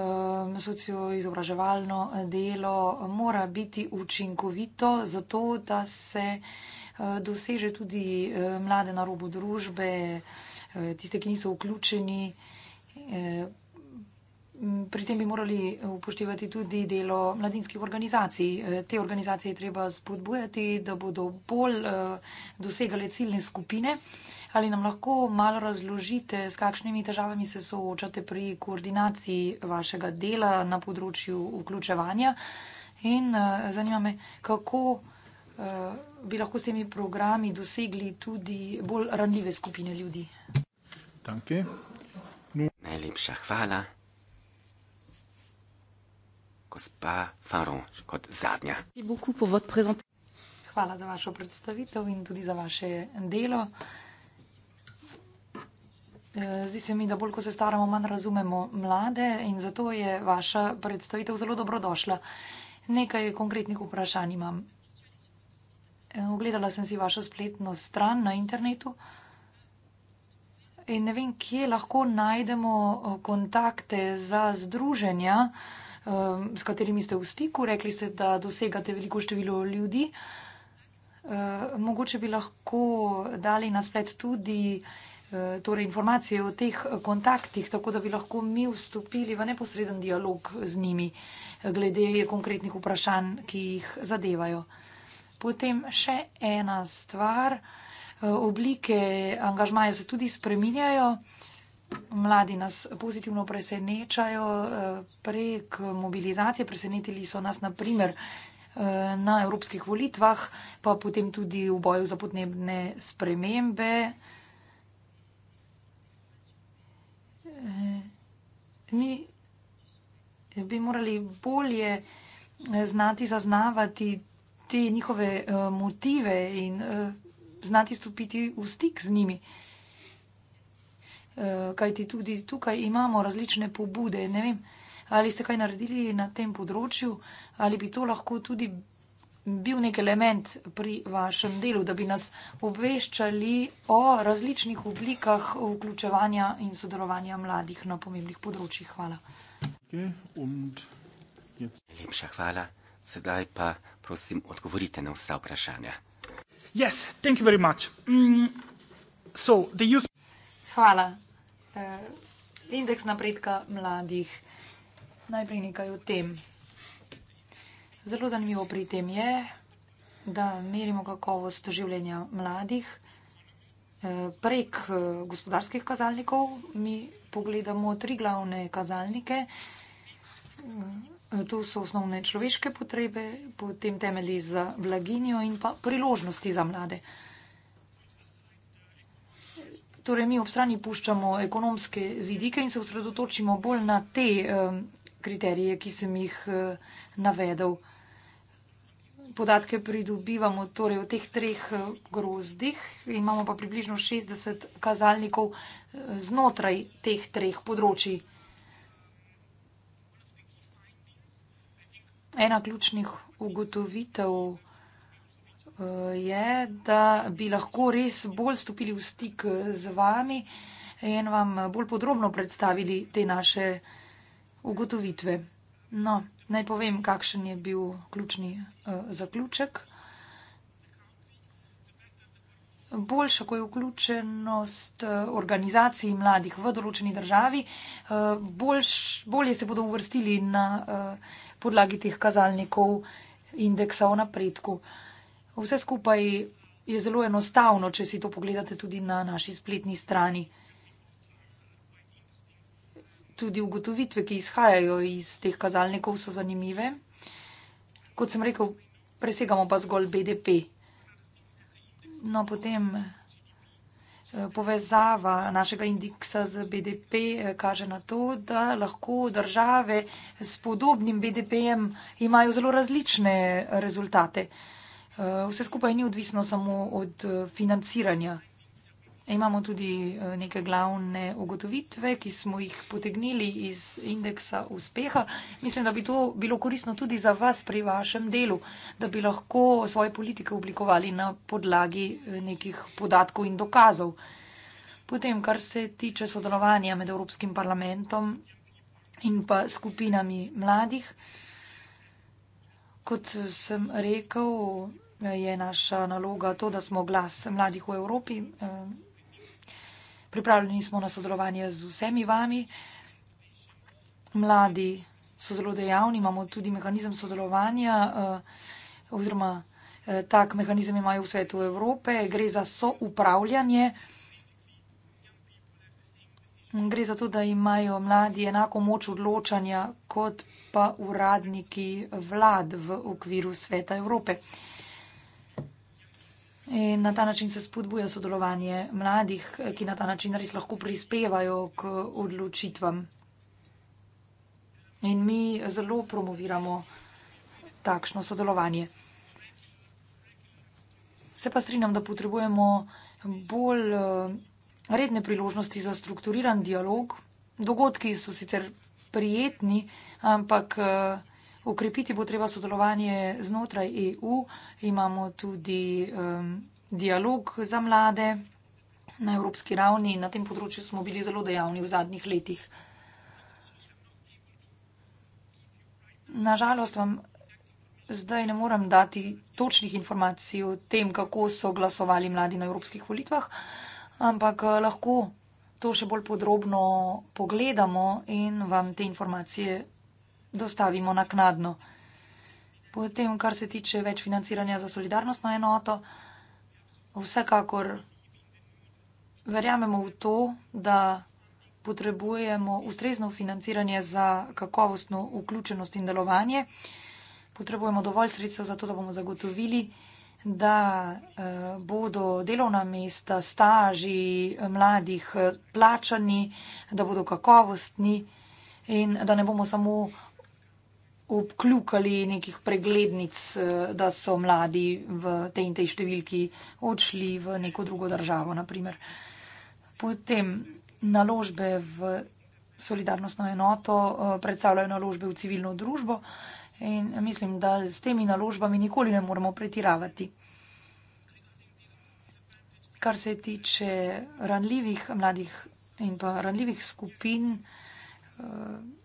socioizobraževalno delo mora biti učinkovito, zato da se uh, doseže tudi uh, mlade na robu družbe, uh, Eh, tiste, ki niso vključeni. Eh, pri tem bi morali upoštevati tudi delo mladinskih organizacij. Eh, te organizacije je treba spodbujati, da bodo bolj dosegale ciljne skupine. Ali nam lahko malo razložite, s kakšnimi težavami se soočate pri koordinaciji vašega dela na področju vključevanja? In zanima me, kako. Eh, bi lahko s temi programi dosegli tudi bolj ranljive skupine ljudi. No. Najlepša hvala. Gospa Faro, kot zadnja. Hvala za vašo predstavitev in tudi za vaše delo. Eh, zdi se mi, da bolj, ko se staramo, manj razumemo mlade in zato je vaša predstavitev zelo dobrodošla. Nekaj konkretnih vprašanj imam. Eh, ogledala sem si vašo spletno stran na internetu in ne vem, kje lahko najdemo eh, kontakte za združenja, eh, s katerimi ste v stiku. Rekli ste, da dosegate veliko število ljudi. Mogoče bi lahko dali na splet tudi torej informacije o teh kontaktih, tako da bi lahko mi vstopili v neposreden dialog z njimi glede konkretnih vprašanj, ki jih zadevajo. Potem še ena stvar. E, oblike angažmaja se tudi spreminjajo. Mladi nas pozitivno presenečajo e, prek mobilizacije. Presenetili so nas naprimer e, na evropskih volitvah, pa potem tudi v boju za podnebne spremembe. Mi bi morali bolje znati zaznavati te njihove uh, motive in uh, znati stopiti v stik z njimi. Eh, kaj ti tudi tukaj imamo različne pobude? Ne vem, ali ste kaj naredili na tem področju, ali bi to lahko tudi bil nek element pri vašem delu, da bi nas obveščali o različnih oblikah vključevanja in sodelovanja mladih na pomembnih področjih. Hvala. Najlepša hvala. Sedaj pa prosim, odgovorite na vsa vprašanja. Yes, thank you very much. Mm, so, the youth... Hvala. Uh, indeks napredka mladih. Najprej nekaj o tem. Zelo zanimivo pri tem je, da merimo kakovost življenja mladih eh, prek eh, gospodarskih kazalnikov. Mi pogledamo tri glavne kazalnike, To so osnovne človeške potrebe, potem temelji za blaginjo in pa priložnosti za mlade. Torej, mi ob strani puščamo ekonomske vidike in se osredotočimo bolj na te um, kriterije, ki sem jih uh, navedel. Podatke pridobivamo torej v teh treh eh, grozdih, imamo pa približno 60 kazalnikov eh, znotraj teh treh področji. Ena ključnih ugotovitev eh, je, da bi lahko res bolj stopili v stik z vami in vam bolj podrobno predstavili te naše ugotovitve. No, naj povem, kakšen je bil ključni eh, zaključek. Boljša, ko je vključenost eh, organizacij mladih v določeni državi, boljš, bolje se bodo uvrstili na podlagi teh kazalnikov indeksa o napredku. Vse skupaj je zelo enostavno, če si to pogledate tudi na naši spletni strani. Tudi ugotovitve, ki izhajajo iz teh kazalnikov, so zanimive. Kot sem rekel, presegamo pa zgolj BDP. No, potem. Eh, povezava našega indeksa z BDP eh, kaže na to, da lahko države s podobnim BDP-jem imajo zelo različne rezultate. Eh, vse skupaj ni odvisno samo od financiranja. Imamo tudi eh, neke glavne ugotovitve, ki smo jih potegnili iz indeksa uspeha. Mislim, da bi to bilo korisno tudi za vas pri vašem delu, da bi lahko svoje politike oblikovali na podlagi eh, nekih podatkov in dokazov. Potem, kar se tiče sodelovanja med Evropskim parlamentom in pa skupinami mladih, kot eh, sem rekel, je naša naloga to, da smo glas mladih v Evropi pripravljeni smo na sodelovanje z vsemi vami. Mladi so zelo dejavni, imamo tudi mehanizem sodelovanja eh, oziroma eh, tak mehanizem imajo v svetu Evrope. Gre za soupravljanje. Gre za to, da imajo mladi enako moč odločanja kot pa uradniki vlad v okviru sveta Evrope. In na ta način se spodbuja sodelovanje mladih, ki na ta način res lahko prispevajo k odločitvam. In mi zelo promoviramo takšno sodelovanje. Se pa strinjam, da potrebujemo bolj eh, redne priložnosti za strukturiran dialog. Dogodki so sicer prijetni, ampak eh, Ukrepiti bo treba sodelovanje znotraj EU, imamo tudi um, dialog za mlade na evropski ravni in na tem področju smo bili zelo dejavni v zadnjih letih. Nažalost vam zdaj ne morem dati točnih informacij o tem, kako so glasovali mladi na evropskih volitvah, ampak eh, lahko to še bolj podrobno pogledamo in vam te informacije dostavimo naknadno. Potem, kar se tiče več financiranja za solidarnostno enoto, vsekakor verjamemo v to, da potrebujemo ustrezno financiranje za kakovostno vključenost in delovanje. Potrebujemo dovolj sredstev za to, da bomo zagotovili, da eh, bodo delovna mesta, staži mladih eh, plačani, da bodo kakovostni in da ne bomo samo obkljukali nekih preglednic, eh, da so mladi v tej in tej številki odšli v neko drugo državo, naprimer. Potem naložbe v solidarnostno enoto eh, predstavljajo naložbe v civilno družbo in mislim, da s temi naložbami nikoli ne moremo pretiravati. Kar se tiče ranljivih mladih in pa ranljivih skupin, eh,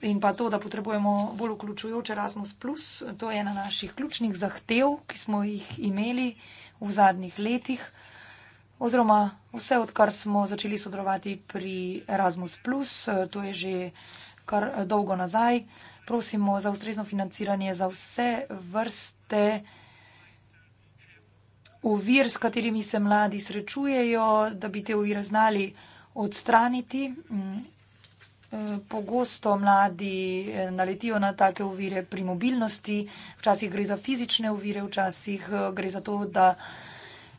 in pa to, da potrebujemo bolj vključujoč Erasmus, plus, to je ena naših ključnih zahtev, ki smo jih imeli v zadnjih letih, oziroma vse odkar smo začeli sodelovati pri Erasmus, plus, to je že kar dolgo nazaj. Prosimo za ustrezno financiranje za vse vrste ovir, s katerimi se mladi srečujejo, da bi te ovire znali odstraniti. Mm, pogosto mladi eh, naletijo na take ovire pri mobilnosti. Včasih gre za fizične ovire, včasih eh, gre za to, da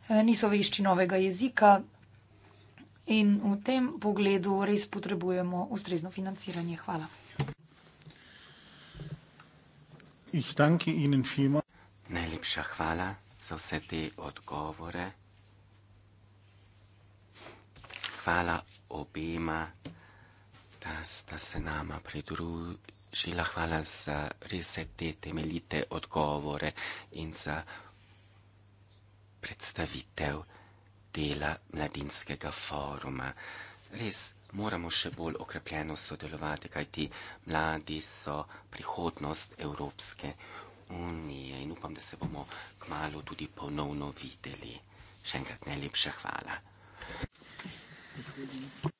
eh, niso vešči novega jezika. In v tem pogledu res potrebujemo ustrezno financiranje. Hvala. Najlepša hvala za vse te odgovore. Hvala obema da sta se nama pridružila. Hvala za res te temeljite odgovore in za predstavitev dela mladinskega foruma. Res moramo še bolj okrepljeno sodelovati, kajti mladi so prihodnost Evropske unije in upam, da se bomo kmalo tudi ponovno videli. Še enkrat najlepša hvala. Thank you.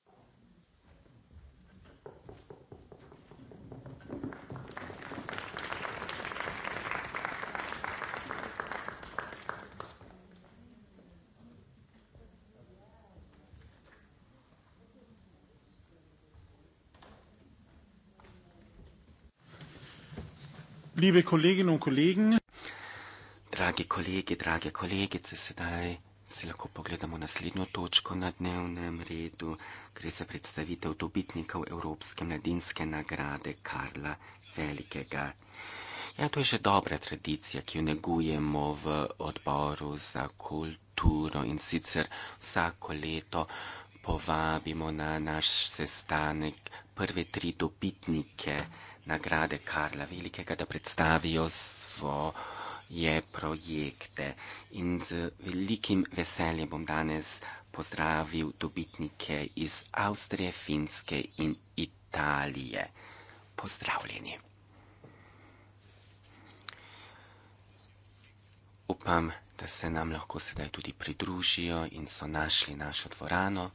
Liebe Kolleginnen und Kollegen, dragi kolegi, drage kolegice, sedaj si lahko pogledamo naslednjo točko na dnevnem redu. Gre za predstavitev dobitnikov Evropske mladinske nagrade Karla Velikega. Ja, to je že dobra tradicija, ki jo negujemo v odboru za kulturo in sicer vsako leto povabimo na naš sestanek prve tri dobitnike. Mhm nagrade Karla Velikega, da predstavijo svoje projekte. In z velikim veseljem bom danes pozdravil dobitnike iz Avstrije, Finske in Italije. Pozdravljeni. Upam, da se nam lahko sedaj tudi pridružijo in so našli našo dvorano.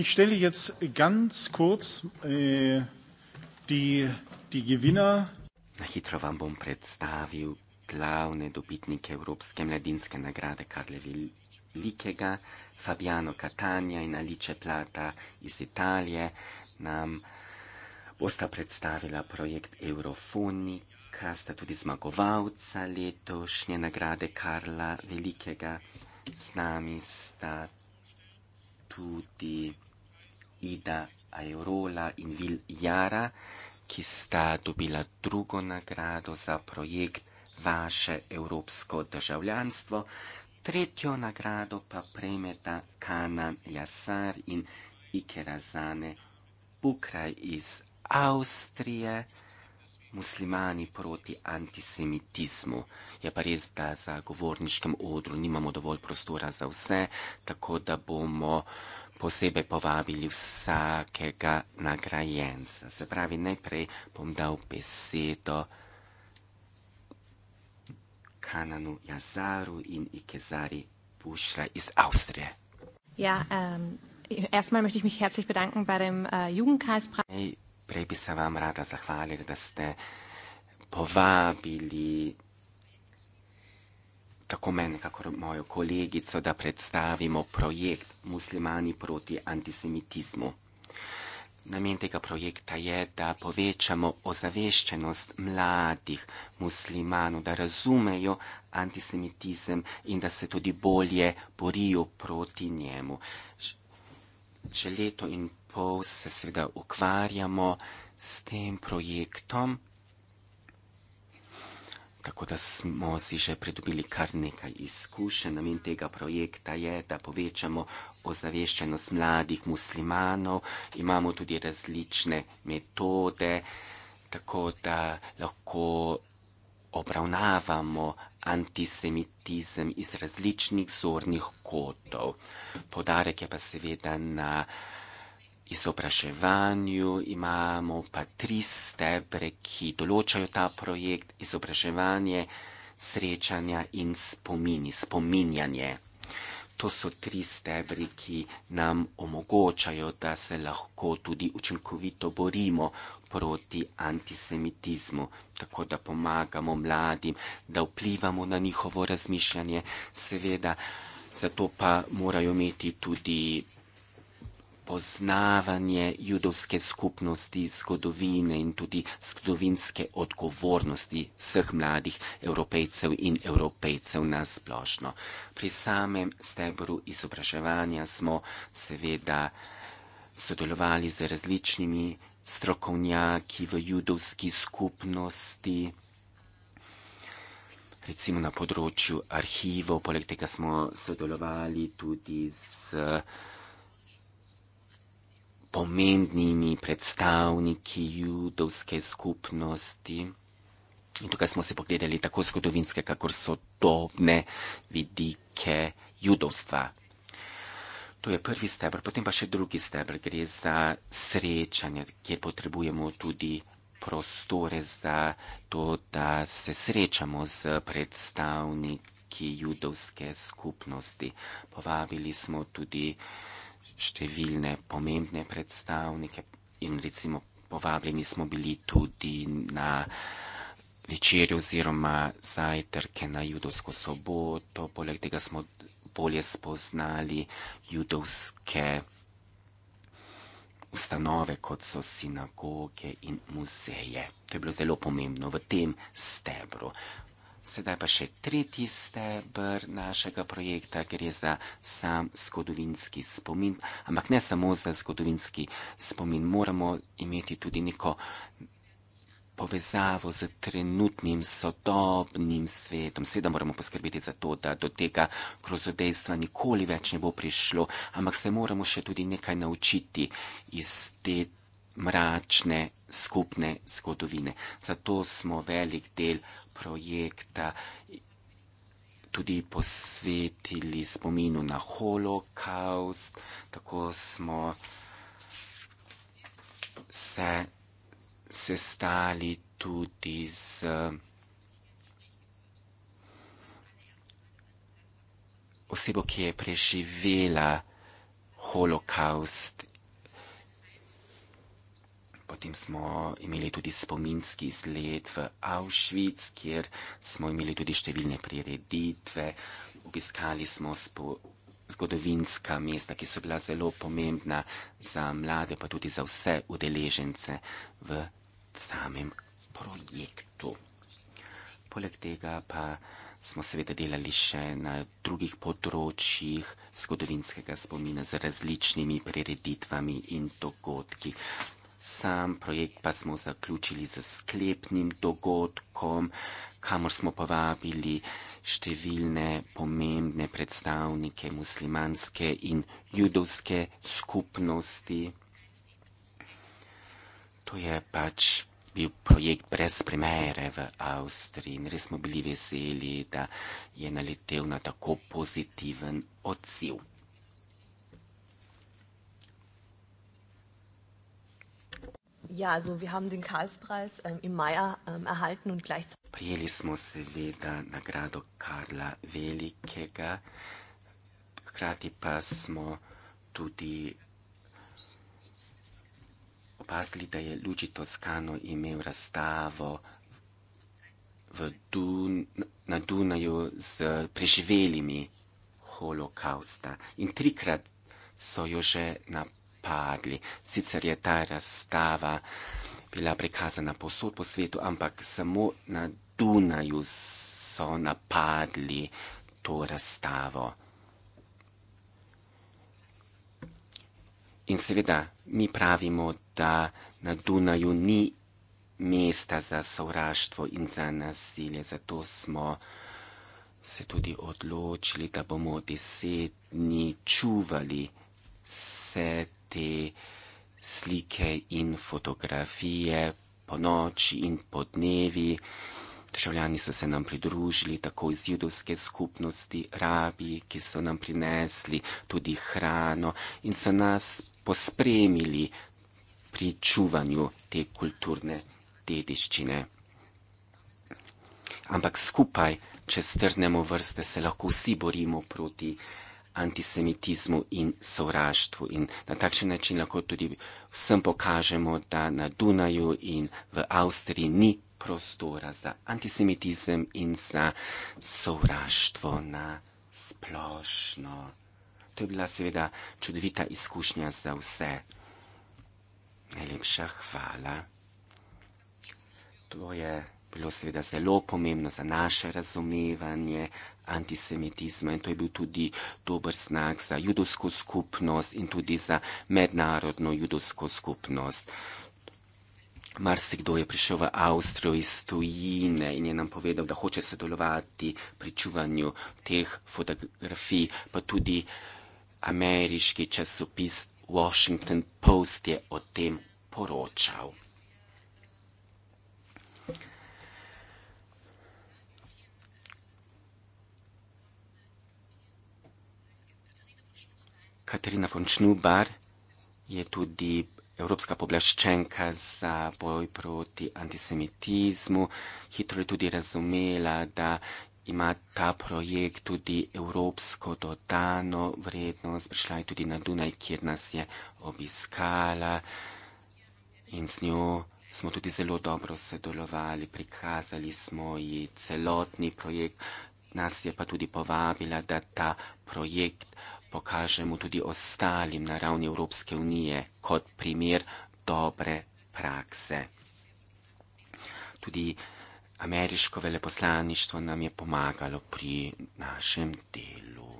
Ich stelle jetzt ganz kurz äh, die, die Gewinner. Nachitro vam bom predstavil glavne dobitnike Evropske mladinske nagrade Karla Velikega, Fabiano Catania in Alice Plata iz Italije. Nam bosta predstavila projekt Eurofonika, sta tudi zmagovalca letošnje nagrade Karla Velikega. Z nami sta tudi Ida Airola in Vil Jara, ki sta dobila drugo nagrado za projekt Vaše evropsko državljanstvo, tretjo nagrado pa prejmeta Kanan Jasar in Ikerazane Bukraj iz Avstrije, muslimani proti antisemitizmu. Je pa res, da za govorniškem odru nimamo dovolj prostora za vse, tako da bomo posebej povabili vsakega nagrajenca. Se pravi, najprej bom dal besedo Kananu Jazaru in Ikezari Bušra iz Avstrije. Ja, um, erstmal möchte ich mich herzlich bedanken bei dem uh, Jugendkreispreis. Najprej bi se vam rada zahvalil, da ste povabili tako meni, kako mojo kolegico, da predstavimo projekt Muslimani proti antisemitizmu. Namen tega projekta je, da povečamo ozaveščenost mladih muslimanov, da razumejo antisemitizem in da se tudi bolje borijo proti njemu. Že leto in pol se seveda ukvarjamo s tem projektom. Tako da smo si že pridobili kar nekaj izkušenj. Namen tega projekta je, da povečamo ozaveščenost mladih muslimanov. Imamo tudi različne metode, tako da lahko obravnavamo antisemitizem iz različnih zornih kotov. Podarek je pa seveda na izobraževanju imamo pa tri stebre, ki določajo ta projekt: izobraževanje, srečanja in spomini, spominjanje. To so tri stebri, ki nam omogočajo, da se lahko tudi učinkovito borimo proti antisemitizmu, tako da pomagamo mladim, da vplivamo na njihovo razmišljanje, seveda, zato pa morajo imeti tudi prepoznavanje judovske skupnosti, zgodovine in tudi zgodovinske odgovornosti vseh mladih evropejcev in evropejcev na splošno. Pri samem stebru izobraževanja smo seveda sodelovali z različnimi strokovnjaki v judovski skupnosti, recimo na področju arhivov, poleg tega smo sodelovali tudi z uh, pomembnimi predstavniki judovske skupnosti. In tukaj smo se pogledali tako zgodovinske, kakor sodobne vidike judovstva. To je prvi stebr, potem pa še drugi stebr, gre za srečanje, kjer potrebujemo tudi prostore za to, da se srečamo z predstavniki judovske skupnosti. Povabili smo tudi uh, številne pomembne predstavnike in recimo povabljeni smo bili tudi na večerjo oziroma zajtrke na judovsko soboto, poleg tega smo bolje spoznali judovske ustanove, kot so sinagoge in muzeje. To je bilo zelo pomembno v tem stebru. Sedaj pa še tretji stebr našega projekta, ker je za sam zgodovinski spomin, ampak ne samo za zgodovinski spomin, moramo imeti tudi neko povezavo z trenutnim sodobnim svetom. Seveda moramo poskrbeti za to, da do tega grozodejstva nikoli več ne bo prišlo, ampak se moramo še tudi nekaj naučiti iz te mračne skupne zgodovine. Zato smo velik del projekta tudi posvetili spominu na holokaust, tako smo se sestali tudi z osebo, ki je preživela holokaust Potem smo imeli tudi spominski izlet v Auschwitz, kjer smo imeli tudi številne prireditve, obiskali smo spo, zgodovinska mesta, ki so bila zelo pomembna za mlade, pa tudi za vse udeležence v samem projektu. Poleg tega pa smo seveda delali še na drugih področjih zgodovinskega spomina z različnimi prireditvami in dogodki sam projekt pa smo zaključili z sklepnim dogodkom, kamor smo povabili številne pomembne predstavnike muslimanske in judovske skupnosti. To je pač bil projekt brez primere v Avstriji in res smo bili veseli, da je naletel na tako pozitiven odziv. Ja, also wir haben den Karlspreis ähm, im Mai ähm, erhalten und gleichzeitig. Prijeli smo seveda nagrado Karla Velikega, hkrati pa smo tudi opazili, da je Luči Toskano imel razstavo Dun na Dunaju z preživelimi holokausta in trikrat so jo že napovedali padli. Sicer je ta razstava bila prikazana posod po svetu, ampak samo na Dunaju so napadli to razstavo. In seveda mi pravimo, da na Dunaju ni mesta za sovraštvo in za nasilje, zato smo se tudi odločili, da bomo deset dni čuvali vse te slike in fotografije po noči in po dnevi. Državljani so se nam pridružili tako iz judovske skupnosti, rabi, ki so nam prinesli tudi hrano in so nas pospremili pri čuvanju te kulturne dediščine. Ampak skupaj, če strnemo vrste, se lahko vsi borimo proti uh, antisemitizmu in sovraštvu. In na takšen način lahko tudi vsem pokažemo, da na Dunaju in v Avstriji ni prostora za antisemitizem in za sovraštvo na splošno. To je bila seveda čudovita izkušnja za vse. Najlepša hvala. To je bilo seveda zelo pomembno za naše razumevanje antisemitizma in to je bil tudi dober znak za judovsko skupnost in tudi za mednarodno judovsko skupnost. Marsikdo je prišel v Avstrijo iz tujine in je nam povedal, da hoče sodelovati pri čuvanju teh fotografij, pa tudi ameriški časopis Washington Post je o tem poročal. Katarina von Schnubar je tudi evropska poblaščenka za boj proti antisemitizmu. Hitro je tudi razumela, da ima ta projekt tudi evropsko dodano vrednost. Prišla je tudi na Dunaj, kjer nas je obiskala in z njo smo tudi zelo dobro sodelovali. Prikazali smo ji celotni projekt, nas je pa tudi povabila, da ta projekt pokaže mu tudi ostalim na ravni Evropske unije kot primer dobre prakse. Tudi ameriško veleposlaništvo nam je pomagalo pri našem delu.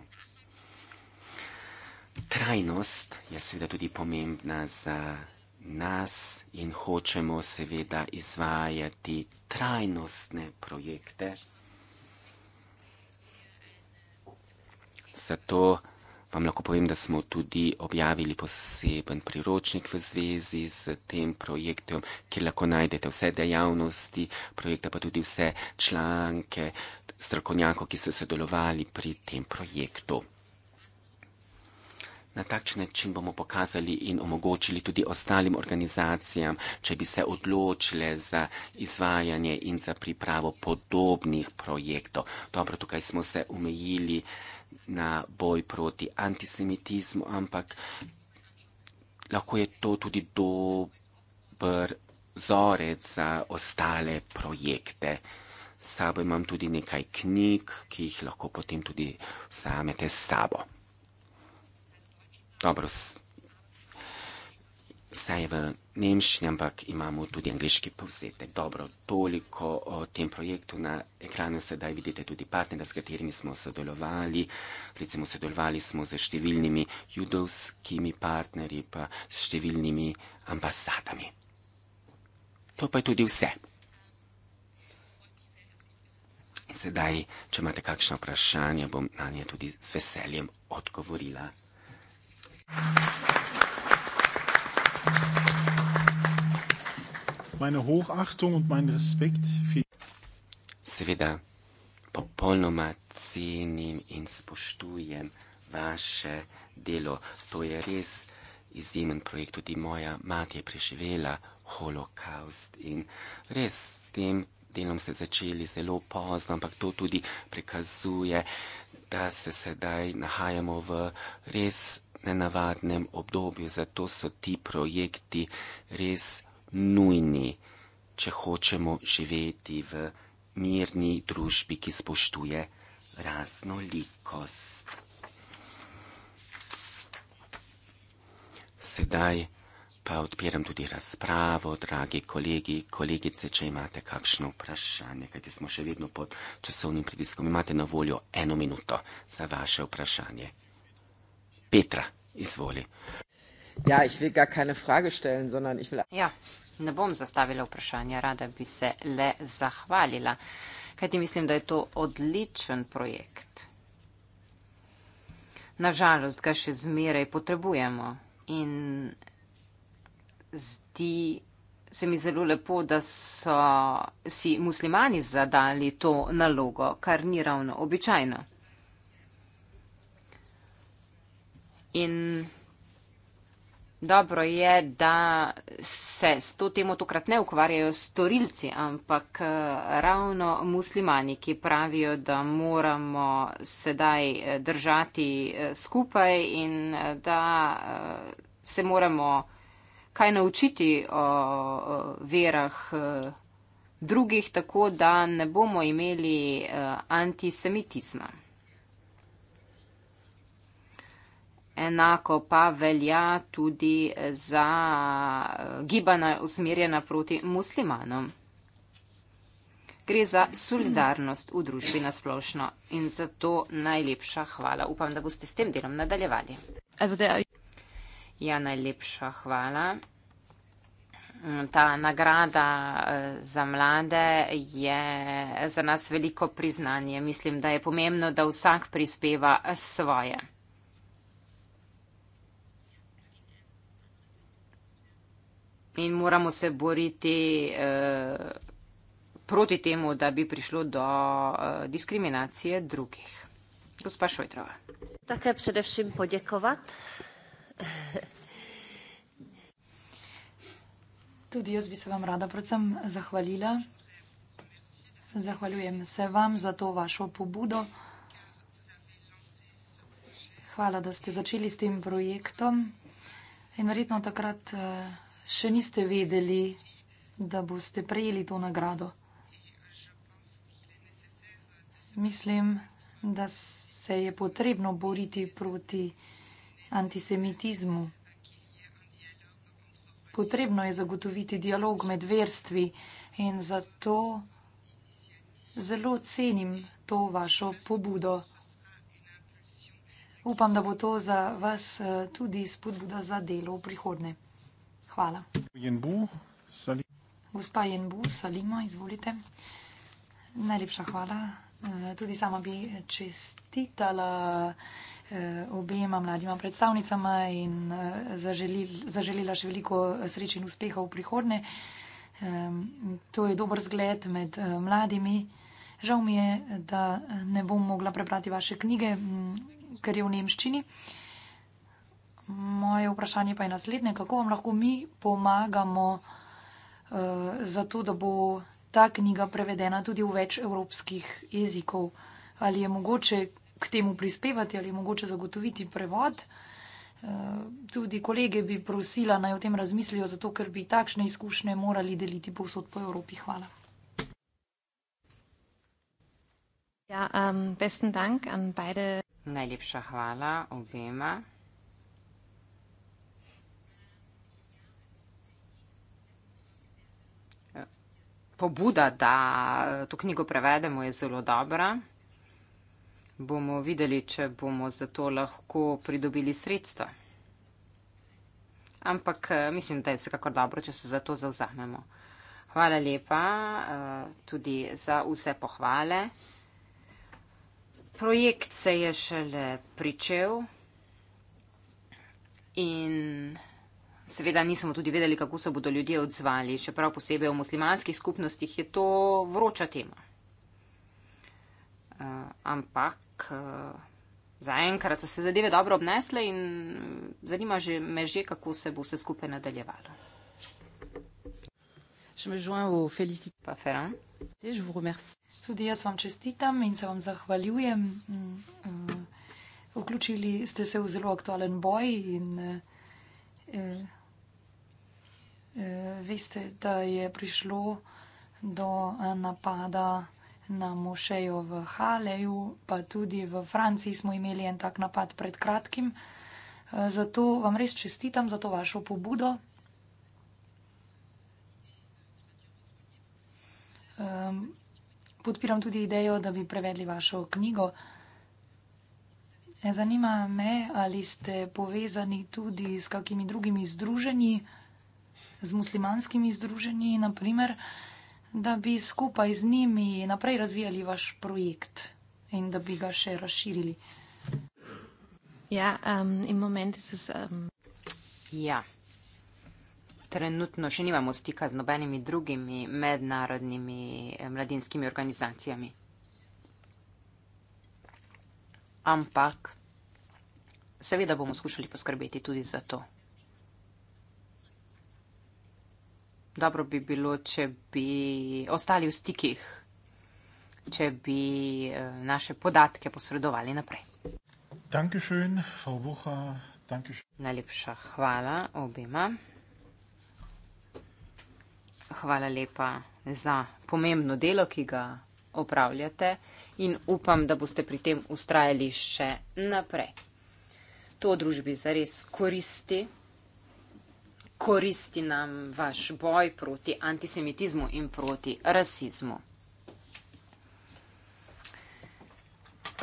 Trajnost je seveda tudi pomembna za nas in hočemo seveda izvajati trajnostne projekte. Zato vam lahko povem, da smo tudi objavili poseben priročnik v zvezi z tem projektom, kjer lahko najdete vse dejavnosti projekta, pa tudi vse članke strokovnjakov, ki so sodelovali pri tem projektu. Na takšen način bomo pokazali in omogočili tudi ostalim organizacijam, če bi se odločile za izvajanje in za pripravo podobnih projektov. Dobro, tukaj smo se umejili na boj proti antisemitizmu, ampak lahko je to tudi dober vzorec za ostale projekte. Sabo imam tudi nekaj knjig, ki jih lahko potem tudi samete s sabo. Dobro, vsaj v nemščini, ampak imamo tudi angliški povzetek. Dobro, toliko o tem projektu. Na ekranu sedaj vidite tudi partnerja, s katerimi smo sodelovali. Recimo sodelovali smo z številnimi judovskimi partnerji, pa s številnimi ambasadami. To pa je tudi vse. In sedaj, če imate kakšno vprašanje, bom na nje tudi z veseljem odgovorila. Thank you. Meine Hochachtung und mein Respekt für Seveda, popolnoma cenim in spoštujem vaše delo. To je res izjemen projekt, tudi moja mati je preživela holokaust in res s tem delom ste začeli zelo pozno, ampak to tudi prikazuje, da se sedaj nahajamo v res nenavadnem obdobju, zato so ti projekti res nujni, če hočemo živeti v mirni družbi, ki spoštuje raznolikost. Sedaj pa odpiram tudi razpravo, dragi kolegi, kolegice, če imate kakšno vprašanje, kajti smo še vedno pod časovnim pritiskom, imate na voljo eno minuto za vaše vprašanje. Petra, izvoli. Ja, ich will gar keine Frage stellen, sondern ich will. Ja, ne bom zastavila vprašanja, rada bi se le zahvalila. Kaj ti mislim, da je to odličen projekt? Nažalost, ga še zmeraj potrebujemo in zdi se mi zelo lepo, da so si muslimani zadali to nalogo, kar ni ravno običajno. In dobro je, da se s to temo tokrat ne ukvarjajo storilci, ampak eh, ravno muslimani, ki pravijo, da moramo sedaj eh, držati eh, skupaj in da se moramo kaj naučiti o verah drugih, tako da ne bomo imeli antisemitizma. Enako pa velja tudi za eh, gibanja usmerjena proti muslimanom. Gre za solidarnost v družbi na splošno in zato najlepša hvala. Upam, da boste s tem delom nadaljevali. Ja, najlepša hvala. Ta nagrada eh, za mlade je za nas veliko priznanje. Mislim, da je pomembno, da vsak prispeva svoje. in moramo se boriti uh, proti temu, da bi prišlo do uh, diskriminacije drugih. Gospa Šojtrova. Tako je predvsem podjekovat. Tudi jaz bi se vam rada predvsem zahvalila. Zahvaljujem se vam za to vašo pobudo. Hvala, da ste začeli s tem projektom. In verjetno takrat. Uh, še niste vedeli, da boste prejeli to nagrado. Mislim, da se je potrebno boriti proti antisemitizmu. Potrebno je zagotoviti dialog med verstvi in zato zelo cenim to vašo pobudo. Upam, da bo to za vas eh, tudi spodbuda za delo v prihodnje. Hvala. Jenbu, Salim. Gospa Jenbu, Salimo, izvolite. Najlepša hvala. Tudi sama bi čestitala eh, obema mladima predstavnicama in zaželila, eh, zaželila še veliko eh, sreče in uspeha v prihodne. To je dober zgled med mladimi. Žal mi je, da ne bom mogla prebrati vaše knjige, ker je v nemščini. Moje vprašanje pa je naslednje: kako vam lahko mi pomagamo uh, za to, da bo ta knjiga prevedena tudi v več evropskih jezikov? Ali je mogoče k temu prispevati, ali je mogoče zagotoviti prevod? Eh, tudi kolege bi prosila naj o tem razmislijo, zato ker bi takšne izkušnje morali deliti povsod po Evropi. Hvala. Ja, um, dank an beide. Najlepša hvala obema. pobuda, da to knjigo prevedemo, je zelo dobra. Bomo videli, če bomo za to lahko pridobili sredstva. Ampak eh, mislim, da je vsekakor dobro, če se za to zauzamemo. Hvala lepa eh, tudi za vse pohvale. Projekt se je šele pričel in. Seveda nismo tudi vedeli, kako se bodo ljudje odzvali, čeprav posebej v muslimanskih skupnostih je to vroča tema. Uh, ampak uh, zaenkrat so se zadeve dobro obnesle in zanima že, me že, kako se bo vse skupaj nadaljevalo. Pa Ferran. Tudi jaz vam čestitam in se vam zahvaljujem. Uh, vključili ste se v zelo aktualen boj in. Uh, Veste, da je prišlo do eh, napada na mošejo v Haleju, pa tudi v Franciji smo imeli en tak napad pred kratkim. Eh, zato vam res čestitam za to vašo pobudo. Ehm, podpiram tudi idejo, da bi prevedli vašo knjigo. Eh, zanima me, ali ste povezani tudi s kakimi drugimi združenji z muslimanskimi združenji, naprimer, da bi skupaj z njimi naprej razvijali vaš projekt in da bi ga še razširili? Ja, in um, momenti so. Um... Ja. Trenutno še nimamo stika z nobenimi drugimi mednarodnimi eh, mladinskimi organizacijami. Ampak, seveda bomo skušali poskrbeti tudi za to. dobro bi bilo, če bi ostali v stikih, če bi eh, naše podatke posredovali naprej. Dankeschön, Frau Bucher. Najlepša hvala obima. Hvala lepa za pomembno delo, ki ga opravljate in upam, da boste pri tem ustrajali še naprej. To družbi zares koristi koristi nam vaš boj proti antisemitizmu in proti rasizmu.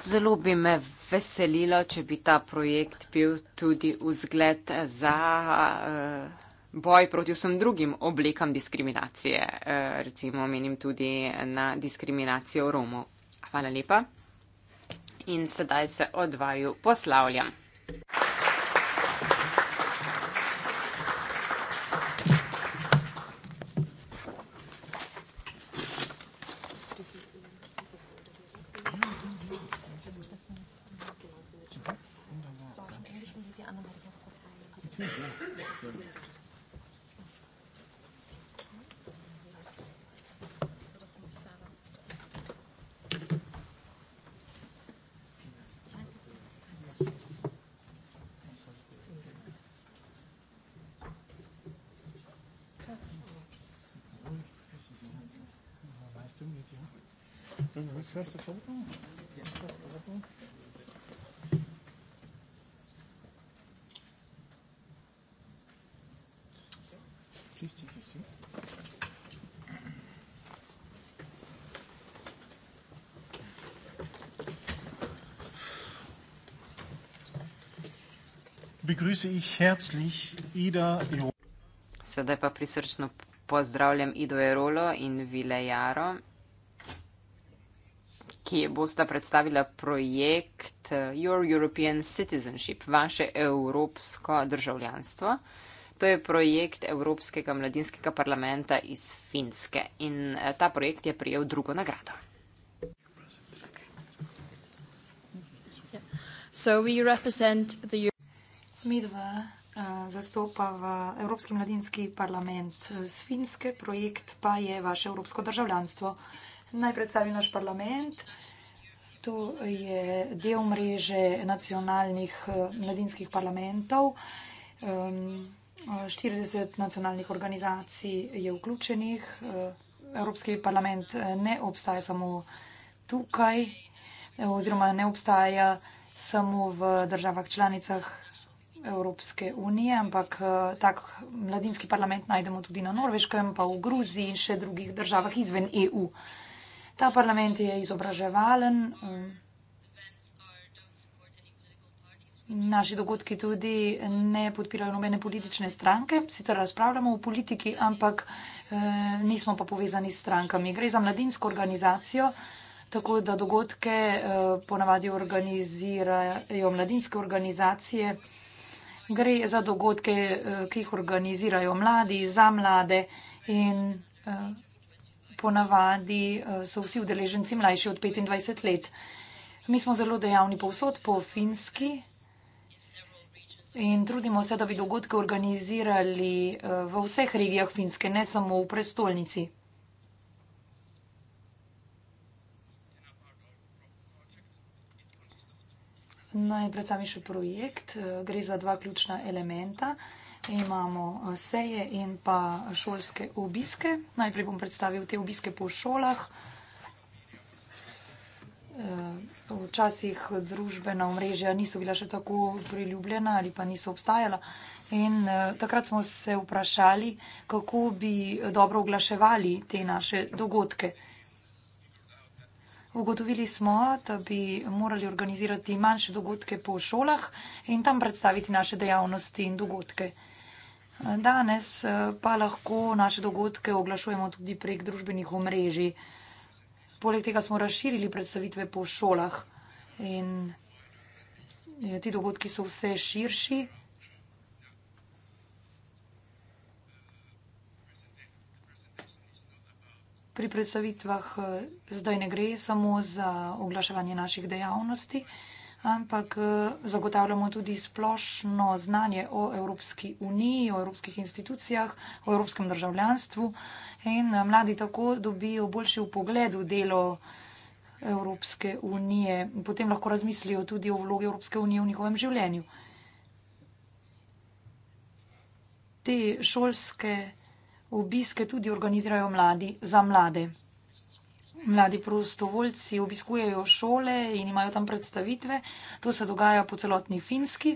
Zelo bi me veselilo, če bi ta projekt bil tudi vzgled za uh, boj proti vsem drugim oblikam diskriminacije, uh, recimo menim tudi na diskriminacijo Romov. Hvala lepa in sedaj se od vaju poslavljam. Professor Fulton? Yes. Please take your seat. Begrüße ich herzlich Ida Jolo. Sedaj pa prisrčno pozdravljam Ido Jarolo in Vile Jaro ki bosta predstavila projekt eh, Your European Citizenship, vaše evropsko državljanstvo. To je projekt Evropskega mladinskega parlamenta iz Finske in eh, ta projekt je prijel drugo nagrado. Mi dva eh, zastopava Evropski mladinski parlament iz Finske, projekt pa je vaše evropsko državljanstvo. Naj predstavim naš parlament. Tu je del mreže nacionalnih eh, mladinskih parlamentov. 40 nacionalnih organizacij je vključenih. Eh, Evropski parlament eh, ne obstaja samo tukaj, oziroma ne obstaja samo v državah članicah Evropske unije, ampak tak mladinski parlament najdemo tudi na Norveškem, pa v Gruziji in še drugih državah izven EU. Ta parlament je izobraževalen. Um, naši dogodki tudi ne podpirajo nobene politične stranke. Sicer razpravljamo o politiki, ampak eh, nismo pa povezani s strankami. Gre za mladinsko organizacijo, tako da dogodke eh, ponavadi organizirajo mladinske organizacije. Gre za dogodke, eh, ki jih organizirajo mladi, za mlade in ponavadi eh, so vsi udeleženci mlajši od 25 let. Mi smo zelo dejavni povsod po Finski in trudimo se, da bi dogodke organizirali eh, v vseh regijah Finske, ne samo v prestolnici. Najprej sami še projekt, eh, gre za dva ključna elementa imamo eh, seje in pa šolske obiske. Najprej bom predstavil te obiske po šolah. Eh, včasih družbena omrežja niso bila še tako priljubljena ali pa niso obstajala. In eh, takrat smo se vprašali, kako bi dobro oglaševali te naše dogodke. Ugotovili smo, da bi morali organizirati manjše dogodke po šolah in tam predstaviti naše dejavnosti in dogodke. Danes eh, pa lahko naše dogodke oglašujemo tudi prek družbenih omrežij. Poleg tega smo razširili predstavitve po šolah in eh, ti dogodki so vse širši. Pri predstavitvah eh, zdaj ne gre samo za oglaševanje naših dejavnosti ampak eh, zagotavljamo tudi splošno znanje o Evropski uniji, o evropskih institucijah, o evropskem državljanstvu in eh, mladi tako dobijo boljši upogled v delo Evropske unije. Potem lahko razmislijo tudi o vlogi Evropske unije v njihovem življenju. Te šolske obiske tudi organizirajo mladi za mlade mladi prostovoljci obiskujejo šole in imajo tam predstavitve. To se dogaja po celotni Finski.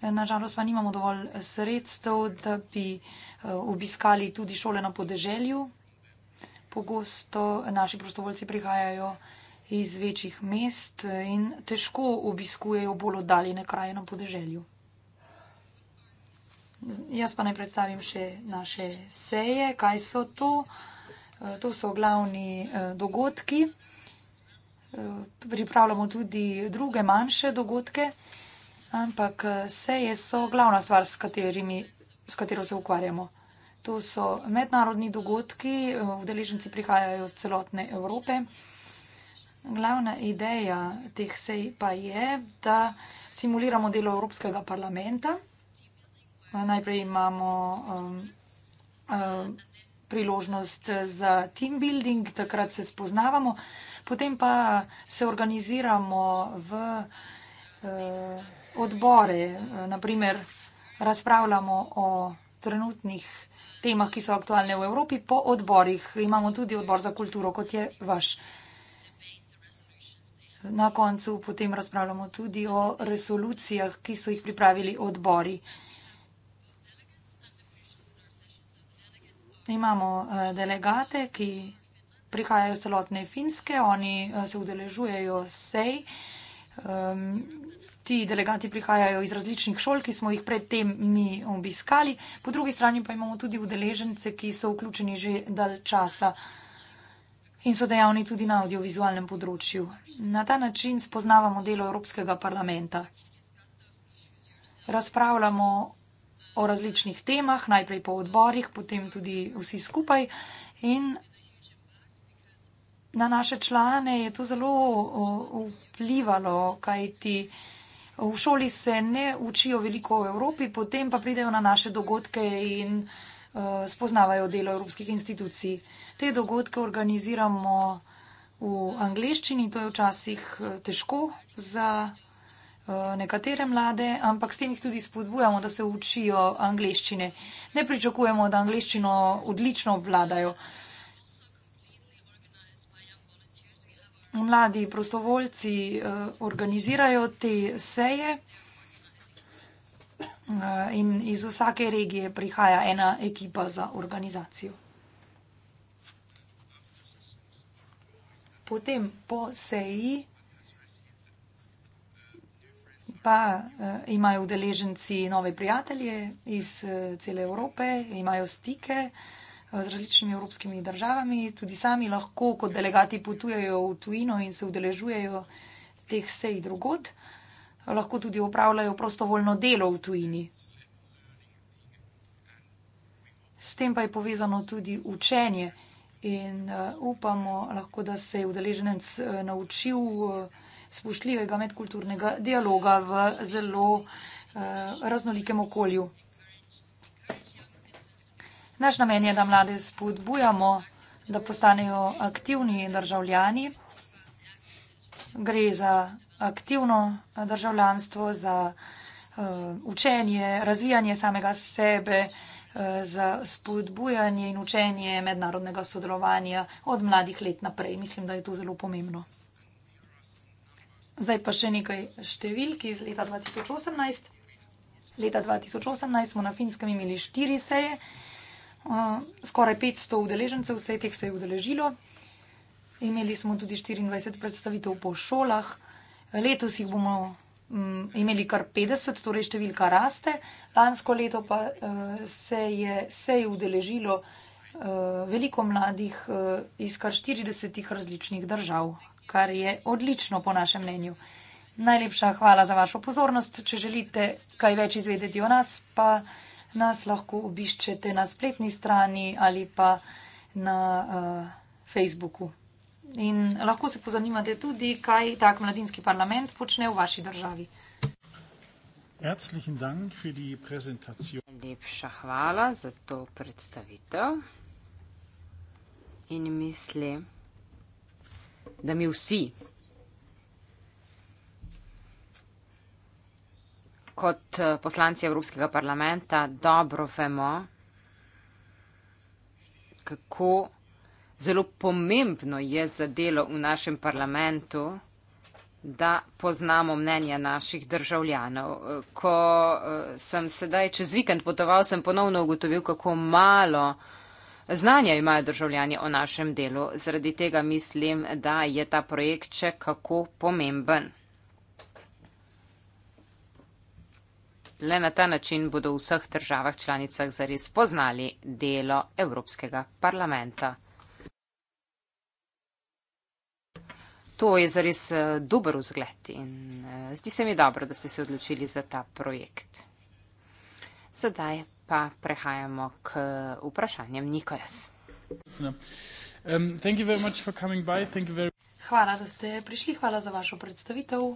Nažalost pa nimamo dovolj sredstev, da bi eh, obiskali tudi šole na podeželju. Pogosto naši prostovoljci prihajajo iz večjih mest eh, in težko obiskujejo bolj oddaljene kraje na podeželju. Jaz pa naj predstavim še naše seje, kaj so to. Eh, to so glavni eh, dogodki. Eh, pripravljamo tudi druge manjše dogodke, ampak seje so glavna stvar, s, katerimi, s katero se ukvarjamo. To so mednarodni dogodki, udeleženci prihajajo z celotne Evrope. Glavna ideja teh sej pa je, da simuliramo delo Evropskega parlamenta. Najprej imamo um, um, priložnost za team building, takrat se spoznavamo, potem pa se organiziramo v eh, odbore, naprimer razpravljamo o trenutnih temah, ki so aktualne v Evropi, po odborih. Imamo tudi odbor za kulturo, kot je vaš. Na koncu potem razpravljamo tudi o resolucijah, ki so jih pripravili odbori. imamo eh, delegate, ki prihajajo celotne finske, oni eh, se udeležujejo sej. Ti delegati prihajajo iz različnih šol, ki smo jih predtem mi obiskali. Po drugi strani pa imamo tudi udeležence, ki so vključeni že dal časa in so dejavni tudi na audiovizualnem področju. Na ta način spoznavamo delo Evropskega parlamenta. Razpravljamo o različnih temah, najprej po odborih, potem tudi vsi skupaj. In na naše člane je to zelo vplivalo, kaj ti v šoli se ne učijo veliko o Evropi, potem pa pridejo na naše dogodke in e, spoznavajo delo evropskih institucij. Te dogodke organiziramo v angleščini, to je včasih e, težko za. Eh, nekatere mlade, ampak s tem jih tudi spodbujamo, da se učijo angleščine. Ne pričakujemo, da angleščino odlično obvladajo. Mladi prostovoljci eh, organizirajo te seje eh, in iz vsake regije prihaja ena ekipa za organizacijo. Potem po seji pa uh, imajo udeleženci nove prijatelje iz uh, cele Evrope, imajo stike eh, z različnimi evropskimi državami, tudi sami lahko kot delegati potujejo v tujino in se udeležujejo teh sej drugod, lahko tudi upravljajo prostovoljno delo v tujini. S tem pa je povezano tudi učenje in uh, upamo lahko, da se je udeleženec uh, naučil uh, spoštljivega medkulturnega dialoga v zelo eh, raznolikem okolju. Naš namen je, da mlade spodbujamo, da postanejo aktivni državljani. Gre za aktivno eh, državljanstvo, za eh, učenje, razvijanje samega sebe, za spodbujanje in učenje mednarodnega sodelovanja od mladih let naprej. Mislim, da je to zelo pomembno. Zdaj pa še nekaj številk iz leta 2018. Leta 2018 smo na Finskem imeli štiri seje, skoraj 500 udeležencev vseh teh sej udeležilo. Imeli smo tudi 24 predstavitev po šolah. Letos jih bomo mm, imeli kar 50, torej številka raste. Lansko leto pa e, se je sej udeležilo e, veliko mladih e, iz kar 40 različnih držav kar je odlično po našem mnenju. Najlepša hvala za vašo pozornost. Če želite kaj več izvedeti o nas, pa nas lahko obiščete na spletni strani ali pa na uh, Facebooku. In lahko se pozanimate tudi, kaj tak mladinski parlament počne v vaši državi. Lepša hvala za to predstavitev in mislim, da mi vsi, kot eh, poslanci Evropskega parlamenta, dobro vemo, kako zelo pomembno je za delo v našem parlamentu, da poznamo mnenja naših državljanov. Ko eh, sem sedaj čez vikend potoval, sem ponovno ugotovil, kako malo uh, Znanja imajo državljani o našem delu, zaradi tega mislim, da je ta projekt še kako pomemben. Le na ta način bodo v vseh državah članicah zares poznali delo Evropskega parlamenta. To je zares eh, dober vzgled in eh, zdi se mi dobro, da ste se odločili za ta projekt. Sedaj pa prehajamo k vprašanjem Nikolas. Um, very... Hvala, da ste prišli. Hvala za vašo predstavitev.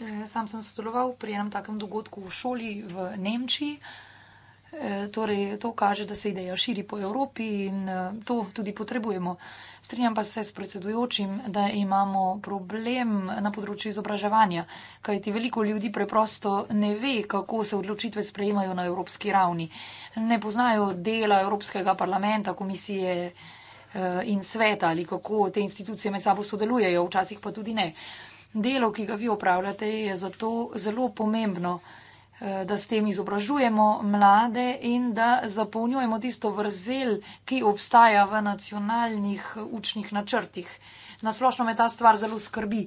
Eh, sam sem sodeloval pri enem takem dogodku v šoli v Nemčiji. Eh, torej, to kaže, da se ideja širi po Evropi in eh, to tudi potrebujemo. Strinjam pa se s predsedujočim, da imamo problem na področju izobraževanja, kajti veliko ljudi preprosto ne ve, kako se odločitve sprejemajo na evropski ravni. Ne poznajo dela Evropskega parlamenta, komisije eh, in sveta ali kako te institucije med sabo sodelujejo, včasih pa tudi ne. Delo, ki ga vi opravljate, je zato zelo pomembno. Eh, da s tem izobražujemo mlade in da zapolnjujemo tisto vrzel, ki obstaja v nacionalnih eh, učnih načrtih. Nasplošno me ta stvar zelo skrbi.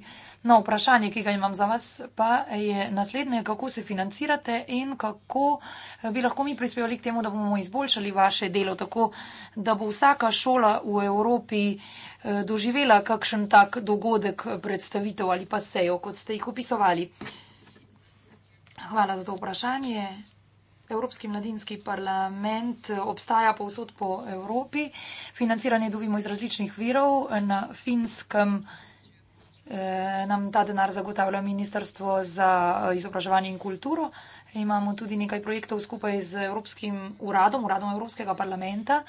No, vprašanje, ki ga imam za vas, pa je naslednje, kako se financirate in kako eh, bi lahko mi prispevali k temu, da bomo izboljšali vaše delo, tako da bo vsaka šola v Evropi doživela kakšen tak dogodek, predstavitev ali pa sejo, kot ste jih opisovali. Hvala za to vprašanje. Evropski mladinski parlament obstaja povsod po Evropi. Financiranje dobimo iz različnih virov. Na finskem eh, nam ta denar zagotavlja Ministrstvo za eh, izobraževanje in kulturo. Imamo tudi nekaj projektov skupaj z Evropskim uradom, uradom Evropskega parlamenta.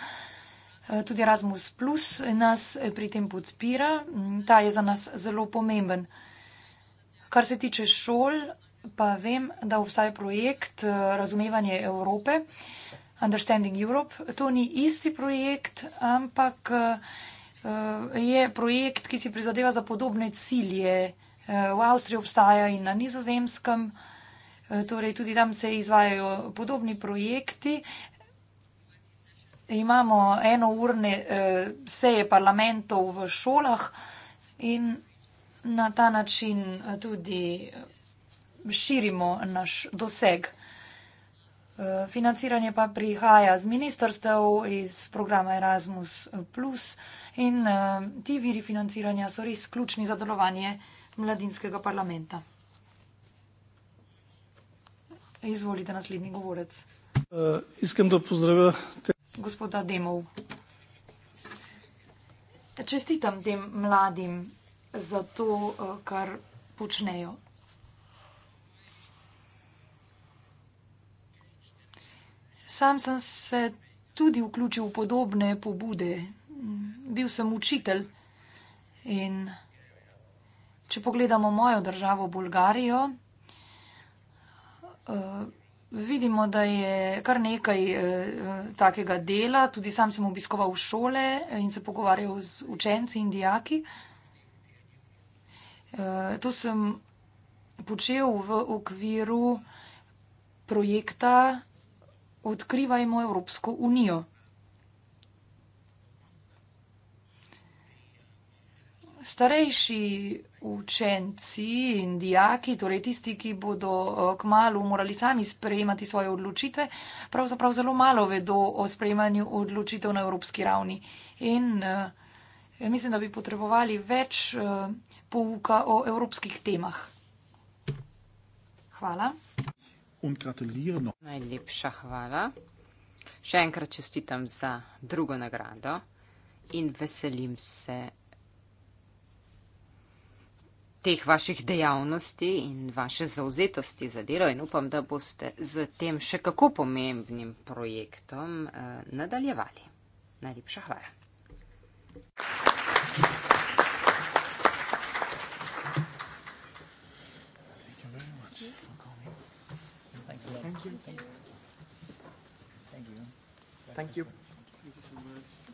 Eh, tudi Erasmus Plus nas pri tem podpira. Mm, ta je za nas zelo pomemben. Kar se tiče šol, pa vem, da obstaja projekt eh, Razumevanje Evrope, Understanding Europe. To ni isti projekt, ampak eh, je projekt, ki si prizadeva za podobne cilje. Eh, v Avstriji obstaja in na nizozemskem, torej tudi tam se izvajajo podobni projekti. Imamo enourne seje parlamentov v šolah in na ta način tudi širimo naš doseg. E, financiranje pa prihaja z ministrstev, iz programa Erasmus, in e, ti viri financiranja so res ključni za delovanje mladinskega parlamenta. Izvolite, naslednji govorec. Uh, e, iskem, da pozdravim te. Gospoda Demov. Čestitam tem mladim za to, kar počnejo. Sam sem se tudi vključil v podobne pobude. Bil sem učitelj in če pogledamo mojo državo Bolgarijo, eh, vidimo, da je kar nekaj eh, takega dela. Tudi sam sem obiskoval šole in se pogovarjal z učenci in dijaki. Eh, to sem počel v okviru projekta odkrivajmo Evropsko unijo. Starejši učenci in dijaki, torej tisti, ki bodo eh, k malu morali sami sprejemati svoje odločitve, pravzaprav zelo malo vedo o sprejemanju odločitev na evropski ravni. In eh, mislim, da bi potrebovali več eh, pouka o evropskih temah. Hvala und gratuliere noch. Najlepša hvala. Še enkrat čestitam za drugo nagrado in veselim se teh vaših dejavnosti in vaše zauzetosti za delo in upam, da boste z tem še kako pomembnim projektom eh, nadaljevali. Najlepša hvala. Thank you. Thank you. Thank you. Thank you. Thank you so much.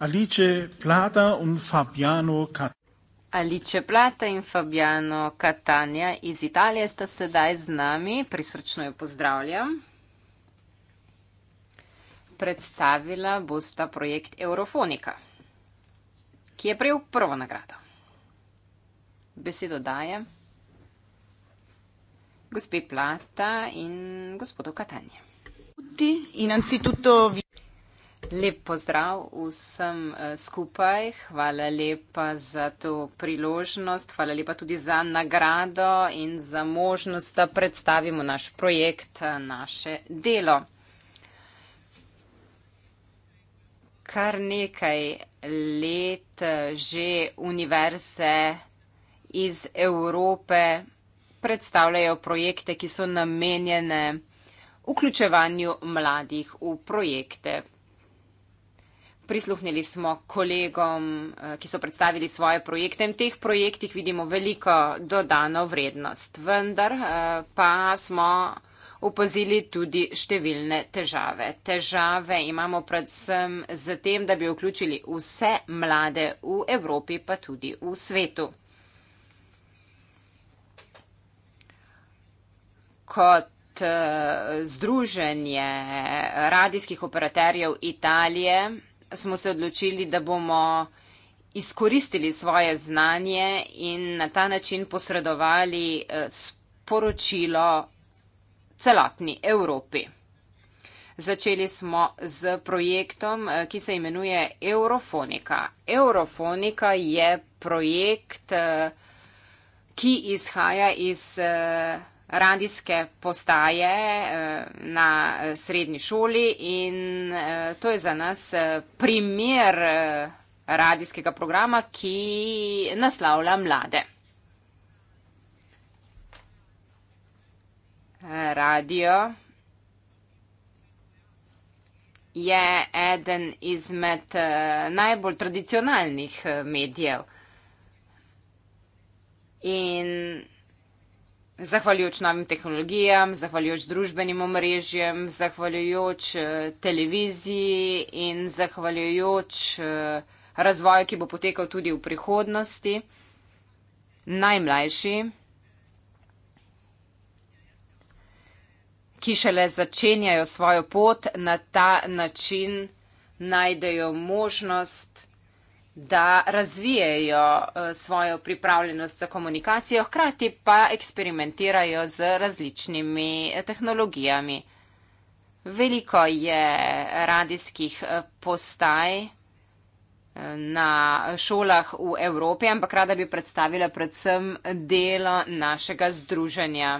Alice Plata und Fabiano Cat Alice Plata in Fabiano Catania iz Italije sta sedaj z nami, prisrčno jo pozdravljam. Predstavila bosta projekt Eurofonika, ki je prejel prvo nagrado. Besedo daje gospe Plata in gospodu Catania. Innanzitutto vi. Lep pozdrav vsem eh, skupaj, hvala lepa za to priložnost, hvala lepa tudi za nagrado in za možnost, da predstavimo naš projekt, eh, naše delo. Kar nekaj let eh, že univerze iz Evrope predstavljajo projekte, ki so namenjene vključevanju mladih v projekte Prisluhnili smo kolegom, eh, ki so predstavili svoje projekte in v teh projektih vidimo veliko dodano vrednost. Vendar eh, pa smo upozili tudi številne težave. Težave imamo predvsem z tem, da bi vključili vse mlade v Evropi, pa tudi v svetu. Kot eh, združenje radijskih operaterjev Italije, smo se odločili, da bomo izkoristili svoje znanje in na ta način posredovali eh, sporočilo celotni Evropi. Začeli smo z projektom, eh, ki se imenuje Eurofonika. Eurofonika je projekt, eh, ki izhaja iz radijske postaje eh, na eh, srednji šoli in eh, to je za nas primer radijskega programa, ki naslavlja mlade. Radio je eden izmed najbolj tradicionalnih medijev. In Zahvaljujoč novim tehnologijam, zahvaljujoč družbenim omrežjem, zahvaljujoč eh, televiziji in zahvaljujoč eh, razvoju, ki bo potekal tudi v prihodnosti, najmlajši, ki šele začenjajo svojo pot, na ta način najdejo možnost, da razvijajo eh, svojo pripravljenost za komunikacijo, hkrati pa eksperimentirajo z različnimi eh, tehnologijami. Veliko je radijskih eh, postaj na šolah v Evropi, ampak rada bi predstavila predvsem delo našega združenja.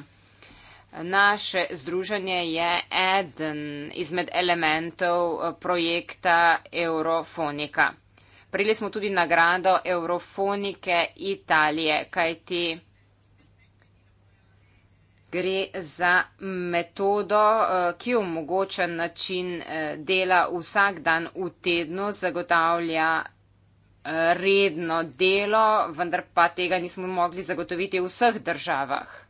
Naše združenje je eden izmed elementov projekta Eurofonika. Prejeli smo tudi nagrado Eurofonike Italije, kajti gre za metodo, eh, ki omogoča način eh, dela vsak dan v tednu, zagotavlja eh, redno delo, vendar pa tega nismo mogli zagotoviti v vseh državah.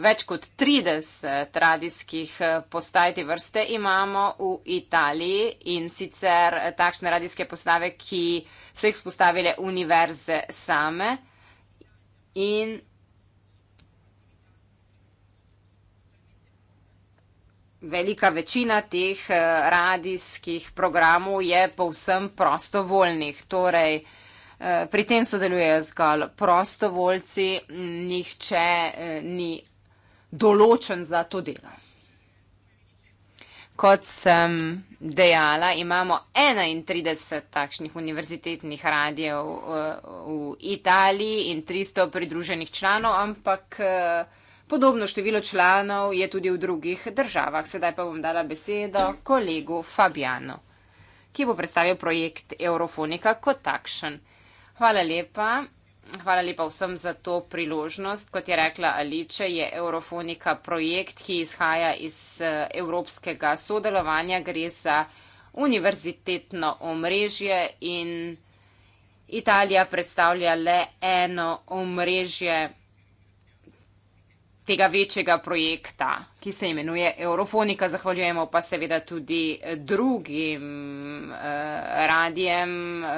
Več kot 30 radijskih eh, postaj te vrste imamo v Italiji in sicer eh, takšne radijske postave, ki so jih spostavile univerze same. In velika večina teh eh, radijskih programov je povsem prostovoljnih. Torej, pri tem sodelujejo zgolj prostovoljci, nihče ni določen za to delo. Kot sem dejala, imamo 31 takšnih univerzitetnih radijev eh, v Italiji in 300 pridruženih članov, ampak eh, podobno število članov je tudi v drugih državah. Sedaj pa bom dala besedo kolegu Fabiano, ki bo predstavil projekt Eurofonika kot takšen. Hvala lepa. Hvala lepa vsem za to priložnost. Kot je rekla Aliče, je Eurofonika projekt, ki izhaja iz eh, evropskega sodelovanja. Gre za univerzitetno omrežje in Italija predstavlja le eno omrežje tega večjega projekta, ki se imenuje Eurofonika. Zahvaljujemo pa seveda tudi eh, drugim eh, radijem eh,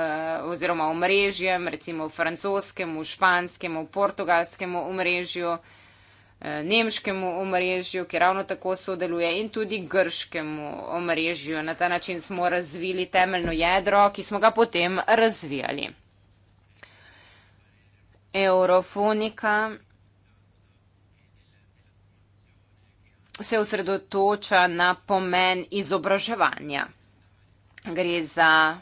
oziroma omrežjem, recimo francoskemu, španskemu, portugalskemu omrežju, eh, nemškemu omrežju, ki ravno tako sodeluje in tudi grškemu omrežju. Na ta način smo razvili temeljno jedro, ki smo ga potem razvijali. Eurofonika. se osredotoča na pomen izobraževanja. Gre za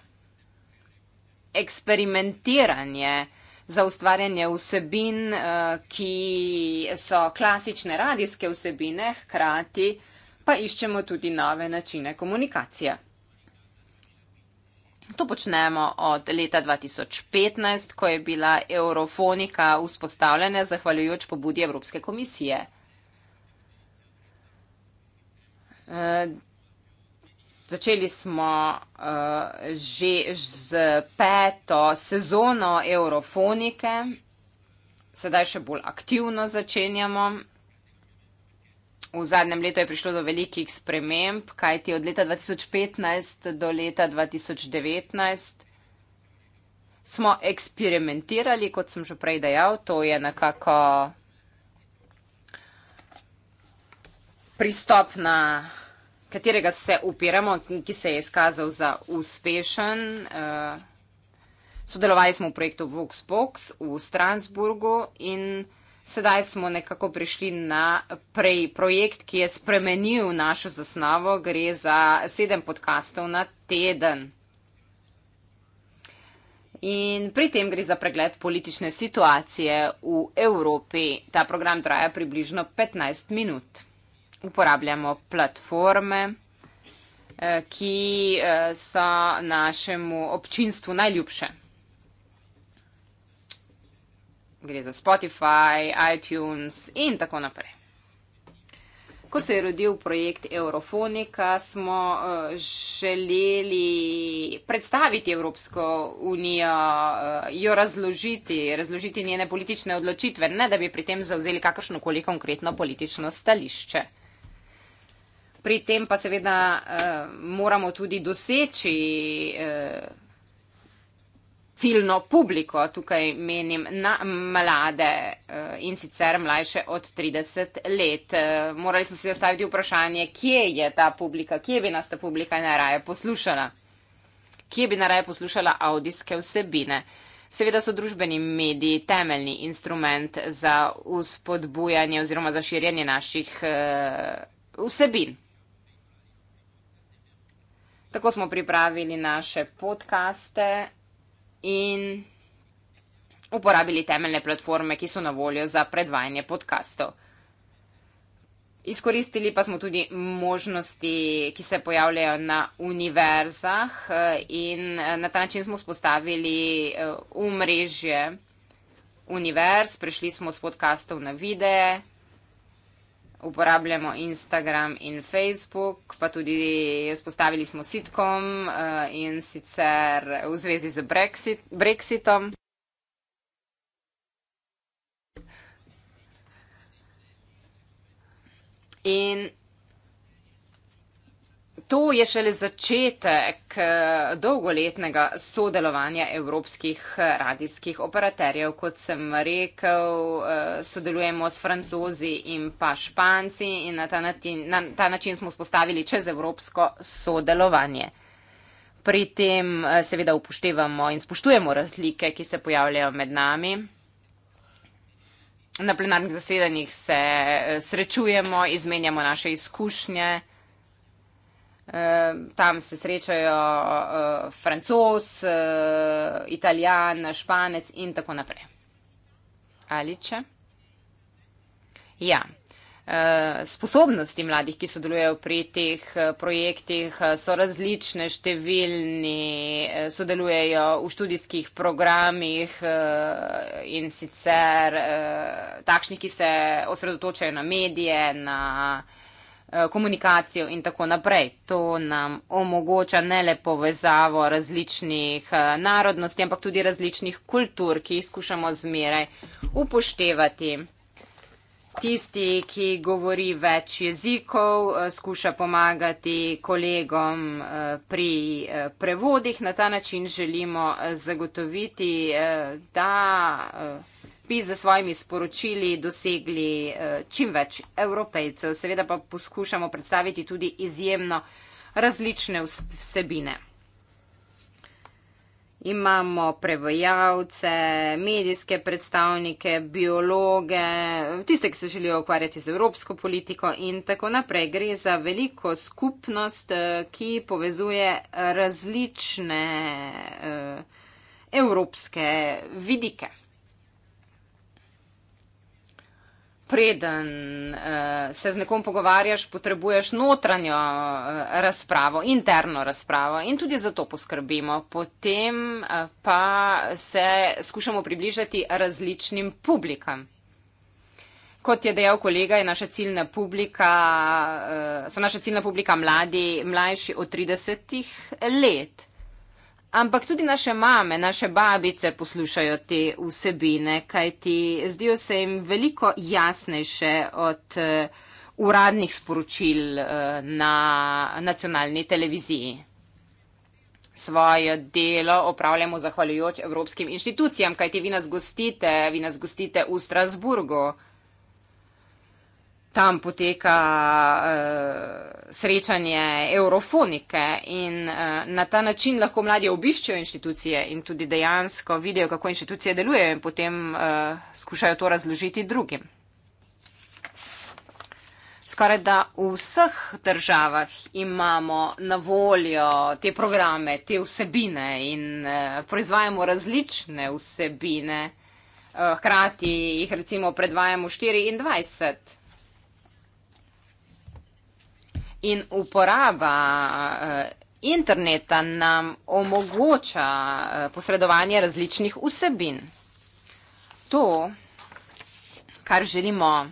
eksperimentiranje, za ustvarjanje vsebin, eh, ki so klasične radijske vsebine, hkrati pa iščemo tudi nove načine komunikacije. To počnemo od leta 2015, ko je bila eurofonika vzpostavljena zahvaljujoč pobudi Evropske komisije. Začeli smo uh, že z peto sezono Eurofonike, sedaj še bolj aktivno začenjamo. V zadnjem letu je prišlo do velikih sprememb, kajti od leta 2015 do leta 2019 smo eksperimentirali, kot sem že prej dejal, to je nekako pristop na katerega se upiramo, ki se je izkazal za uspešen. Eh, sodelovali smo v projektu VoxBox v Strasburgu in sedaj smo nekako prišli na prej projekt, ki je spremenil našo zasnavo. Gre za sedem podkastov na teden. In pri tem gre za pregled politične situacije v Evropi. Ta program traja približno 15 minut uporabljamo platforme, eh, ki eh, so našemu občinstvu najljubše. Gre za Spotify, iTunes in tako naprej. Ko se je rodil projekt Eurofonika, smo eh, želeli predstaviti Evropsko unijo, jo razložiti, razložiti njene politične odločitve, ne da bi pri tem zauzeli kakršno koli konkretno politično stališče pri tem pa seveda uh, moramo tudi doseči uh, ciljno publiko, tukaj menim na mlade uh, in sicer mlajše od 30 let. Uh, morali smo si zastaviti vprašanje, kje je ta publika, kje bi nas ta publika najraje poslušala, kje bi najraje poslušala audijske vsebine. Seveda so družbeni mediji temeljni instrument za uspodbujanje oziroma za širjenje naših uh, vsebin. Tako smo pripravili naše podkaste in uporabili temeljne platforme, ki so na voljo za predvajanje podkastov. Izkoristili pa smo tudi možnosti, ki se pojavljajo na univerzah eh, in eh, na ta način smo spostavili umrežje eh, univerz, prišli smo s podkastov na videe uporabljamo Instagram in Facebook, pa tudi vzpostavili smo sitkom uh, eh, in sicer v zvezi z Brexit, Brexitom. In To je šele začetek eh, dolgoletnega sodelovanja evropskih eh, radijskih operaterjev. Kot sem rekel, eh, sodelujemo s francozi in pa španci in na ta način, na ta način smo spostavili čez evropsko sodelovanje. Pri tem seveda upoštevamo in spoštujemo razlike, ki se pojavljajo med nami. Na plenarnih zasedanjih se srečujemo, izmenjamo naše izkušnje tam se srečajo uh, e, francos, uh, e, italijan, španec in tako naprej. Ali če? Ja. E, sposobnosti mladih, ki sodelujejo pri teh projektih, so različne, številni sodelujejo v študijskih programih in sicer takšnih, ki se osredotočajo na medije, na uh, Eh, komunikacijo in tako naprej. To nam omogoča ne le povezavo različnih eh, narodnosti, ampak tudi različnih kultur, ki jih skušamo zmeraj upoštevati. Tisti, ki govori več jezikov, eh, skuša pomagati kolegom pri prevodih. Na ta način želimo zagotoviti, da bi z svojimi sporočili dosegli eh, čim več evropejcev. Seveda pa poskušamo predstaviti tudi izjemno različne vsebine. Imamo prevajalce, medijske predstavnike, biologe, tiste, ki se želijo ukvarjati z evropsko politiko in tako naprej. Gre za veliko skupnost, eh, ki povezuje različne eh, evropske vidike. preden uh, se z nekom pogovarjaš, potrebuješ notranjo eh, razpravo, interno razpravo in tudi za to poskrbimo. Potem uh, pa se skušamo približati različnim publikam. Kot je dejal kolega, je naša ciljna publika, so naša ciljna publika mladi, mlajši od 30 let. Ampak tudi naše mame, naše babice poslušajo te vsebine, kajti zdijo se jim veliko jasnejše od uh, uradnih sporočil uh, na nacionalni televiziji. Svojo delo opravljamo zahvaljujoč evropskim inštitucijam, kajti vi nas gostite, vi nas gostite v Strasburgu. Uh, tam poteka uh, srečanje eurofonike in uh, na ta način lahko mladi obiščejo inštitucije in tudi dejansko vidijo, kako inštitucije delujejo in potem uh, skušajo to razložiti drugim. Skoraj da v vseh državah imamo na voljo te programe, te vsebine in uh, proizvajamo različne vsebine, uh, hkrati jih recimo predvajamo 24 in uporaba eh, interneta nam omogoča eh, posredovanje različnih vsebin. To, kar želimo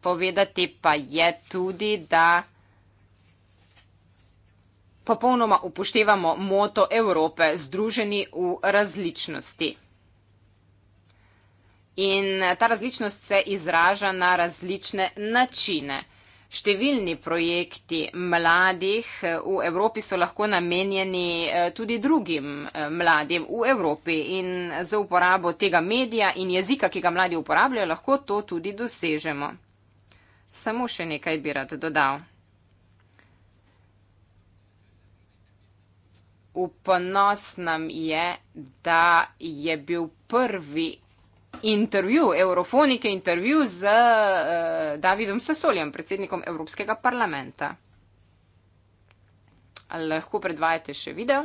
povedati, pa je tudi, da popolnoma upoštevamo moto Evrope združeni v različnosti. In ta različnost se izraža na različne načine številni projekti mladih eh, v Evropi so lahko namenjeni eh, tudi drugim eh, mladim v Evropi in z uporabo tega medija in jezika, ki ga mladi uporabljajo, lahko to tudi dosežemo. Samo še nekaj bi rad dodal. V ponos nam je, da je bil prvi intervju, eurofonike intervju z uh, Davidom Sasoljem, predsednikom Evropskega parlamenta. Ali lahko predvajate še video?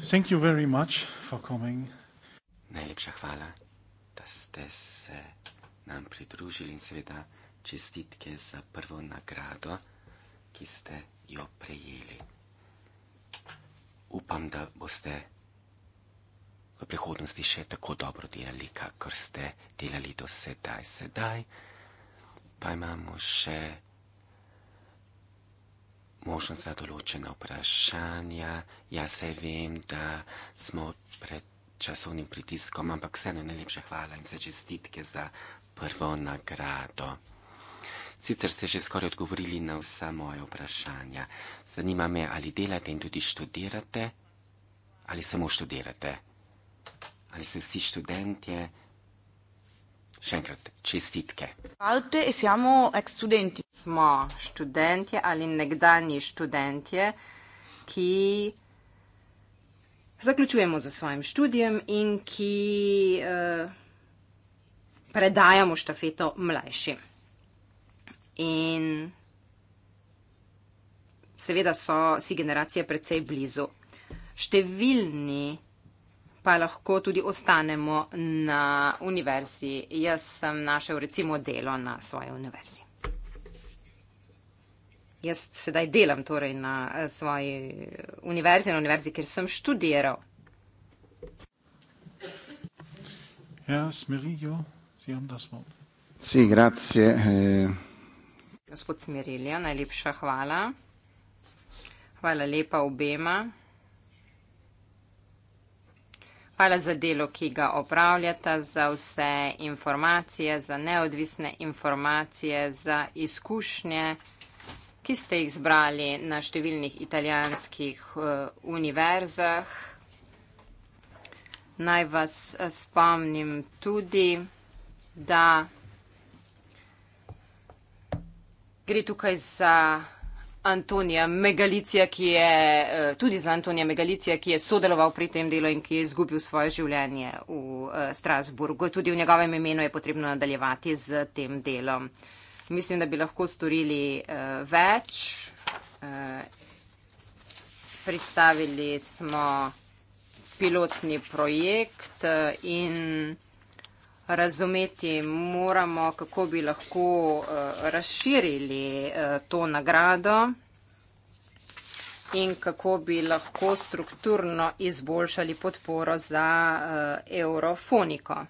Thank you very much for coming. Najlepša hvala, da ste se nam pridružili in seveda čestitke za prvo nagrado, ki ste jo prejeli. Upam, da boste v prihodnosti še tako dobro delali, kakor ste delali do sedaj. Sedaj pa imamo še možno za določena vprašanja. Ja se vem, da smo pred časovnim pritiskom, ampak vseeno najlepše hvala in se čestitke za prvo nagrado. Sicer ste že skoraj odgovorili na vsa moja vprašanja. Zanima me, ali delate in tudi študirate, ali samo študirate, ali ste vsi študentje, Še enkrat čestitke. Alte, e siamo ex studenti. Smo študentje ali nekdani študentje, ki zaključujemo za svojim študijem in ki uh, predajamo štafeto mlajšim. In seveda so si generacije precej blizu. Številni pa lahko tudi ostanemo na univerzi. Jaz sem našel recimo delo na svoji univerzi. Jaz sedaj delam torej na eh, svoji univerzi, na univerzi, kjer sem študiral. Ja, eh. Gospod Smerilja, najlepša hvala. Hvala lepa obema. Hvala za delo, ki ga opravljata, za vse informacije, za neodvisne informacije, za izkušnje, ki ste jih zbrali na številnih italijanskih uh, univerzah. Naj vas eh, spomnim tudi, da gre tukaj za Antonija Megalicija, ki je, eh, tudi za Antonija Megalicija, ki je sodeloval pri tem delu in ki je izgubil svoje življenje v eh, Strasburgu. Tudi v njegovem imenu je potrebno nadaljevati z tem delom. Mislim, da bi lahko storili eh, več. Predstavili smo pilotni projekt in razumeti moramo, kako bi lahko eh, razširili eh, to nagrado in kako bi lahko strukturno izboljšali podporo za eh, eurofoniko.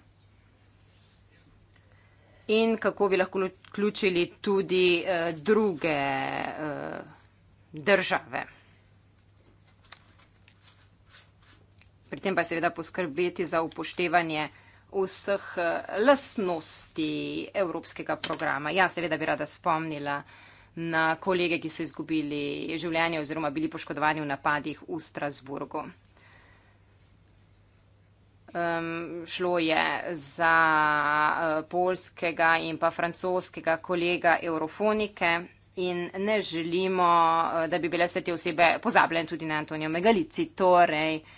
In kako bi lahko vključili tudi druge države. Pri tem pa seveda poskrbeti za upoštevanje vseh eh, lasnosti evropskega programa. Ja, seveda bi rada spomnila na kolege, ki so izgubili življenje oziroma bili poškodovani v napadih v Strasburgu. Um, šlo je za uh, polskega in pa francoskega kolega Eurofonike in ne želimo, uh, da bi bile vse te osebe pozabljene tudi na Antonijo Megalici. Torej, uh,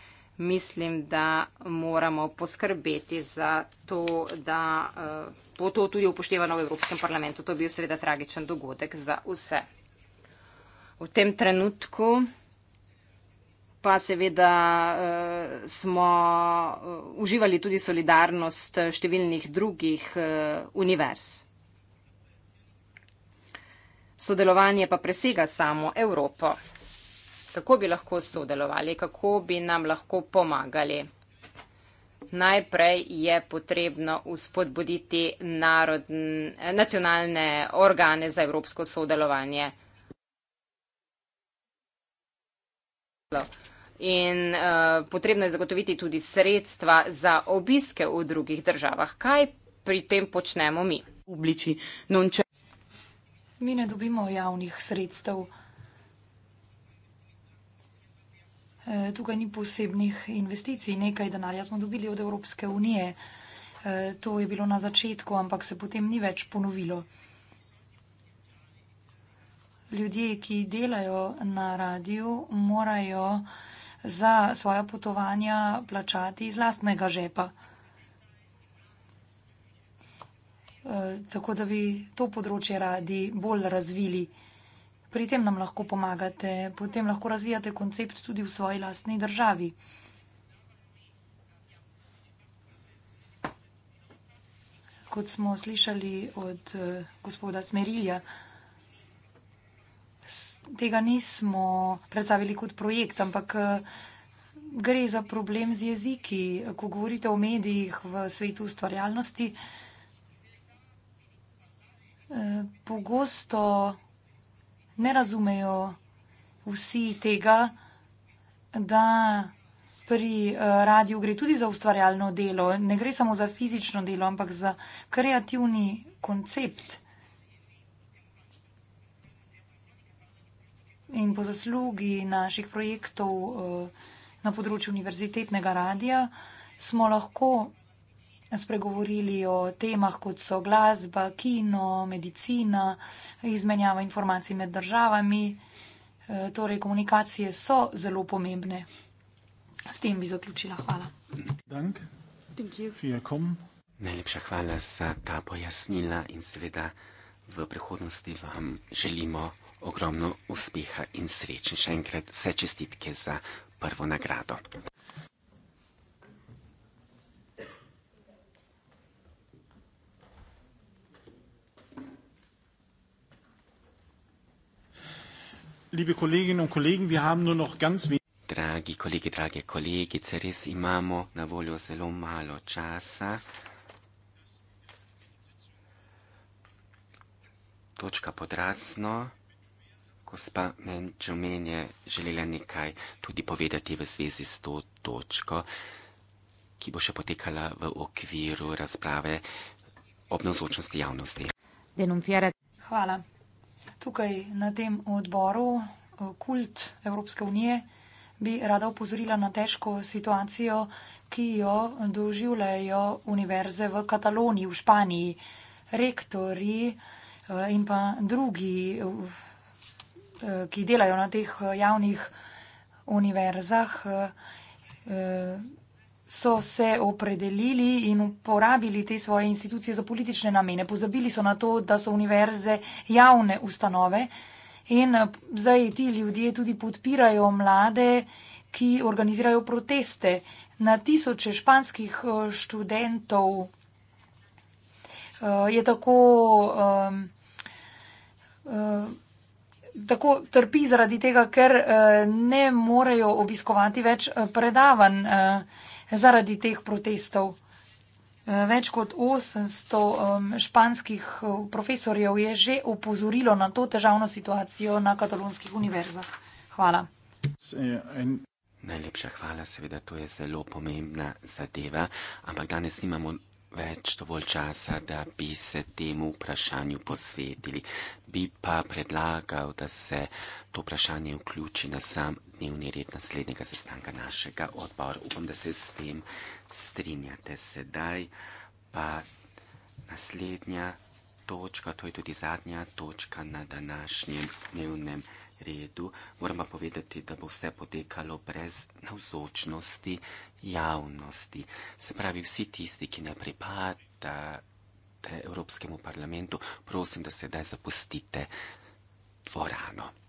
mislim, da moramo poskrbeti za to, da eh, bo to tudi upoštevano v Evropskem parlamentu. To bi bil seveda tragičen dogodek za vse. V tem trenutku pa seveda uh, smo uh, uživali tudi solidarnost številnih drugih uh, univerz. Sodelovanje pa presega samo Evropo kako bi lahko sodelovali, kako bi nam lahko pomagali. Najprej je potrebno uspodbuditi narodn, nacionalne organe za evropsko sodelovanje. In uh, potrebno je zagotoviti tudi sredstva za obiske v drugih državah. Kaj pri tem počnemo mi? Mi ne dobimo javnih sredstev. E, tukaj ni posebnih investicij, nekaj denarja smo dobili od Evropske unije. E, to je bilo na začetku, ampak se potem ni več ponovilo. Ljudje, ki delajo na radiju, morajo za svoja potovanja plačati iz lastnega žepa. E, tako da bi to področje radi bolj razvili. Pri tem nam lahko pomagate, potem lahko razvijate koncept tudi v svoji lastni državi. Kot smo slišali od eh, gospoda Smerilja, tega nismo predstavili kot projekt, ampak eh, gre za problem z jeziki. Ko govorite o medijih v svetu ustvarjalnosti, eh, pogosto ne razumejo vsi tega, da pri eh, radiju gre tudi za ustvarjalno delo, ne gre samo za fizično delo, ampak za kreativni koncept. In po zaslugi naših projektov eh, na področju univerzitetnega radia smo lahko spregovorili o temah, kot so glasba, kino, medicina, izmenjava informacij med državami. E, torej, komunikacije so zelo pomembne. S tem bi zaključila. Hvala. Najlepša hvala za ta pojasnila in seveda v prihodnosti vam želimo ogromno uspeha in sreče. Še enkrat vse čestitke za prvo nagrado. liebe Kolleginnen und Kollegen, wir haben nur noch ganz wenig. Dragi colleghi, draghe colleghi, ceris imamo na voljo zelo malo časa. Točka podrasno. Gospa Menčumen je želela nekaj tudi povedati v zvezi s to točko, ki bo še potekala v okviru razprave ob navzočnosti javnosti. Denunciare. Hvala tukaj na tem odboru eh, Kult Evropske unije bi rada upozorila na težko situacijo, ki jo doživljajo univerze v Kataloniji, v Španiji. Rektori eh, in pa drugi, eh, ki delajo na teh javnih univerzah, so se opredelili in uporabili te svoje institucije za politične namene. Pozabili so na to, da so univerze javne ustanove in eh, zdaj ti ljudje tudi podpirajo mlade, ki organizirajo proteste. Na tisoče španskih eh, študentov eh, je tako. Tako trpi zaradi tega, ker ne morejo obiskovati več predavanj zaradi teh protestov. Eh, več kot 800 španskih eh, profesorjev je že upozorilo na to težavno situacijo na katalonskih univerzah. Hvala. Najlepša hvala, seveda to je zelo pomembna zadeva, ampak danes nimamo več dovolj časa, da bi se temu vprašanju posvetili. Bi pa predlagal, da se to vprašanje vključi na sam dnevni red naslednjega sestanka našega odbora. Upam, da se s tem strinjate sedaj. Pa naslednja točka, to je tudi zadnja točka na današnjem dnevnem redu. Moram pa povedati, da bo vse potekalo brez navzočnosti javnosti. Se pravi, vsi tisti, ki ne pripadate Evropskemu parlamentu, prosim, da sedaj zapustite dvorano.